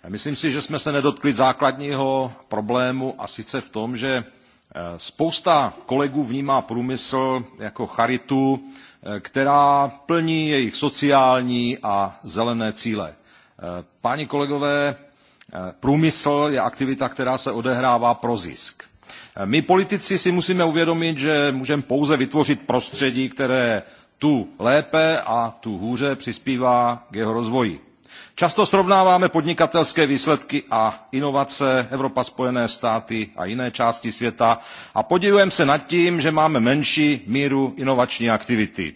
Myslím si, že jsme se nedotkli základního problému a sice v tom, že eh, spousta kolegů vnímá průmysl jako charitu, eh, která plní jejich sociální a zelené cíle. Páni kolegové, průmysl je aktivita, která se odehrává pro zisk. My politici si musíme uvědomit, že můžeme pouze vytvořit prostředí, které tu lépe a tu hůře přispívá k jeho rozvoji. Často srovnáváme podnikatelské výsledky a inovace Evropa, Spojené státy a jiné části světa a podivujeme se nad tím, že máme menší míru inovační aktivity.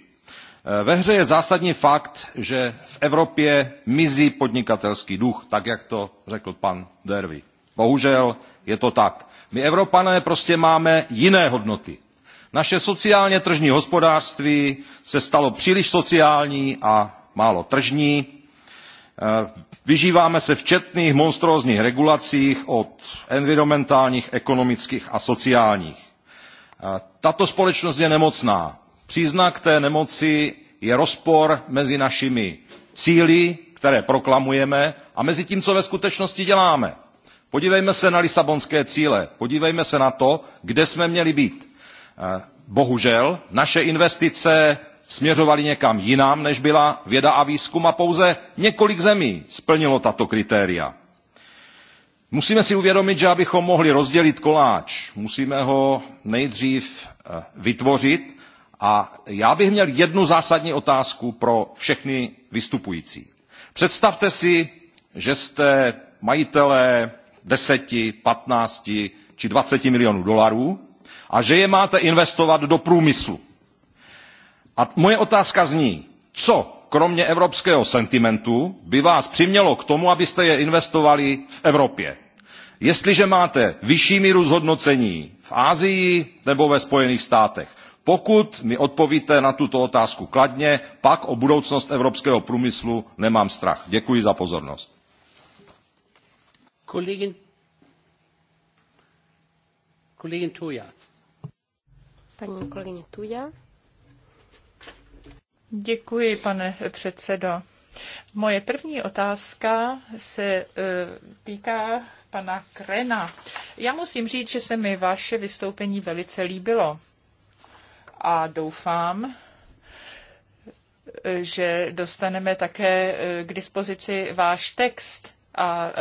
Eh, ve hře je zásadní fakt, že v Evropě mizí podnikatelský duch, tak jak to řekl pan Dervy. Bohužel je to tak. My Evropané prostě máme jiné hodnoty. Naše sociálně tržní hospodářství se stalo příliš sociální a málo tržní. Eh, vyžíváme se v četných monstrózních regulacích od environmentálních, ekonomických a sociálních. Eh, tato společnost je nemocná. Příznak té nemoci je rozpor mezi našimi cíly, které proklamujeme, a mezi tím, co ve skutečnosti děláme. Podívejme se na Lisabonské cíle, podívejme se na to, kde jsme měli být. Eh, bohužel naše investice směřovaly někam jinam, než byla věda a výzkum a pouze několik zemí splnilo tato kritéria. Musíme si uvědomit, že abychom mohli rozdělit koláč, musíme ho nejdřív eh, vytvořit a já bych měl jednu zásadní otázku pro všechny vystupující. Představte si, že jste majitelé 10, 15 či 20 milionů dolarů a že je máte investovat do průmyslu. A moje otázka zní, co kromě evropského sentimentu by vás přimělo k tomu, abyste je investovali v Evropě. Jestliže máte vyšší míru zhodnocení v Asii nebo ve Spojených státech, pokud mi odpovíte na tuto otázku kladně, pak o budoucnost evropského průmyslu nemám strach. Děkuji za pozornost. Kolegin, kolegin Tuja. Paní kolegyně Tuja. Děkuji, pane předsedo. Moje první otázka se e, týká pana Krena. Já musím říct, že se mi vaše vystoupení velice líbilo a doufám, že dostaneme také eh, k dispozici váš text a eh,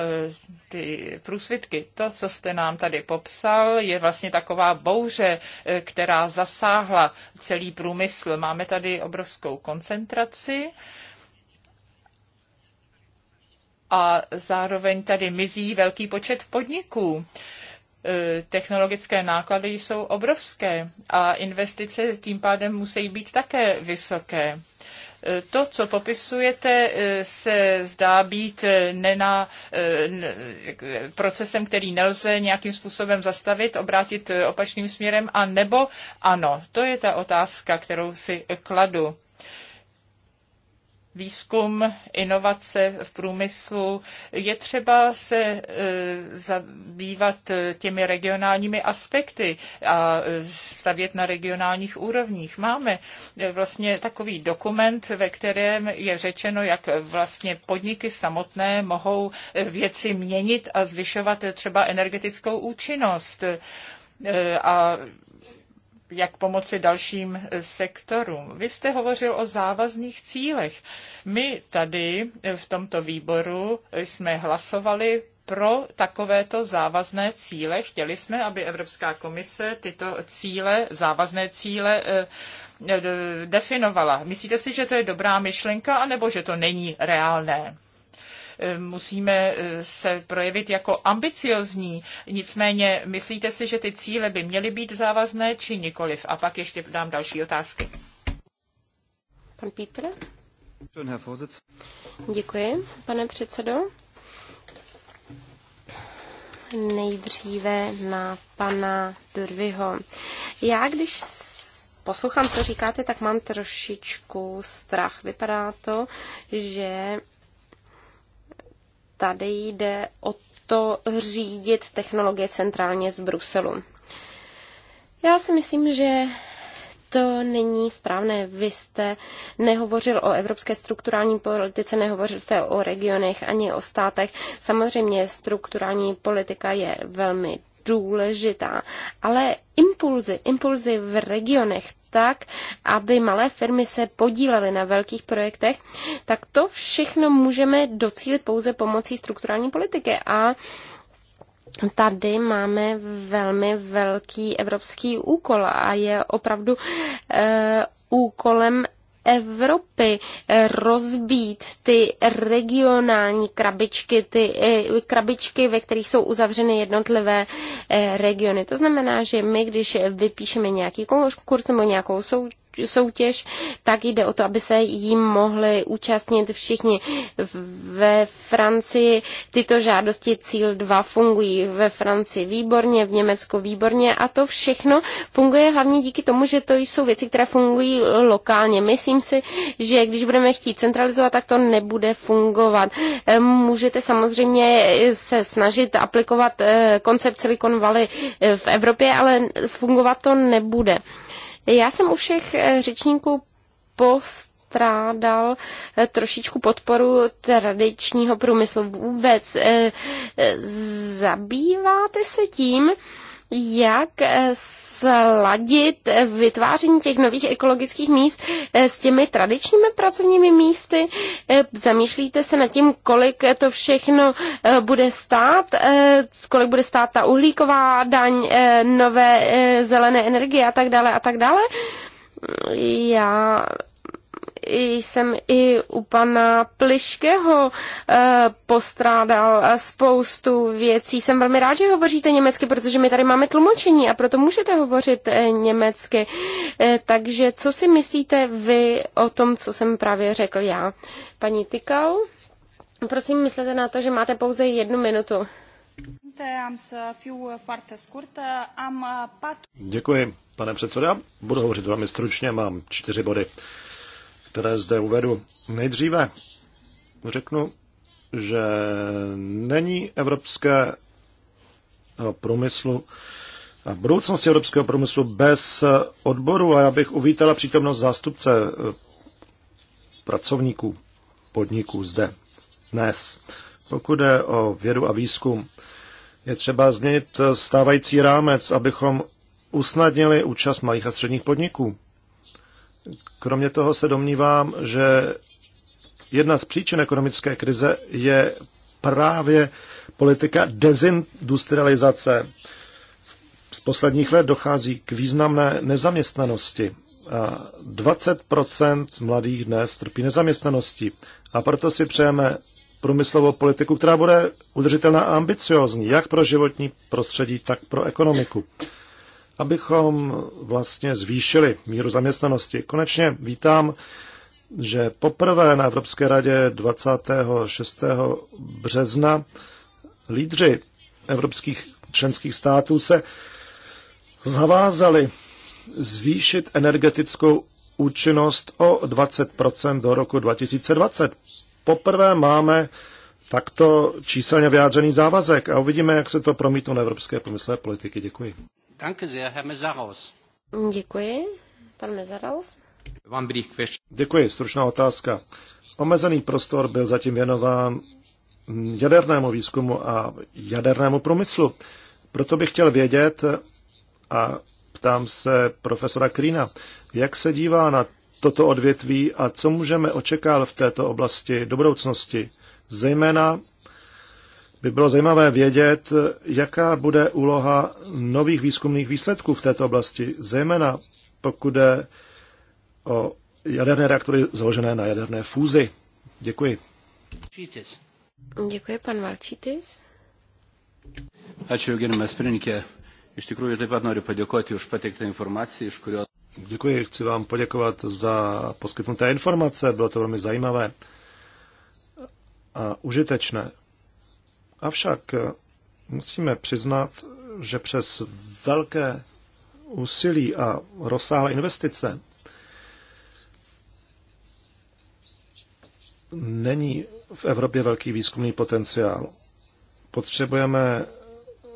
ty průsvitky. To, co jste nám tady popsal, je vlastně taková bouře, eh, která zasáhla celý průmysl. Máme tady obrovskou koncentraci a zároveň tady mizí velký počet podniků. E, technologické náklady jsou obrovské a investice tím pádem musí být také vysoké. E, to, co popisujete, e, se zdá být nena, procesem, který nelze nějakým způsobem zastavit, obrátit opačným směrem, a nebo ano. To je ta otázka, kterou si kladu výzkum, inovace v průmyslu. Je třeba se e, zabývat e, těmi regionálními aspekty a e, stavět na regionálních úrovních. Máme vlastně takový dokument, ve kterém je řečeno, jak vlastně podniky samotné mohou věci měnit a zvyšovat třeba energetickou účinnost a jak pomoci dalším sektorům. Vy jste hovořil o závazných cílech. My tady v tomto výboru jsme hlasovali pro takovéto závazné cíle. Chtěli jsme, aby Evropská komise tyto cíle, závazné cíle, eh, eh, definovala. Myslíte si, že to je dobrá myšlenka, anebo že to není reálné? musíme eh, se projevit jako ambiciozní. Nicméně, myslíte si, že ty cíle by měly být závazné či nikoliv? A pak ještě dám další otázky. Pan Pítr? Děkuji, pane předsedo. Nejdříve na pana Durviho. Já, když poslouchám, co říkáte, tak mám trošičku strach. Vypadá to, že tady jde o to řídit technologie centrálně z Bruselu. Já si myslím, že to není správné. Vy jste nehovořil o evropské strukturální politice, nehovořil jste o regionech ani o státech. Samozřejmě strukturální politika je velmi důležitá. Ale impulzy, impulzy v regionech, tak, aby malé firmy se podílely na velkých projektech, tak to všechno můžeme docílit pouze pomocí strukturální politiky. A Tady máme velmi velký evropský úkol a je opravdu e, úkolem Evropy eh, rozbít ty regionální krabičky, ty eh, krabičky, ve kterých jsou uzavřeny jednotlivé eh, regiony. To znamená, že my, když vypíšeme nějaký konkurs nebo nějakou soutěž, soutěž, tak jde o to, aby se jim mohli účastnit všichni. Ve Francii tyto žádosti cíl 2 fungují ve Francii výborně, v Německu výborně a to všechno funguje hlavně díky tomu, že to jsou věci, které fungují lokálně. Myslím si, že když budeme chtít centralizovat, tak to nebude fungovat. Eh, můžete samozřejmě se snažit aplikovat eh, koncept Silicon Valley eh, v Evropě, ale fungovat to nebude. Já jsem u všech eh, řečníků post strádal eh, trošičku podporu tradičního průmyslu. Vůbec eh, zabýváte se tím, jak eh, sladit vytváření těch nových ekologických míst eh, s těmi tradičními pracovními místy? Eh, zamýšlíte se nad tím, kolik to všechno bude stát, kolik bude stát ta uhlíková daň, nové zelené energie a tak dále a tak dále? Já jsem i u pana Pliškého eh, postrádal eh, spoustu věcí. Jsem velmi rád, že hovoříte německy, protože my tady máme tlumočení a proto můžete hovořit eh, německy. Takže co si myslíte vy o tom, co jsem právě řekl já? Paní Tykau, prosím, myslete na to, že máte pouze jednu minutu. Děkuji, pane předseda. Budu hovořit velmi stručně, mám čtyři body které zde uvedu. Nejdříve řeknu, že není evropské průmyslu a budoucnosti evropského průmyslu bez odboru a já bych uvítala přítomnost zástupce eh, pracovníků podniků zde dnes. Pokud jde o vědu a výzkum, je třeba změnit stávající rámec, abychom usnadnili účast malých a středních podniků. Kromě toho se domnívám, že jedna z příčin ekonomické krize je právě politika dezindustrializace. Z posledních let dochází k významné nezaměstnanosti. A 20 mladých dnes trpí nezaměstnaností. A proto si přejeme průmyslovou politiku, která bude udržitelná a ambiciozní, jak pro životní prostředí, tak pro ekonomiku abychom vlastně zvýšili míru zaměstnanosti. Konečně vítám, že poprvé na Evropské radě 26. března lídři evropských členských států se zavázali zvýšit energetickou účinnost o 20% do roku 2020. Poprvé máme takto číselně vyjádřený závazek a uvidíme, jak se to promítne na evropské průmyslové politiky. Děkuji. Danke sehr, Herr Mezaraus. Děkuji. Pan Mezaraus. Vám Děkuji, stručná otázka. Omezený prostor byl zatím věnován jadernému výzkumu a jadernému průmyslu. Proto bych chtěl vědět, a ptám se profesora Krína, jak se dívá na toto odvětví a co můžeme očekávat v této oblasti do budoucnosti, zejména by bylo zajímavé vědět, jaká bude úloha nových výzkumných výsledků v této oblasti, zejména pokud jde o jaderné reaktory založené na jaderné fúzi. Děkuji. Děkuji, pan Valčítis. Ačiū, gerimas pirmininkė. Iš tikrųjų, taip pat noriu padėkoti už pateiktą informaciją, iš kurio... Děkuji, chci vám poděkovat za poskytnuté informace, bylo to velmi zajímavé a užitečné. Avšak eh, musíme přiznat, že přes velké úsilí a rozsáhlé investice není v Evropě velký výzkumný potenciál. Potřebujeme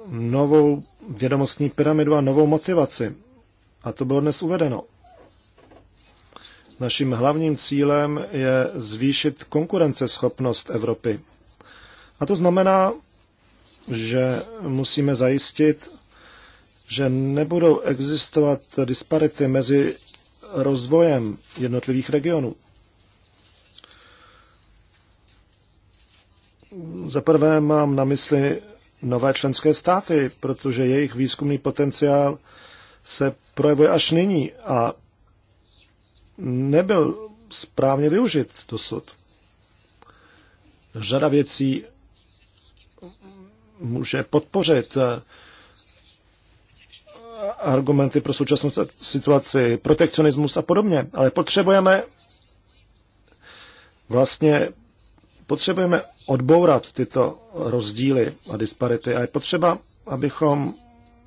novou vědomostní pyramidu a novou motivaci. A to bylo dnes uvedeno. Naším hlavním cílem je zvýšit konkurenceschopnost Evropy a to znamená, že musíme zajistit, že nebudou existovat disparity mezi rozvojem jednotlivých regionů. Za prvé mám na mysli nové členské státy, protože jejich výzkumný potenciál se projevuje až nyní a nebyl správně využit dosud. Řada věcí může podpořit eh, argumenty pro současnou situaci, protekcionismus a podobně. Ale potřebujeme vlastně potřebujeme odbourat tyto rozdíly a disparity a je potřeba, abychom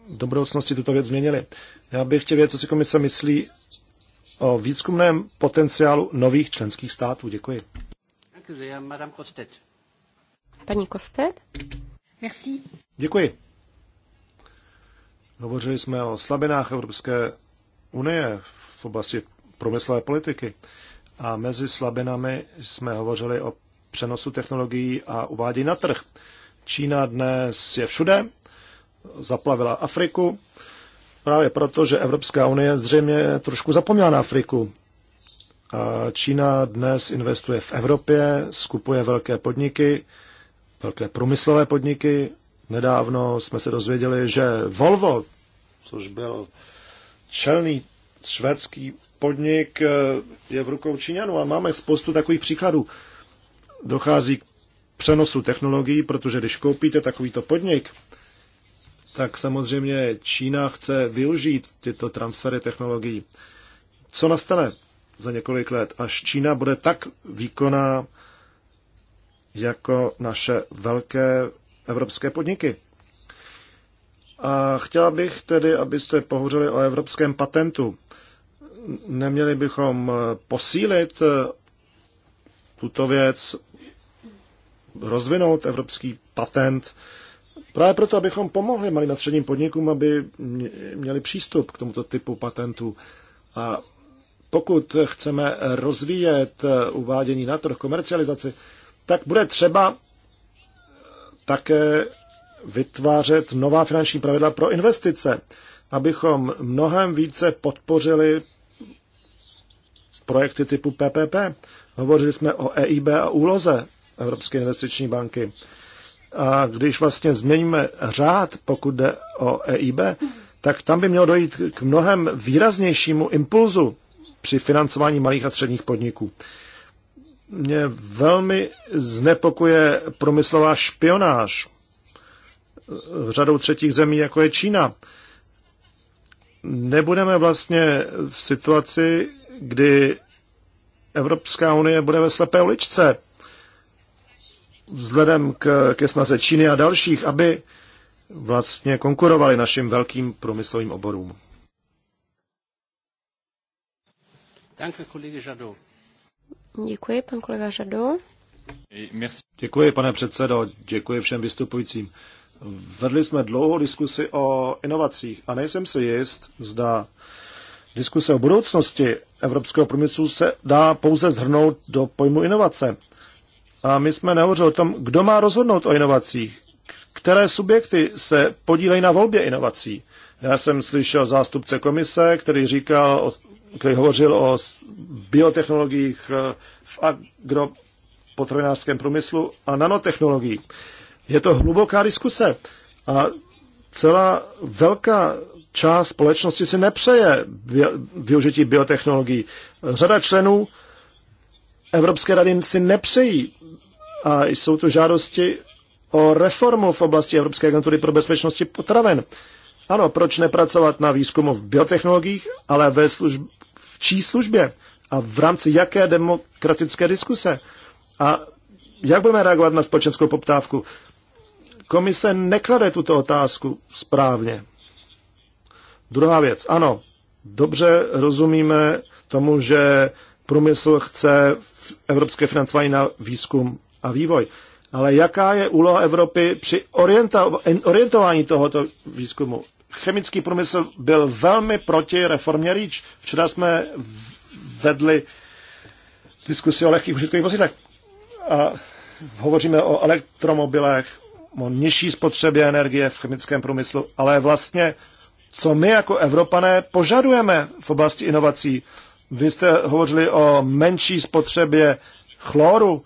do budoucnosti tuto věc změnili. Já bych chtěl vědět, co si komise myslí o výzkumném potenciálu nových členských států. Děkuji. Paní Kostet? Merci. Děkuji. Hovořili jsme o slabinách Evropské unie v oblasti průmyslové politiky a mezi slabinami jsme hovořili o přenosu technologií a uvádí na trh. Čína dnes je všude, zaplavila Afriku, právě proto, že Evropská unie zřejmě trošku zapomněla na Afriku. A Čína dnes investuje v Evropě, skupuje velké podniky, velké průmyslové podniky. Nedávno jsme se dozvěděli, že Volvo, což byl čelný švédský podnik, je v rukou Číňanů a máme spoustu takových příkladů. Dochází k přenosu technologií, protože když koupíte takovýto podnik, tak samozřejmě Čína chce využít tyto transfery technologií. Co nastane za několik let, až Čína bude tak výkonná, jako naše velké evropské podniky. A chtěla bych tedy, abyste pohořili o evropském patentu. Neměli bychom posílit tuto věc, rozvinout evropský patent, právě proto, abychom pomohli malým a středním podnikům, aby měli přístup k tomuto typu patentu. A pokud chceme rozvíjet uvádění na trh, komercializaci, tak bude třeba eh, také vytvářet nová finanční pravidla pro investice, abychom mnohem více podpořili projekty typu PPP. Hovořili jsme o EIB a úloze Evropské investiční banky. A když vlastně změníme řád, pokud jde o EIB, tak tam by mělo dojít k mnohem výraznějšímu impulzu při financování malých a středních podniků mě velmi znepokuje promyslová špionáž v řadou třetích zemí, jako je Čína. Nebudeme vlastně v situaci, kdy Evropská unie bude ve slepé uličce vzhledem k, ke snaze Číny a dalších, aby vlastně konkurovali našim velkým průmyslovým oborům. Děkuji, kolega Žadov. Děkuji, pan kolega Žado. Děkuji, pane předsedo, děkuji všem vystupujícím. Vedli jsme dlouhou diskusi o inovacích a nejsem si jist, zda diskuse o budoucnosti evropského průmyslu se dá pouze zhrnout do pojmu inovace. A my jsme nehovořili o tom, kdo má rozhodnout o inovacích, které subjekty se podílejí na volbě inovací. Já jsem slyšel zástupce komise, který říkal který hovořil o biotechnologiích eh, v agropotravinářském průmyslu a nanotechnologiích. Je to hluboká diskuse a celá velká část společnosti si nepřeje využití biotechnologií. Řada členů Evropské rady si nepřejí a jsou tu žádosti o reformu v oblasti Evropské agentury pro bezpečnosti potraven. Ano, proč nepracovat na výzkumu v biotechnologiích, ale ve službě v čí službě a v rámci jaké demokratické diskuse a jak budeme reagovat na společenskou poptávku. Komise neklade tuto otázku správně. Druhá věc. Ano, dobře rozumíme tomu, že průmysl chce evropské financování na výzkum a vývoj. Ale jaká je úloha Evropy při orientování tohoto výzkumu? chemický průmysl byl velmi proti reformě REACH. Včera jsme vedli diskusi o lehkých užitkových vozidlech a hovoříme o elektromobilech, o nižší spotřebě energie v chemickém průmyslu, ale vlastně, co my jako Evropané požadujeme v oblasti inovací. Vy jste hovořili o menší spotřebě chloru.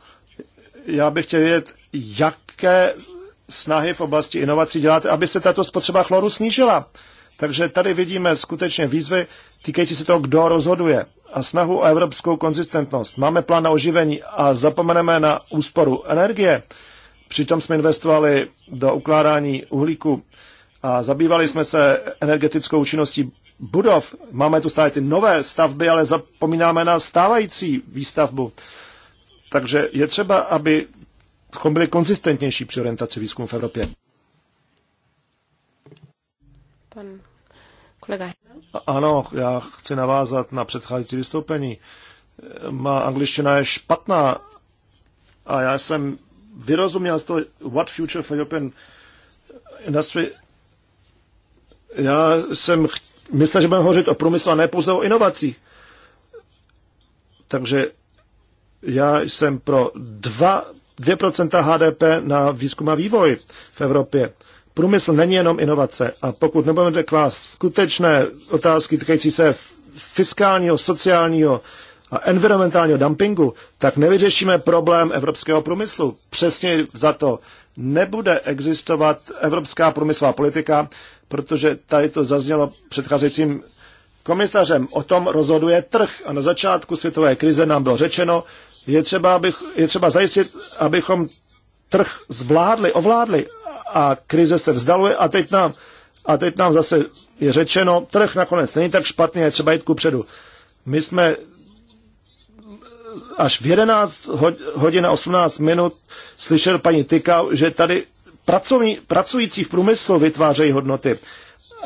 Já bych chtěl vědět, jaké snahy v oblasti inovací děláte, aby se tato spotřeba chloru snížila. Takže tady vidíme skutečně výzvy týkající se toho, kdo rozhoduje a snahu o evropskou konzistentnost. Máme plán na oživení a zapomeneme na úsporu energie. Přitom jsme investovali do ukládání uhlíku a zabývali jsme se energetickou účinností budov. Máme tu stále ty nové stavby, ale zapomínáme na stávající výstavbu. Takže je třeba, aby bychom byli konzistentnější při orientaci výzkumu v Evropě. Pan kolega. Ano, já chci navázat na předcházející vystoupení. Má angličtina je špatná a já jsem vyrozuměl z toho What Future for European Industry. Já jsem myslel, že budeme hovořit o průmyslu a ne pouze o inovacích. Takže já jsem pro dva 2% HDP na výzkum a vývoj v Evropě. Průmysl není jenom inovace a pokud nebudeme vás skutečné otázky týkající se fiskálního, sociálního a environmentálního dumpingu, tak nevyřešíme problém evropského průmyslu. Přesně za to nebude existovat evropská průmyslová politika, protože tady to zaznělo předcházejícím komisařem. O tom rozhoduje trh a na začátku světové krize nám bylo řečeno, je třeba, abych, je třeba zajistit, abychom trh zvládli, ovládli a krize se vzdaluje a teď nám, a teď nám zase je řečeno, trh nakonec není tak špatný, je třeba jít ku předu. My jsme až v 11 hodin a 18 minut slyšel paní Tyka, že tady pracovní, pracující v průmyslu vytvářejí hodnoty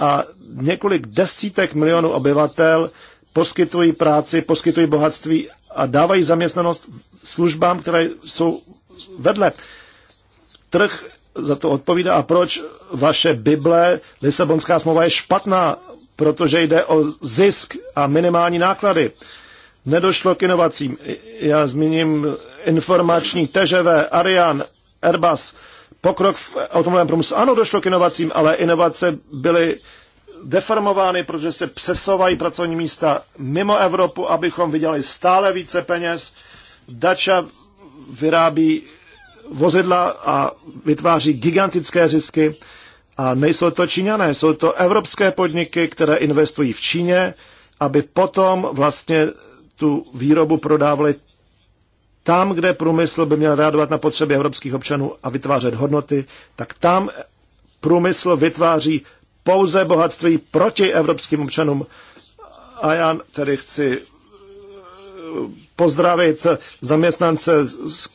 a několik desítek milionů obyvatel poskytují práci, poskytují bohatství a dávají zaměstnanost službám, které jsou vedle. Trh za to odpovídá a proč vaše Bible, Lisabonská smlouva je špatná, protože jde o zisk a minimální náklady. Nedošlo k inovacím. Já zmíním informační TŽV, Ariane, Airbus, pokrok v automobilovém průmyslu. Ano, došlo k inovacím, ale inovace byly deformovány, protože se přesouvají pracovní místa mimo Evropu, abychom vydělali stále více peněz. Dača vyrábí vozidla a vytváří gigantické zisky. A nejsou to Číňané, jsou to evropské podniky, které investují v Číně, aby potom vlastně tu výrobu prodávali tam, kde průmysl by měl reagovat na potřeby evropských občanů a vytvářet hodnoty, tak tam průmysl vytváří pouze bohatství proti evropským občanům. A já tedy chci eh, pozdravit zaměstnance z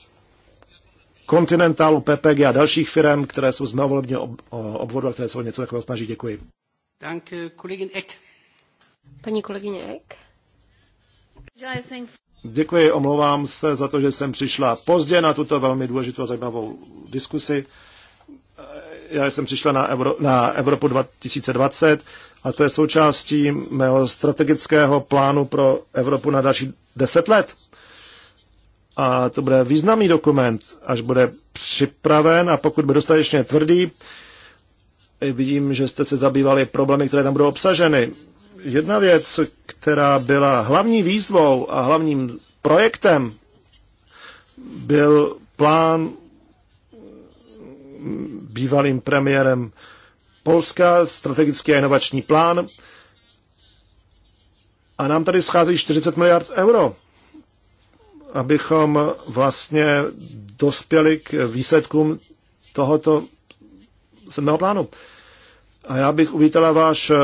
Continentalu, PPG a dalších firm, které jsou z mého volebního obvodu a které se o něco takového snaží. Děkuji. Danke, kolegin Eck. Paní kolegyně Eck. Děkuji, omlouvám se za to, že jsem přišla pozdě na tuto velmi důležitou zajímavou diskusi já jsem přišla na, Euro, na Evropu 2020 a to je součástí mého strategického plánu pro Evropu na další 10 let. A to bude významný dokument, až bude připraven a pokud bude dostatečně tvrdý, vidím, že jste se zabývali problémy, které tam budou obsaženy. Jedna věc, která byla hlavní výzvou a hlavním projektem, byl plán bývalým premiérem Polska, strategický a inovační plán. A nám tady schází 40 miliard euro, abychom vlastně dospěli k výsledkům tohoto sedmého plánu. A já bych uvítala váš eh,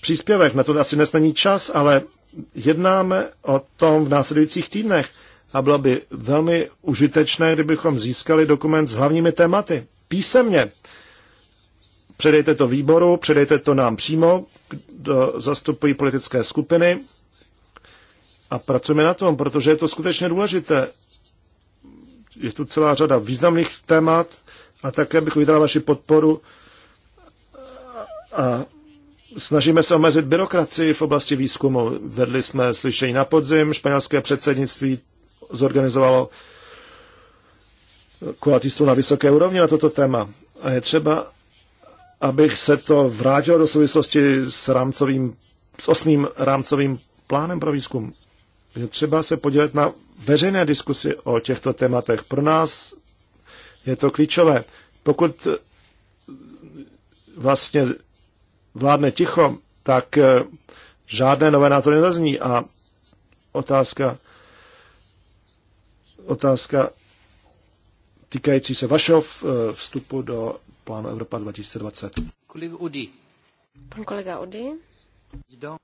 příspěvek. Na to asi dnes není čas, ale jednáme o tom v následujících týdnech a bylo by velmi užitečné, kdybychom získali dokument s hlavními tématy písemně. Předejte to výboru, předejte to nám přímo, kdo zastupují politické skupiny a pracujeme na tom, protože je to skutečně důležité. Je tu celá řada významných témat a také bych vydal vaši podporu a snažíme se omezit byrokracii v oblasti výzkumu. Vedli jsme slyšení na podzim, španělské předsednictví zorganizovalo kulatý stůl na vysoké úrovni na toto téma. A je třeba, abych se to vrátilo do souvislosti s, rámcovým, s osmým rámcovým plánem pro výzkum. Je třeba se podívat na veřejné diskusy o těchto tématech. Pro nás je to klíčové. Pokud vlastně vládne ticho, tak eh, žádné nové názory nezazní. A otázka, otázka týkající se vašeho eh, vstupu do plánu Evropa 2020. Pan kolega Udy.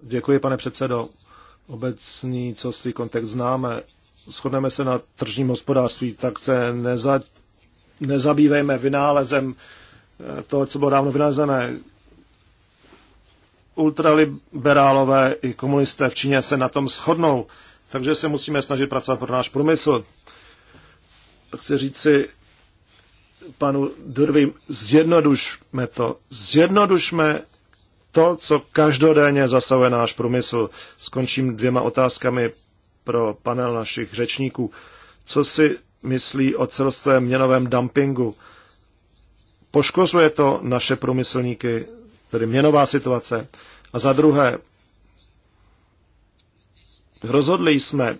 Děkuji, pane předsedo. Obecný celostý kontext známe. Shodneme se na tržním hospodářství, tak se neza, nezabývejme vynálezem eh, toho, co bylo dávno vynalezené. Ultraliberálové i komunisté v Číně se na tom shodnou, takže se musíme snažit pracovat pro náš průmysl. Chci říci, panu Durvim, zjednodušme to. Zjednodušme to, co každodenně zasahuje náš průmysl. Skončím dvěma otázkami pro panel našich řečníků. Co si myslí o celostovém měnovém dumpingu? Poškozuje to naše průmyslníky, tedy měnová situace. A za druhé, rozhodli jsme,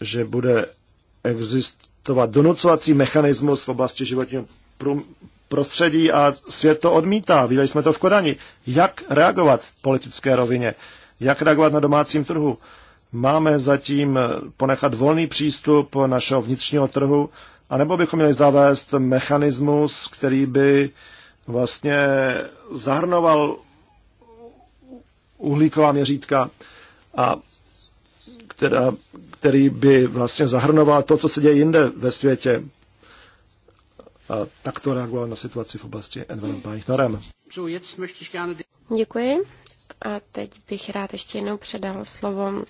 že bude existovat donucovací mechanismus v oblasti životního prostředí a svět to odmítá. Viděli jsme to v Kodani. Jak reagovat v politické rovině? Jak reagovat na domácím trhu? Máme zatím eh, ponechat volný přístup našeho vnitřního trhu, anebo bychom měli zavést mechanismus, který by vlastně zahrnoval uhlíková měřítka a která, který by vlastně zahrnoval to, co se děje jinde ve světě. A tak to reagoval na situaci v oblasti environmentálních norem. Děkuji. A teď bych rád ještě jednou předal slovo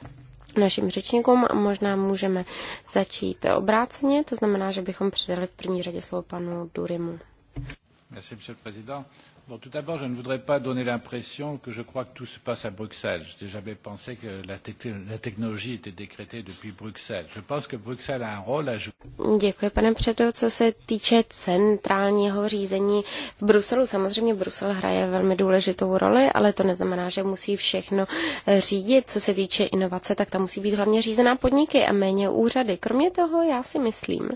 našim řečníkům a možná můžeme začít obráceně, to znamená, že bychom předali v první řadě slovo panu Durimu. Merci, Bon, tout d'abord, je ne voudrais pas donner l'impression que je crois que tout se passe à Bruxelles. Je n'ai jamais pensé que la, te- la technologie était décrétée depuis Bruxelles. Je pense que Bruxelles a un rôle à jouer. Děkuji, pane předsedo. Co se týče centrálního řízení v Bruselu, samozřejmě Brusel hraje velmi důležitou roli, ale to neznamená, že musí všechno řídit. Co se týče inovace, tak ta musí být hlavně řízená podniky a méně úřady. Kromě toho, já si myslím,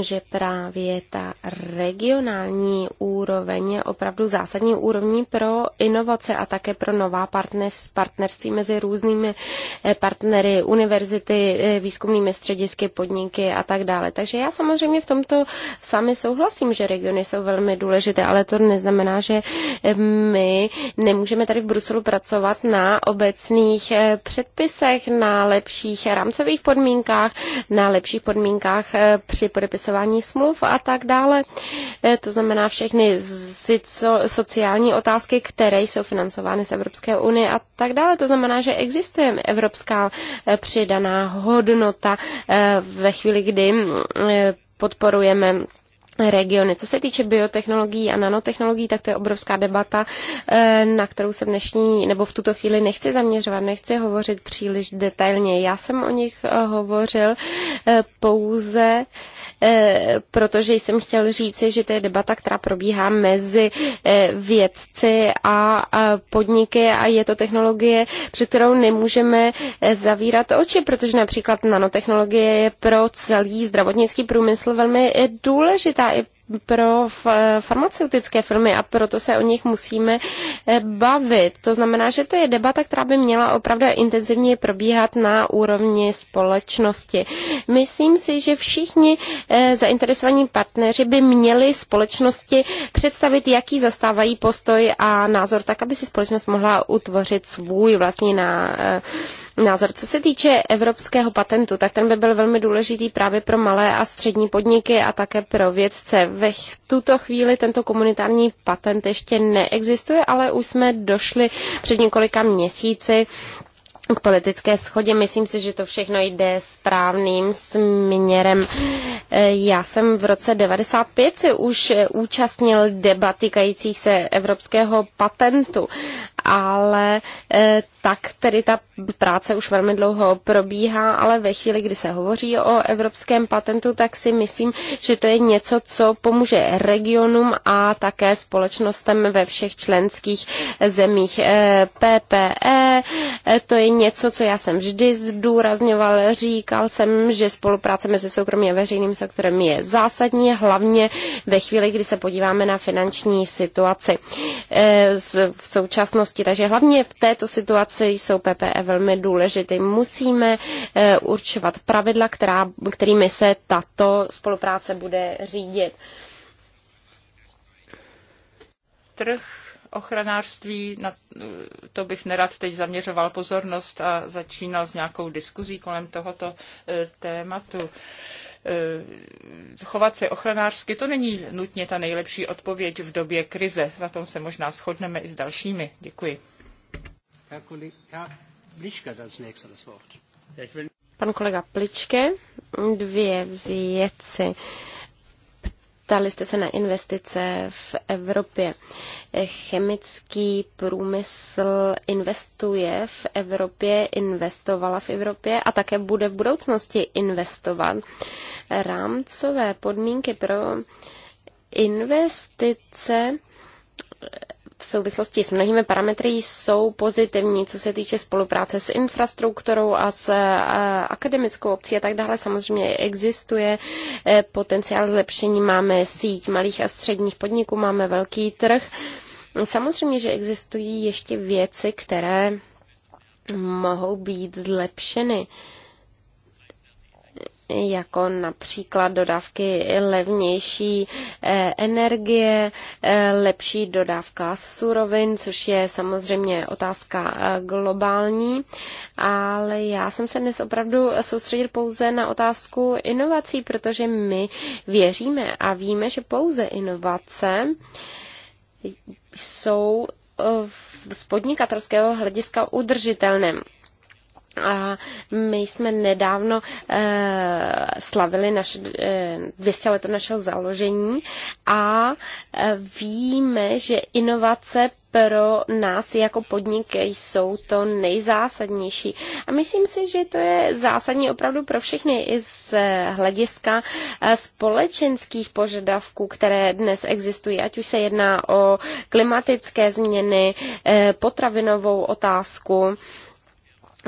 že právě ta regionální úroveň je opravdu zásadní úrovní pro inovace a také pro nová partners, partnerství mezi různými eh, partnery, univerzity, eh, výzkumnými středisky, podniky a tak dále. Takže já samozřejmě v tomto sami souhlasím, že regiony jsou velmi důležité, ale to neznamená, že eh, my nemůžeme tady v Bruselu pracovat na obecných předpisech, na lepších rámcových podmínkách, na lepších podmínkách při podepisování smluv a tak dále. Eh, to znamená všechny sociální otázky, které jsou financovány z Evropské unie a tak dále. To znamená, že existuje evropská eh, přidaná hodnota eh, ve chvíli, kdy mm, podporujeme regiony. Co se týče biotechnologií a nanotechnologií, tak to je obrovská debata, na kterou se dnešní nebo v tuto chvíli nechci zaměřovat, nechci hovořit příliš detailně. Já jsem o nich hovořil pouze Eh, protože jsem chtěl říci, že to je debata, která probíhá mezi eh, vědci a podniky a je to technologie, před kterou nemůžeme eh, zavírat oči, protože například nanotechnologie je pro celý zdravotnický průmysl velmi důležitá i pro eh, farmaceutické firmy a proto se o nich musíme eh, bavit. To znamená, že to je debata, která by měla opravdu intenzivně probíhat na úrovni společnosti. Myslím si, že všichni eh, zainteresovaní partneři by měli společnosti představit, jaký zastávají postoj a názor, tak aby si společnost mohla utvořit svůj vlastní na, názor. Co se týče evropského patentu, tak ten by byl velmi důležitý právě pro malé a střední podniky a také pro vědce ve tuto chvíli tento komunitární patent ještě neexistuje, ale už jsme došli před několika měsíci k politické schodě. Myslím si, že to všechno jde správným směrem. E, já jsem v roce 95 se už účastnil debat týkajících se evropského patentu, ale e, tak tedy ta práce už velmi dlouho probíhá, ale ve chvíli, kdy se hovoří o evropském patentu, tak si myslím, že to je něco, co pomůže regionům a také společnostem ve všech členských zemích. PPE, e, to je něco, co já jsem vždy zdůrazňoval. Říkal jsem, že spolupráce mezi soukromým a veřejným sektorem je zásadní, hlavně ve chvíli, kdy se podíváme na finanční situaci eh, v současnosti. Takže hlavně v této situaci jsou PPE velmi důležité. Musíme eh, určovat pravidla, která, kterými se tato spolupráce bude řídit. Trh ochranářství, na to bych nerad teď zaměřoval pozornost a začínal s nějakou diskuzí kolem tohoto e, tématu e, chovat se ochranářsky, to není nutně ta nejlepší odpověď v době krize. Na tom se možná shodneme i s dalšími. Děkuji. Pan kolega Pličke, dvě věci. Ptali jste se na investice v Evropě. Chemický průmysl investuje v Evropě, investovala v Evropě a také bude v budoucnosti investovat. Rámcové podmínky pro investice v souvislosti s mnohými parametry jsou pozitivní, co se týče spolupráce s infrastrukturou a s eh, akademickou obcí a tak dále. Samozřejmě existuje eh, potenciál zlepšení. Máme síť malých a středních podniků, máme velký trh. Samozřejmě, že existují ještě věci, které mohou být zlepšeny. Uh, jako například dodávky levnější eh, energie, eh, lepší dodávka surovin, což je samozřejmě otázka eh, globální, ale já jsem se dnes opravdu soustředil pouze na otázku inovací, protože my věříme a víme, že pouze inovace jsou z podnikatelského hlediska udržitelné. A my jsme nedávno e, slavili naše, e, eh, 200 let našeho založení a e, víme, že inovace pro nás jako podnik jsou to nejzásadnější. A myslím si, že to je zásadní opravdu pro všechny i z hlediska společenských požadavků, které dnes existují, ať už se jedná o klimatické změny, potravinovou otázku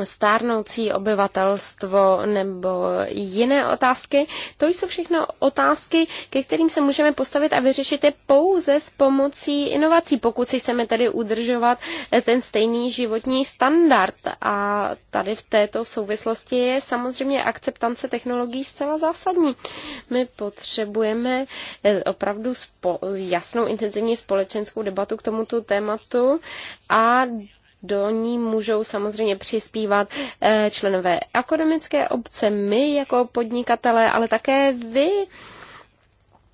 stárnoucí obyvatelstvo nebo jiné otázky. To jsou všechno otázky, ke kterým se můžeme postavit a vyřešit je pouze s pomocí inovací, pokud si chceme tedy udržovat ten stejný životní standard. A tady v této souvislosti je samozřejmě akceptance technologií zcela zásadní. My potřebujeme eh, opravdu jasnou intenzivní společenskou debatu k tomuto tématu a do ní můžou samozřejmě přispívat eh, členové akademické obce, my jako podnikatelé, ale také vy,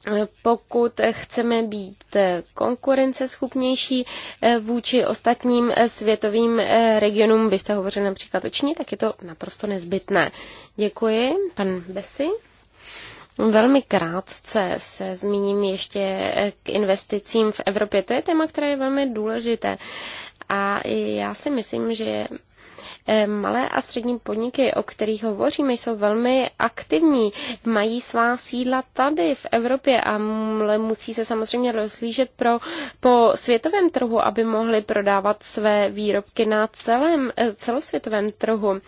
eh, pokud chceme být eh, konkurenceschopnější vůči ostatním světovým regionům, vy jste hovořili například o Číně, tak je to naprosto nezbytné. Děkuji, pan Besi. Velmi krátce se zmíním ještě k investicím v Evropě. To je téma, které je velmi důležité. A já si myslím, že eh, Malé a střední podniky, o kterých hovoříme, jsou velmi aktivní, mají svá sídla tady v Evropě a musí se samozřejmě rozlížet pro, po světovém trhu, aby mohli prodávat své výrobky na celém, eh, celosvětovém trhu.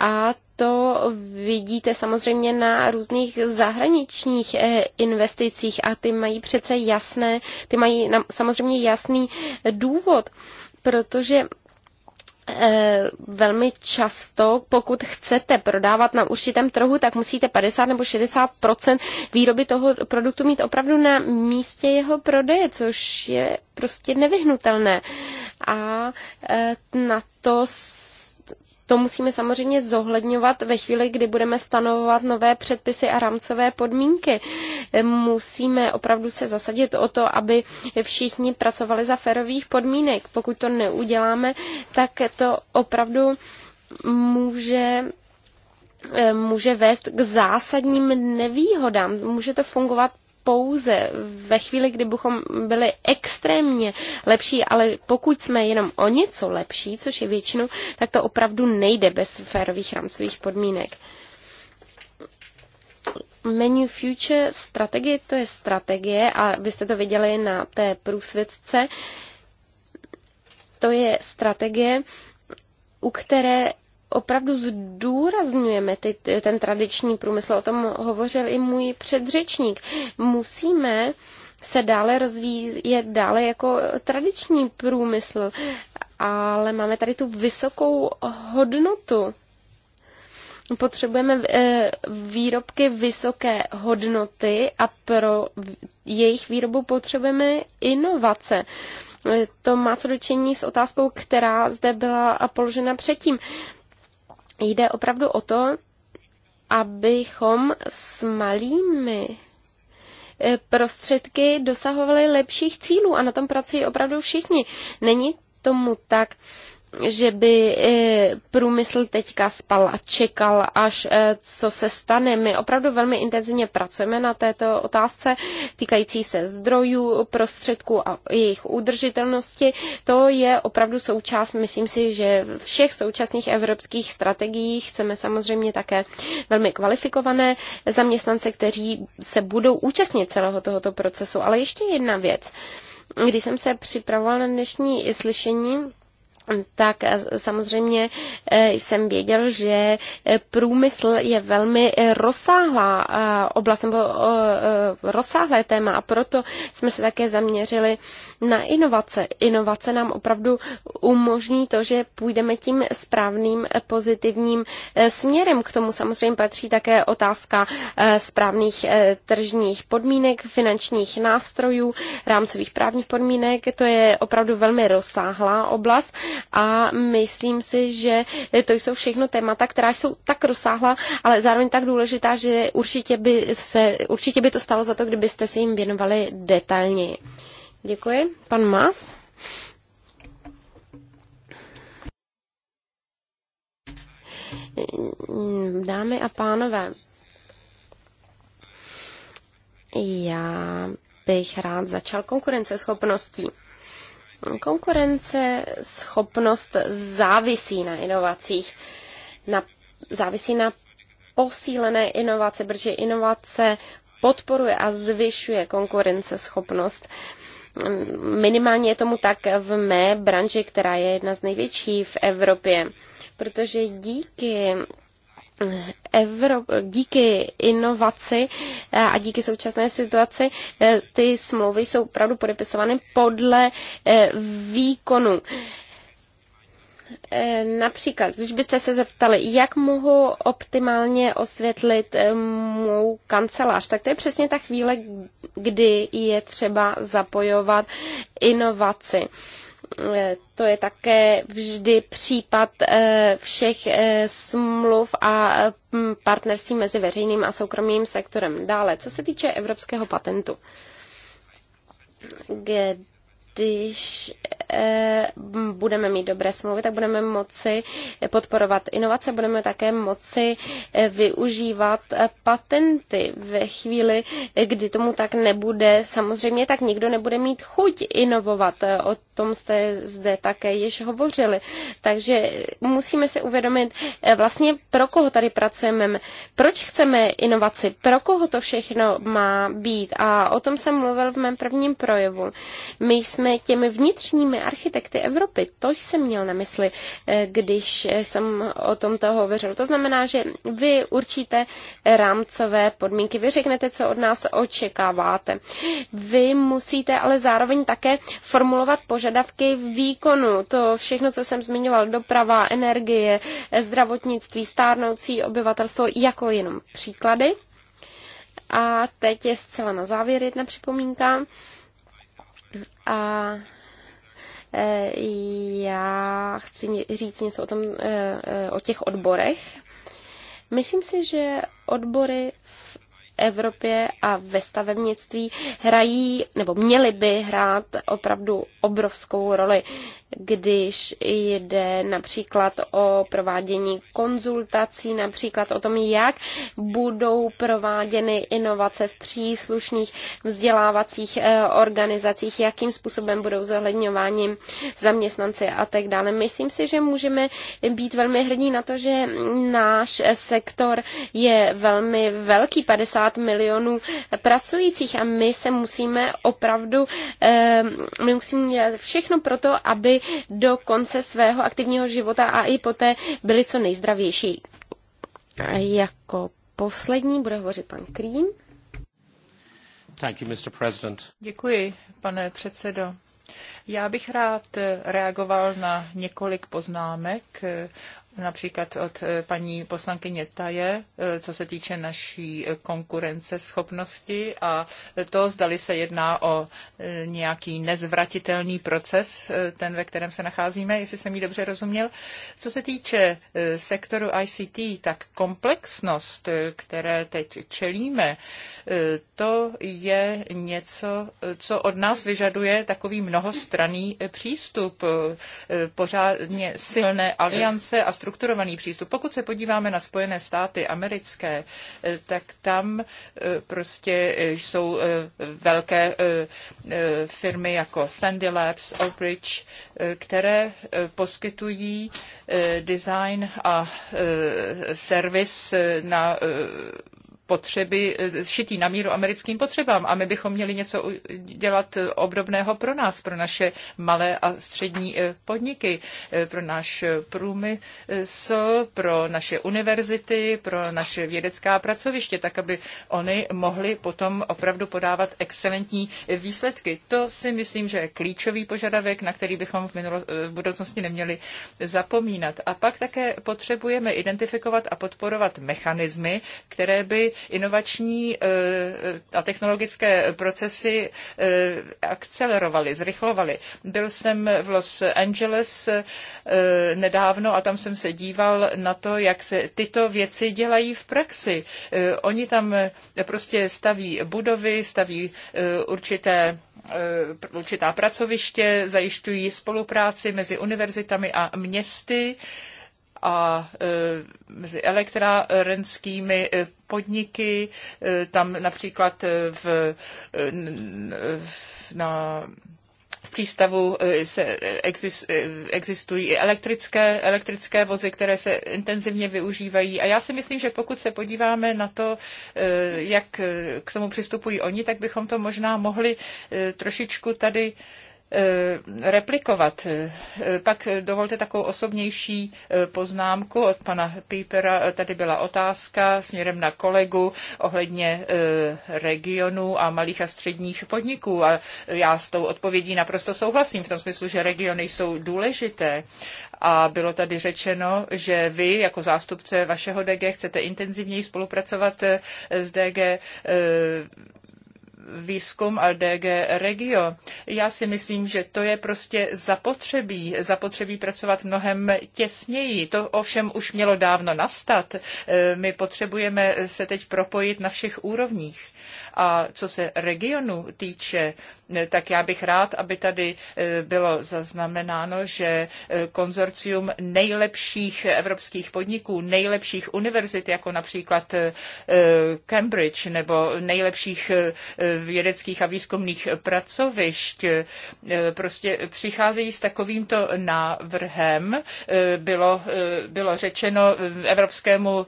A to vidíte samozřejmě na různých zahraničních eh, investicích a ty mají přece jasné, ty mají samozřejmě jasný důvod protože eh, velmi často, pokud chcete prodávat na určitém trhu, tak musíte 50 nebo 60 výroby toho produktu mít opravdu na místě jeho prodeje, což je prostě nevyhnutelné. A eh, na to to musíme samozřejmě zohledňovat ve chvíli, kdy budeme stanovovat nové předpisy a rámcové podmínky. Musíme opravdu se zasadit o to, aby všichni pracovali za férových podmínek. Pokud to neuděláme, tak to opravdu může eh, může vést k zásadním nevýhodám. Může to fungovat pouze ve chvíli, kdy bychom byli extrémně lepší, ale pokud jsme jenom o něco lepší, což je většinou, tak to opravdu nejde bez férových rámcových podmínek. Menu Future strategie, to je strategie a vy jste to viděli na té průsvědce, to je strategie, u které opravdu zdůrazňujeme ty, ten tradiční průmysl, o tom hovořil i můj předřečník. Musíme se dále rozvíjet dále jako tradiční průmysl, ale máme tady tu vysokou hodnotu. Potřebujeme eh, výrobky vysoké hodnoty a pro jejich výrobu potřebujeme inovace. Eh, to má co dočení s otázkou, která zde byla položena předtím jde opravdu o to, abychom s malými eh, prostředky dosahovali lepších cílů a na tom pracují opravdu všichni. Není tomu tak, že by e, průmysl teďka spal a čekal, až e, co se stane. My opravdu velmi intenzivně pracujeme na této otázce týkající se zdrojů, prostředků a jejich udržitelnosti. To je opravdu součást, myslím si, že všech současných evropských strategií chceme samozřejmě také velmi kvalifikované zaměstnance, kteří se budou účastnit celého tohoto procesu. Ale ještě jedna věc. Když jsem se připravovala na dnešní slyšení, tak eh, samozřejmě eh, jsem věděl, že eh, průmysl je velmi rozsáhlá oblast nebo rozsáhlé téma a proto jsme se také zaměřili na inovace. Inovace nám opravdu umožní to, že půjdeme tím správným pozitivním směrem. K tomu samozřejmě patří také otázka správných tržních podmínek, finančních nástrojů, rámcových právních podmínek. To je opravdu velmi rozsáhlá oblast a myslím si, že to jsou všechno témata, která jsou tak rozsáhlá, ale zároveň tak důležitá, že určitě by, se, určitě by to stalo za to, kdybyste se jim věnovali detailněji. Děkuji. Pan Mas? Dámy a pánové, já bych rád začal konkurenceschopností. Konkurence schopnost závisí na inovacích, na, závisí na posílené inovace, protože inovace podporuje a zvyšuje konkurenceschopnost. Minimálně je tomu tak v mé branži, která je jedna z největší v Evropě, protože díky Evrop, díky inovaci eh, a díky současné situaci eh, ty smlouvy jsou opravdu podepisovány podle eh, výkonu. Například, když byste se zeptali, jak mohu optimálně osvětlit mou kancelář, tak to je přesně ta chvíle, kdy je třeba zapojovat inovaci. Eh, to je také vždy případ eh, všech eh, smluv a mm, partnerství mezi veřejným a soukromým sektorem. Dále, co se týče evropského patentu, kde když eh, budeme mít dobré smlouvy, tak budeme moci podporovat inovace, budeme také moci eh, využívat eh, patenty ve chvíli, kdy tomu tak nebude. Samozřejmě tak nikdo nebude mít chuť inovovat, o tom jste zde také již hovořili. Takže musíme si uvědomit vlastně, pro koho tady pracujeme, proč chceme inovaci, pro koho to všechno má být. A o tom jsem mluvil v mém prvním projevu. My jsme jsme těmi vnitřními architekty Evropy. To jsem měl na mysli, eh, když eh, jsem o tom toho hovořil. To znamená, že vy určíte eh, rámcové podmínky, vy řeknete, co od nás očekáváte. Vy musíte ale zároveň také formulovat požadavky výkonu. To všechno, co jsem zmiňoval, doprava, energie, zdravotnictví, stárnoucí obyvatelstvo, jako jenom příklady. A teď je zcela na závěr jedna připomínka. A e, já chci říct něco o, tom, e, e, o těch odborech. Myslím si, že odbory v Evropě a ve stavebnictví hrají, nebo měly by hrát opravdu obrovskou roli když jde například o provádění konzultací, například o tom, jak budou prováděny inovace v příslušných vzdělávacích eh, organizacích, jakým způsobem budou zohledňováni zaměstnanci a tak dále. Myslím si, že můžeme být velmi hrdí na to, že náš sektor je velmi velký, 50 milionů pracujících a my se musíme opravdu, eh, my musíme dělat všechno pro to, aby do konce svého aktivního života a i poté byli co nejzdravější. A jako poslední bude hovořit pan Krým. Thank you, Mr. President. Děkuji, pane předsedo. Já bych rád reagoval na několik poznámek například od eh, paní poslankyně Taje, eh, co se týče naší eh, konkurenceschopnosti a to, zdali se jedná o nějaký nezvratitelný proces, ten, ve kterém se nacházíme, jestli jsem ji dobře rozuměl. Co se týče sektoru ICT, tak komplexnost, které teď čelíme, to je něco, co od nás vyžaduje takový mnohostranný přístup, pořádně silné aliance a strukturovaný přístup. Pokud se podíváme na Spojené státy americké, eh, tak tam eh, prostě eh, jsou velké firmy jako Sandy Labs, Oak Ridge, které poskytují design a servis na potřeby eh, šití na míru americkým potřebám. A my bychom měli něco dělat eh, obdobného pro nás, pro naše malé a střední eh, podniky, pro náš průmysl, pro naše univerzity, pro naše vědecká pracoviště, tak aby oni mohli potom opravdu podávat excelentní výsledky. To si myslím, že je klíčový požadavek, na který bychom v, minulo- v budoucnosti neměli zapomínat. A pak také potřebujeme identifikovat a podporovat mechanismy, které by inovační eh, eh, a technologické procesy eh, akcelerovaly, zrychlovaly. Byl jsem v Los Angeles nedávno a tam jsem se díval na to, jak se tyto věci dělají v praxi. Oni tam prostě staví budovy, staví určité určitá pracoviště, zajišťují spolupráci mezi univerzitami a městy a e, mezi elektrárenskými e, podniky, e, tam například v, v na v přístavu se existují i elektrické, elektrické vozy, které se intenzivně využívají. A já si myslím, že pokud se podíváme na to, jak k tomu přistupují oni, tak bychom to možná mohli trošičku tady Eh, replikovat. Eh, pak dovolte takovou osobnější eh, poznámku od pana Pípera. Tady byla otázka směrem na kolegu ohledně regionů a malých a středních podniků a já s tou odpovědí naprosto souhlasím v tom smyslu, že regiony jsou důležité a bylo tady řečeno, že vy jako zástupce vašeho DG chcete intenzivněji spolupracovat s DG výzkum a DG Regio. Já si myslím, že to je prostě zapotřebí, zapotřebí pracovat mnohem těsněji. To ovšem už mělo dávno nastat. E, my potřebujeme se teď propojit na všech úrovních. A co se regionu týče, tak já bych rád, aby tady e, bylo zaznamenáno, že e, konzorcium nejlepších evropských podniků, nejlepších univerzit, jako například e, Cambridge nebo nejlepších vědeckých a výzkumných pracovišť, prostě přicházejí s takovýmto návrhem. Bylo, bylo řečeno Evropskému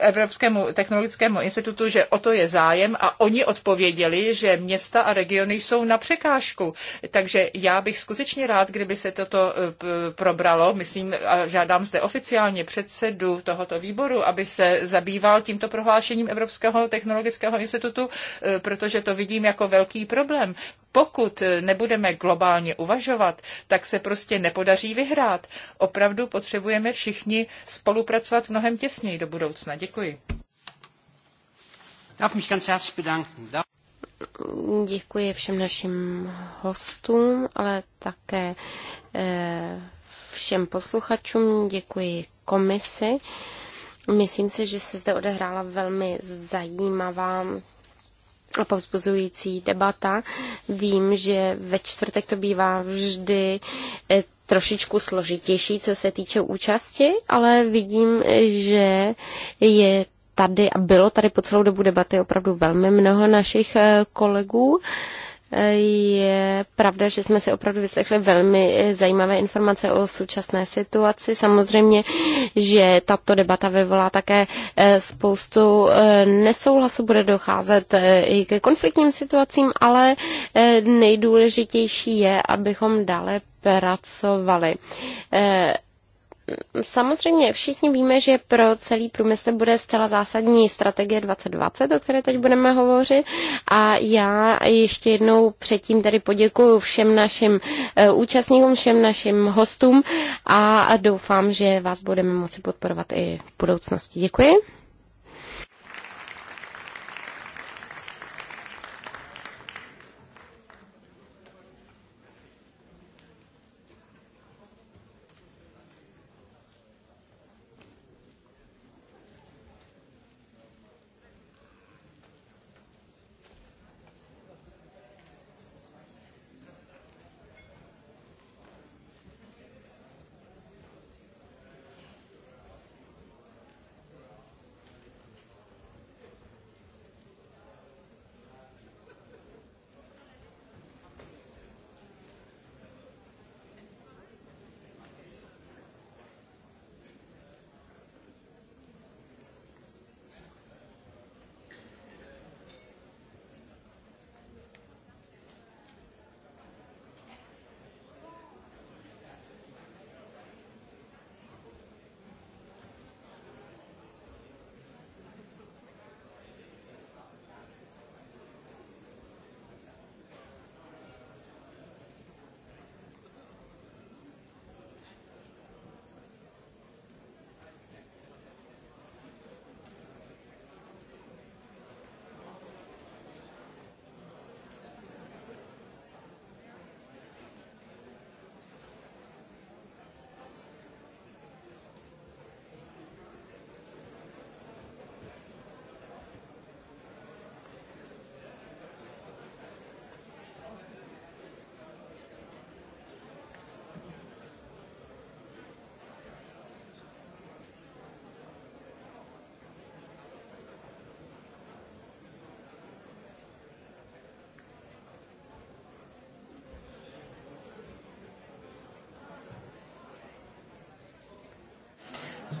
Evropskému technologickému institutu, že o to je zájem a oni odpověděli, že města a regiony jsou na překážku. Takže já bych skutečně rád, kdyby se toto e, probralo, myslím, a žádám zde oficiálně předsedu tohoto výboru, aby se zabýval tímto prohlášením Evropského technologického institutu, e, protože to vidím jako velký problém pokud nebudeme globálně uvažovat, tak se prostě nepodaří vyhrát. Opravdu potřebujeme všichni spolupracovat mnohem těsněji do budoucna. Děkuji. mich ganz herzlich bedanken. Děkuji všem našim hostům, ale také eh, všem posluchačům, děkuji komisi. Myslím si, že se zde odehrála velmi zajímavá a povzbuzující debata. Vím, že ve čtvrtek to bývá vždy eh, trošičku složitější, co se týče účasti, ale vidím, že je tady a bylo tady po celou dobu debaty opravdu velmi mnoho našich eh, kolegů. Je pravda, že jsme si opravdu vyslechli velmi eh, zajímavé informace o současné situaci. Samozřejmě, že tato debata vyvolá také eh, spoustu eh, nesouhlasu, bude docházet i ke konfliktním situacím, ale nejdůležitější je, abychom dále pracovali. Samozřejmě všichni víme, že pro celý průmysl bude zcela zásadní strategie 2020, o které teď budeme hovořit. A já ještě jednou předtím tady poděkuji všem našim eh, účastníkům, všem našim hostům a doufám, že vás budeme moci podporovat i v budoucnosti. Děkuji.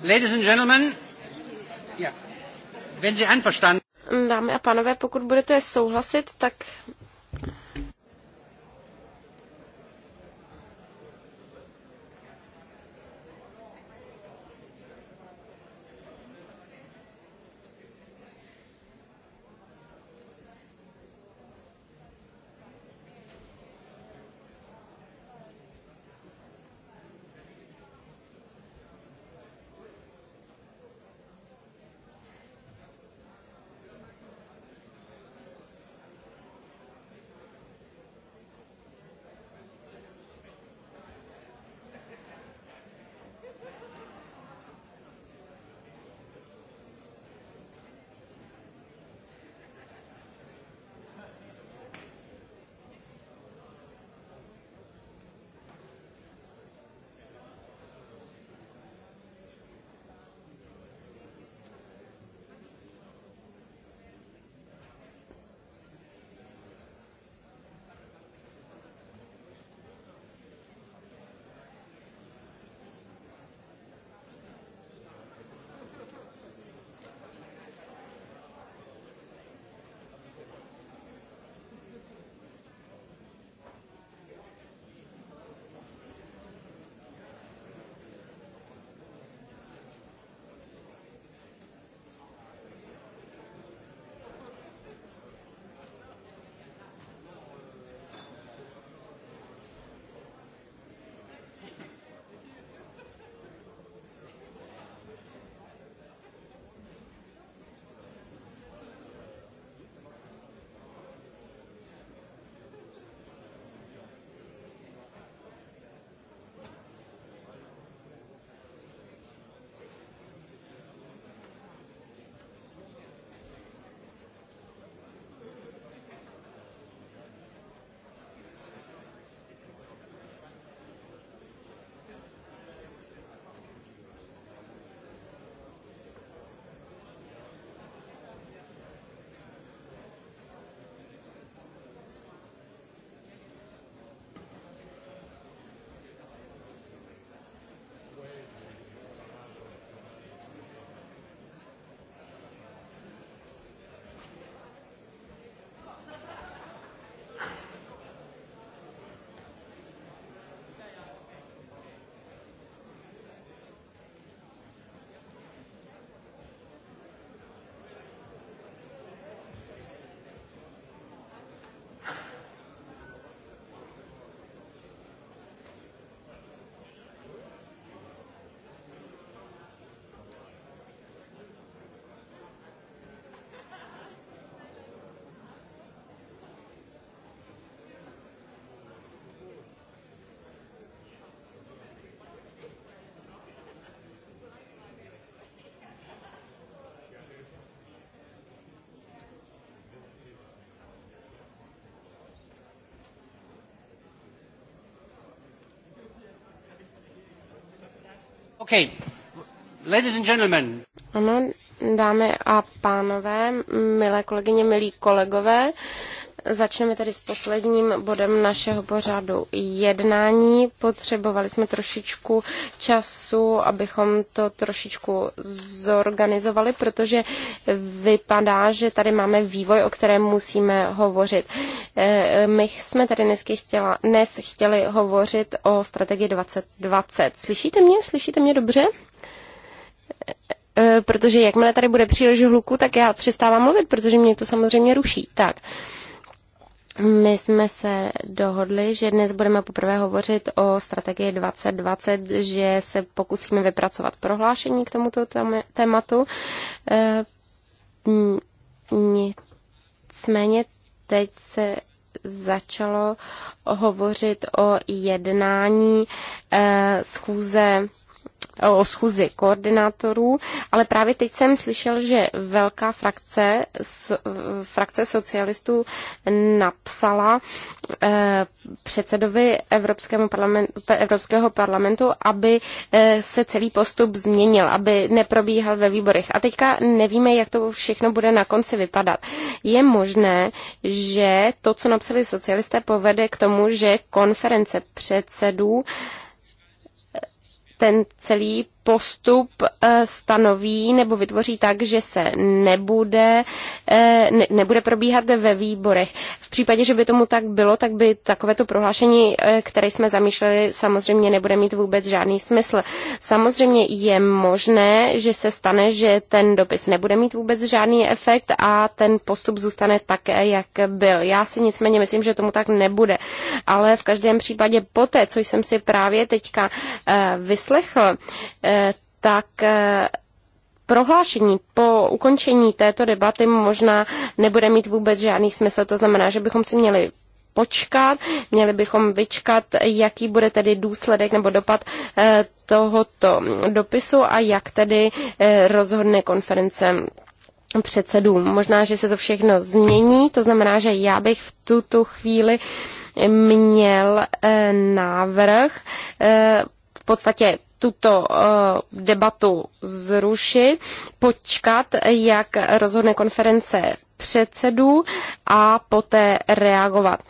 Ladies and gentlemen, yeah. Wenn Sie einverstanden Dámy a pánové, pokud budete souhlasit, tak Okay. Ladies and gentlemen. Ano, dámy a pánové, milé kolegyně, milí kolegové, Začneme tedy s posledním bodem našeho pořadu jednání. Potřebovali jsme trošičku času, abychom to trošičku zorganizovali, protože vypadá, že tady máme vývoj, o kterém musíme hovořit. Eh, my jsme tady dnes, chtěla, dnes chtěli hovořit o strategii 2020. Slyšíte mě? Slyšíte mě dobře? Eh, eh, protože jakmile tady bude příliš hluku, tak já přestávám mluvit, protože mě to samozřejmě ruší. Tak. My jsme se dohodli, že dnes budeme poprvé hovořit o strategii 2020, že se pokusíme vypracovat prohlášení k tomuto tématu. Eh, nicméně teď se začalo hovořit o jednání eh, schůze o schůzi koordinátorů, ale právě teď jsem slyšel, že velká frakce, frakce socialistů napsala eh, předsedovi Evropskému parlamentu, Evropského parlamentu, aby eh, se celý postup změnil, aby neprobíhal ve výborech. A teďka nevíme, jak to všechno bude na konci vypadat. Je možné, že to, co napsali socialisté, povede k tomu, že konference předsedů eh, ten celý postup eh, stanoví nebo vytvoří tak, že se nebude, eh, nebude probíhat ve výborech. V případě, že by tomu tak bylo, tak by takovéto prohlášení, eh, které jsme zamýšleli, samozřejmě nebude mít vůbec žádný smysl. Samozřejmě je možné, že se stane, že ten dopis nebude mít vůbec žádný efekt a ten postup zůstane tak, jak byl. Já si nicméně myslím, že tomu tak nebude. Ale v každém případě poté, co jsem si právě teďka vyslechl, tak eh, prohlášení po ukončení této debaty možná nebude mít vůbec žádný smysl. To znamená, že bychom si měli počkat, měli bychom vyčkat, jaký bude tedy důsledek nebo dopad eh, tohoto dopisu a jak tedy eh, rozhodne konference předsedů. Možná, že se to všechno změní, to znamená, že já bych v tuto chvíli měl návrh v podstatě tuto eh, debatu zrušit, počkat, jak rozhodne konference předsedů a poté reagovat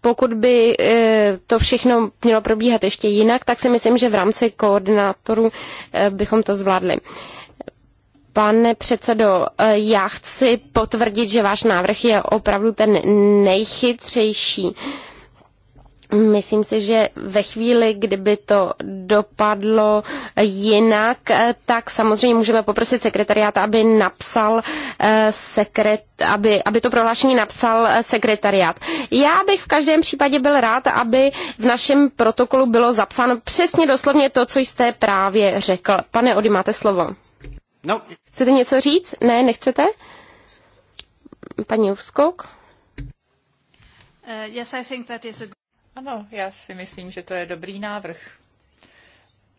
pokud by eh, to všechno mělo probíhat ještě jinak, tak si myslím, že v rámci koordinátorů eh, bychom to zvládli. Pane předsedo, já chci potvrdit, že váš návrh je opravdu ten nejchytřejší Myslím si, že ve chvíli, kdyby to dopadlo jinak, tak samozřejmě můžeme poprosit sekretariát, aby napsal eh, sekret, aby, aby to prohlášení napsal eh, sekretariát. Já bych v každém případě byl rád, aby v našem protokolu bylo zapsáno přesně doslovně to, co jste právě řekl. Pane Ody, máte slovo. No. Chcete něco říct? Ne, nechcete? Paní Uvskouk? Uh, yes, I think that is a... Ano, já si myslím, že to je dobrý návrh.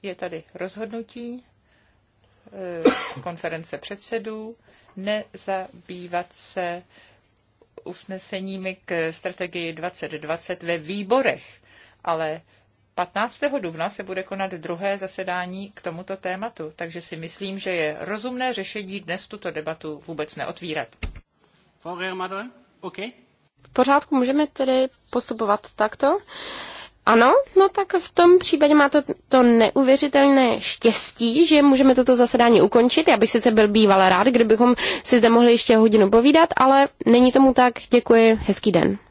Je tady rozhodnutí eh, konference předsedů nezabývat se usneseními k strategii 2020 ve výborech, ale 15. dubna se bude konat druhé zasedání k tomuto tématu, takže si myslím, že je rozumné řešení dnes tuto debatu vůbec neotvírat. Frau Rehrmadl, okay. V pořádku, můžeme tedy postupovat takto? Ano, no tak v tom případě máte to, to neuvěřitelné štěstí, že můžeme toto zasedání ukončit. Já bych sice byl býval rád, kdybychom si zde mohli ještě hodinu povídat, ale není tomu tak. Děkuji, hezký den.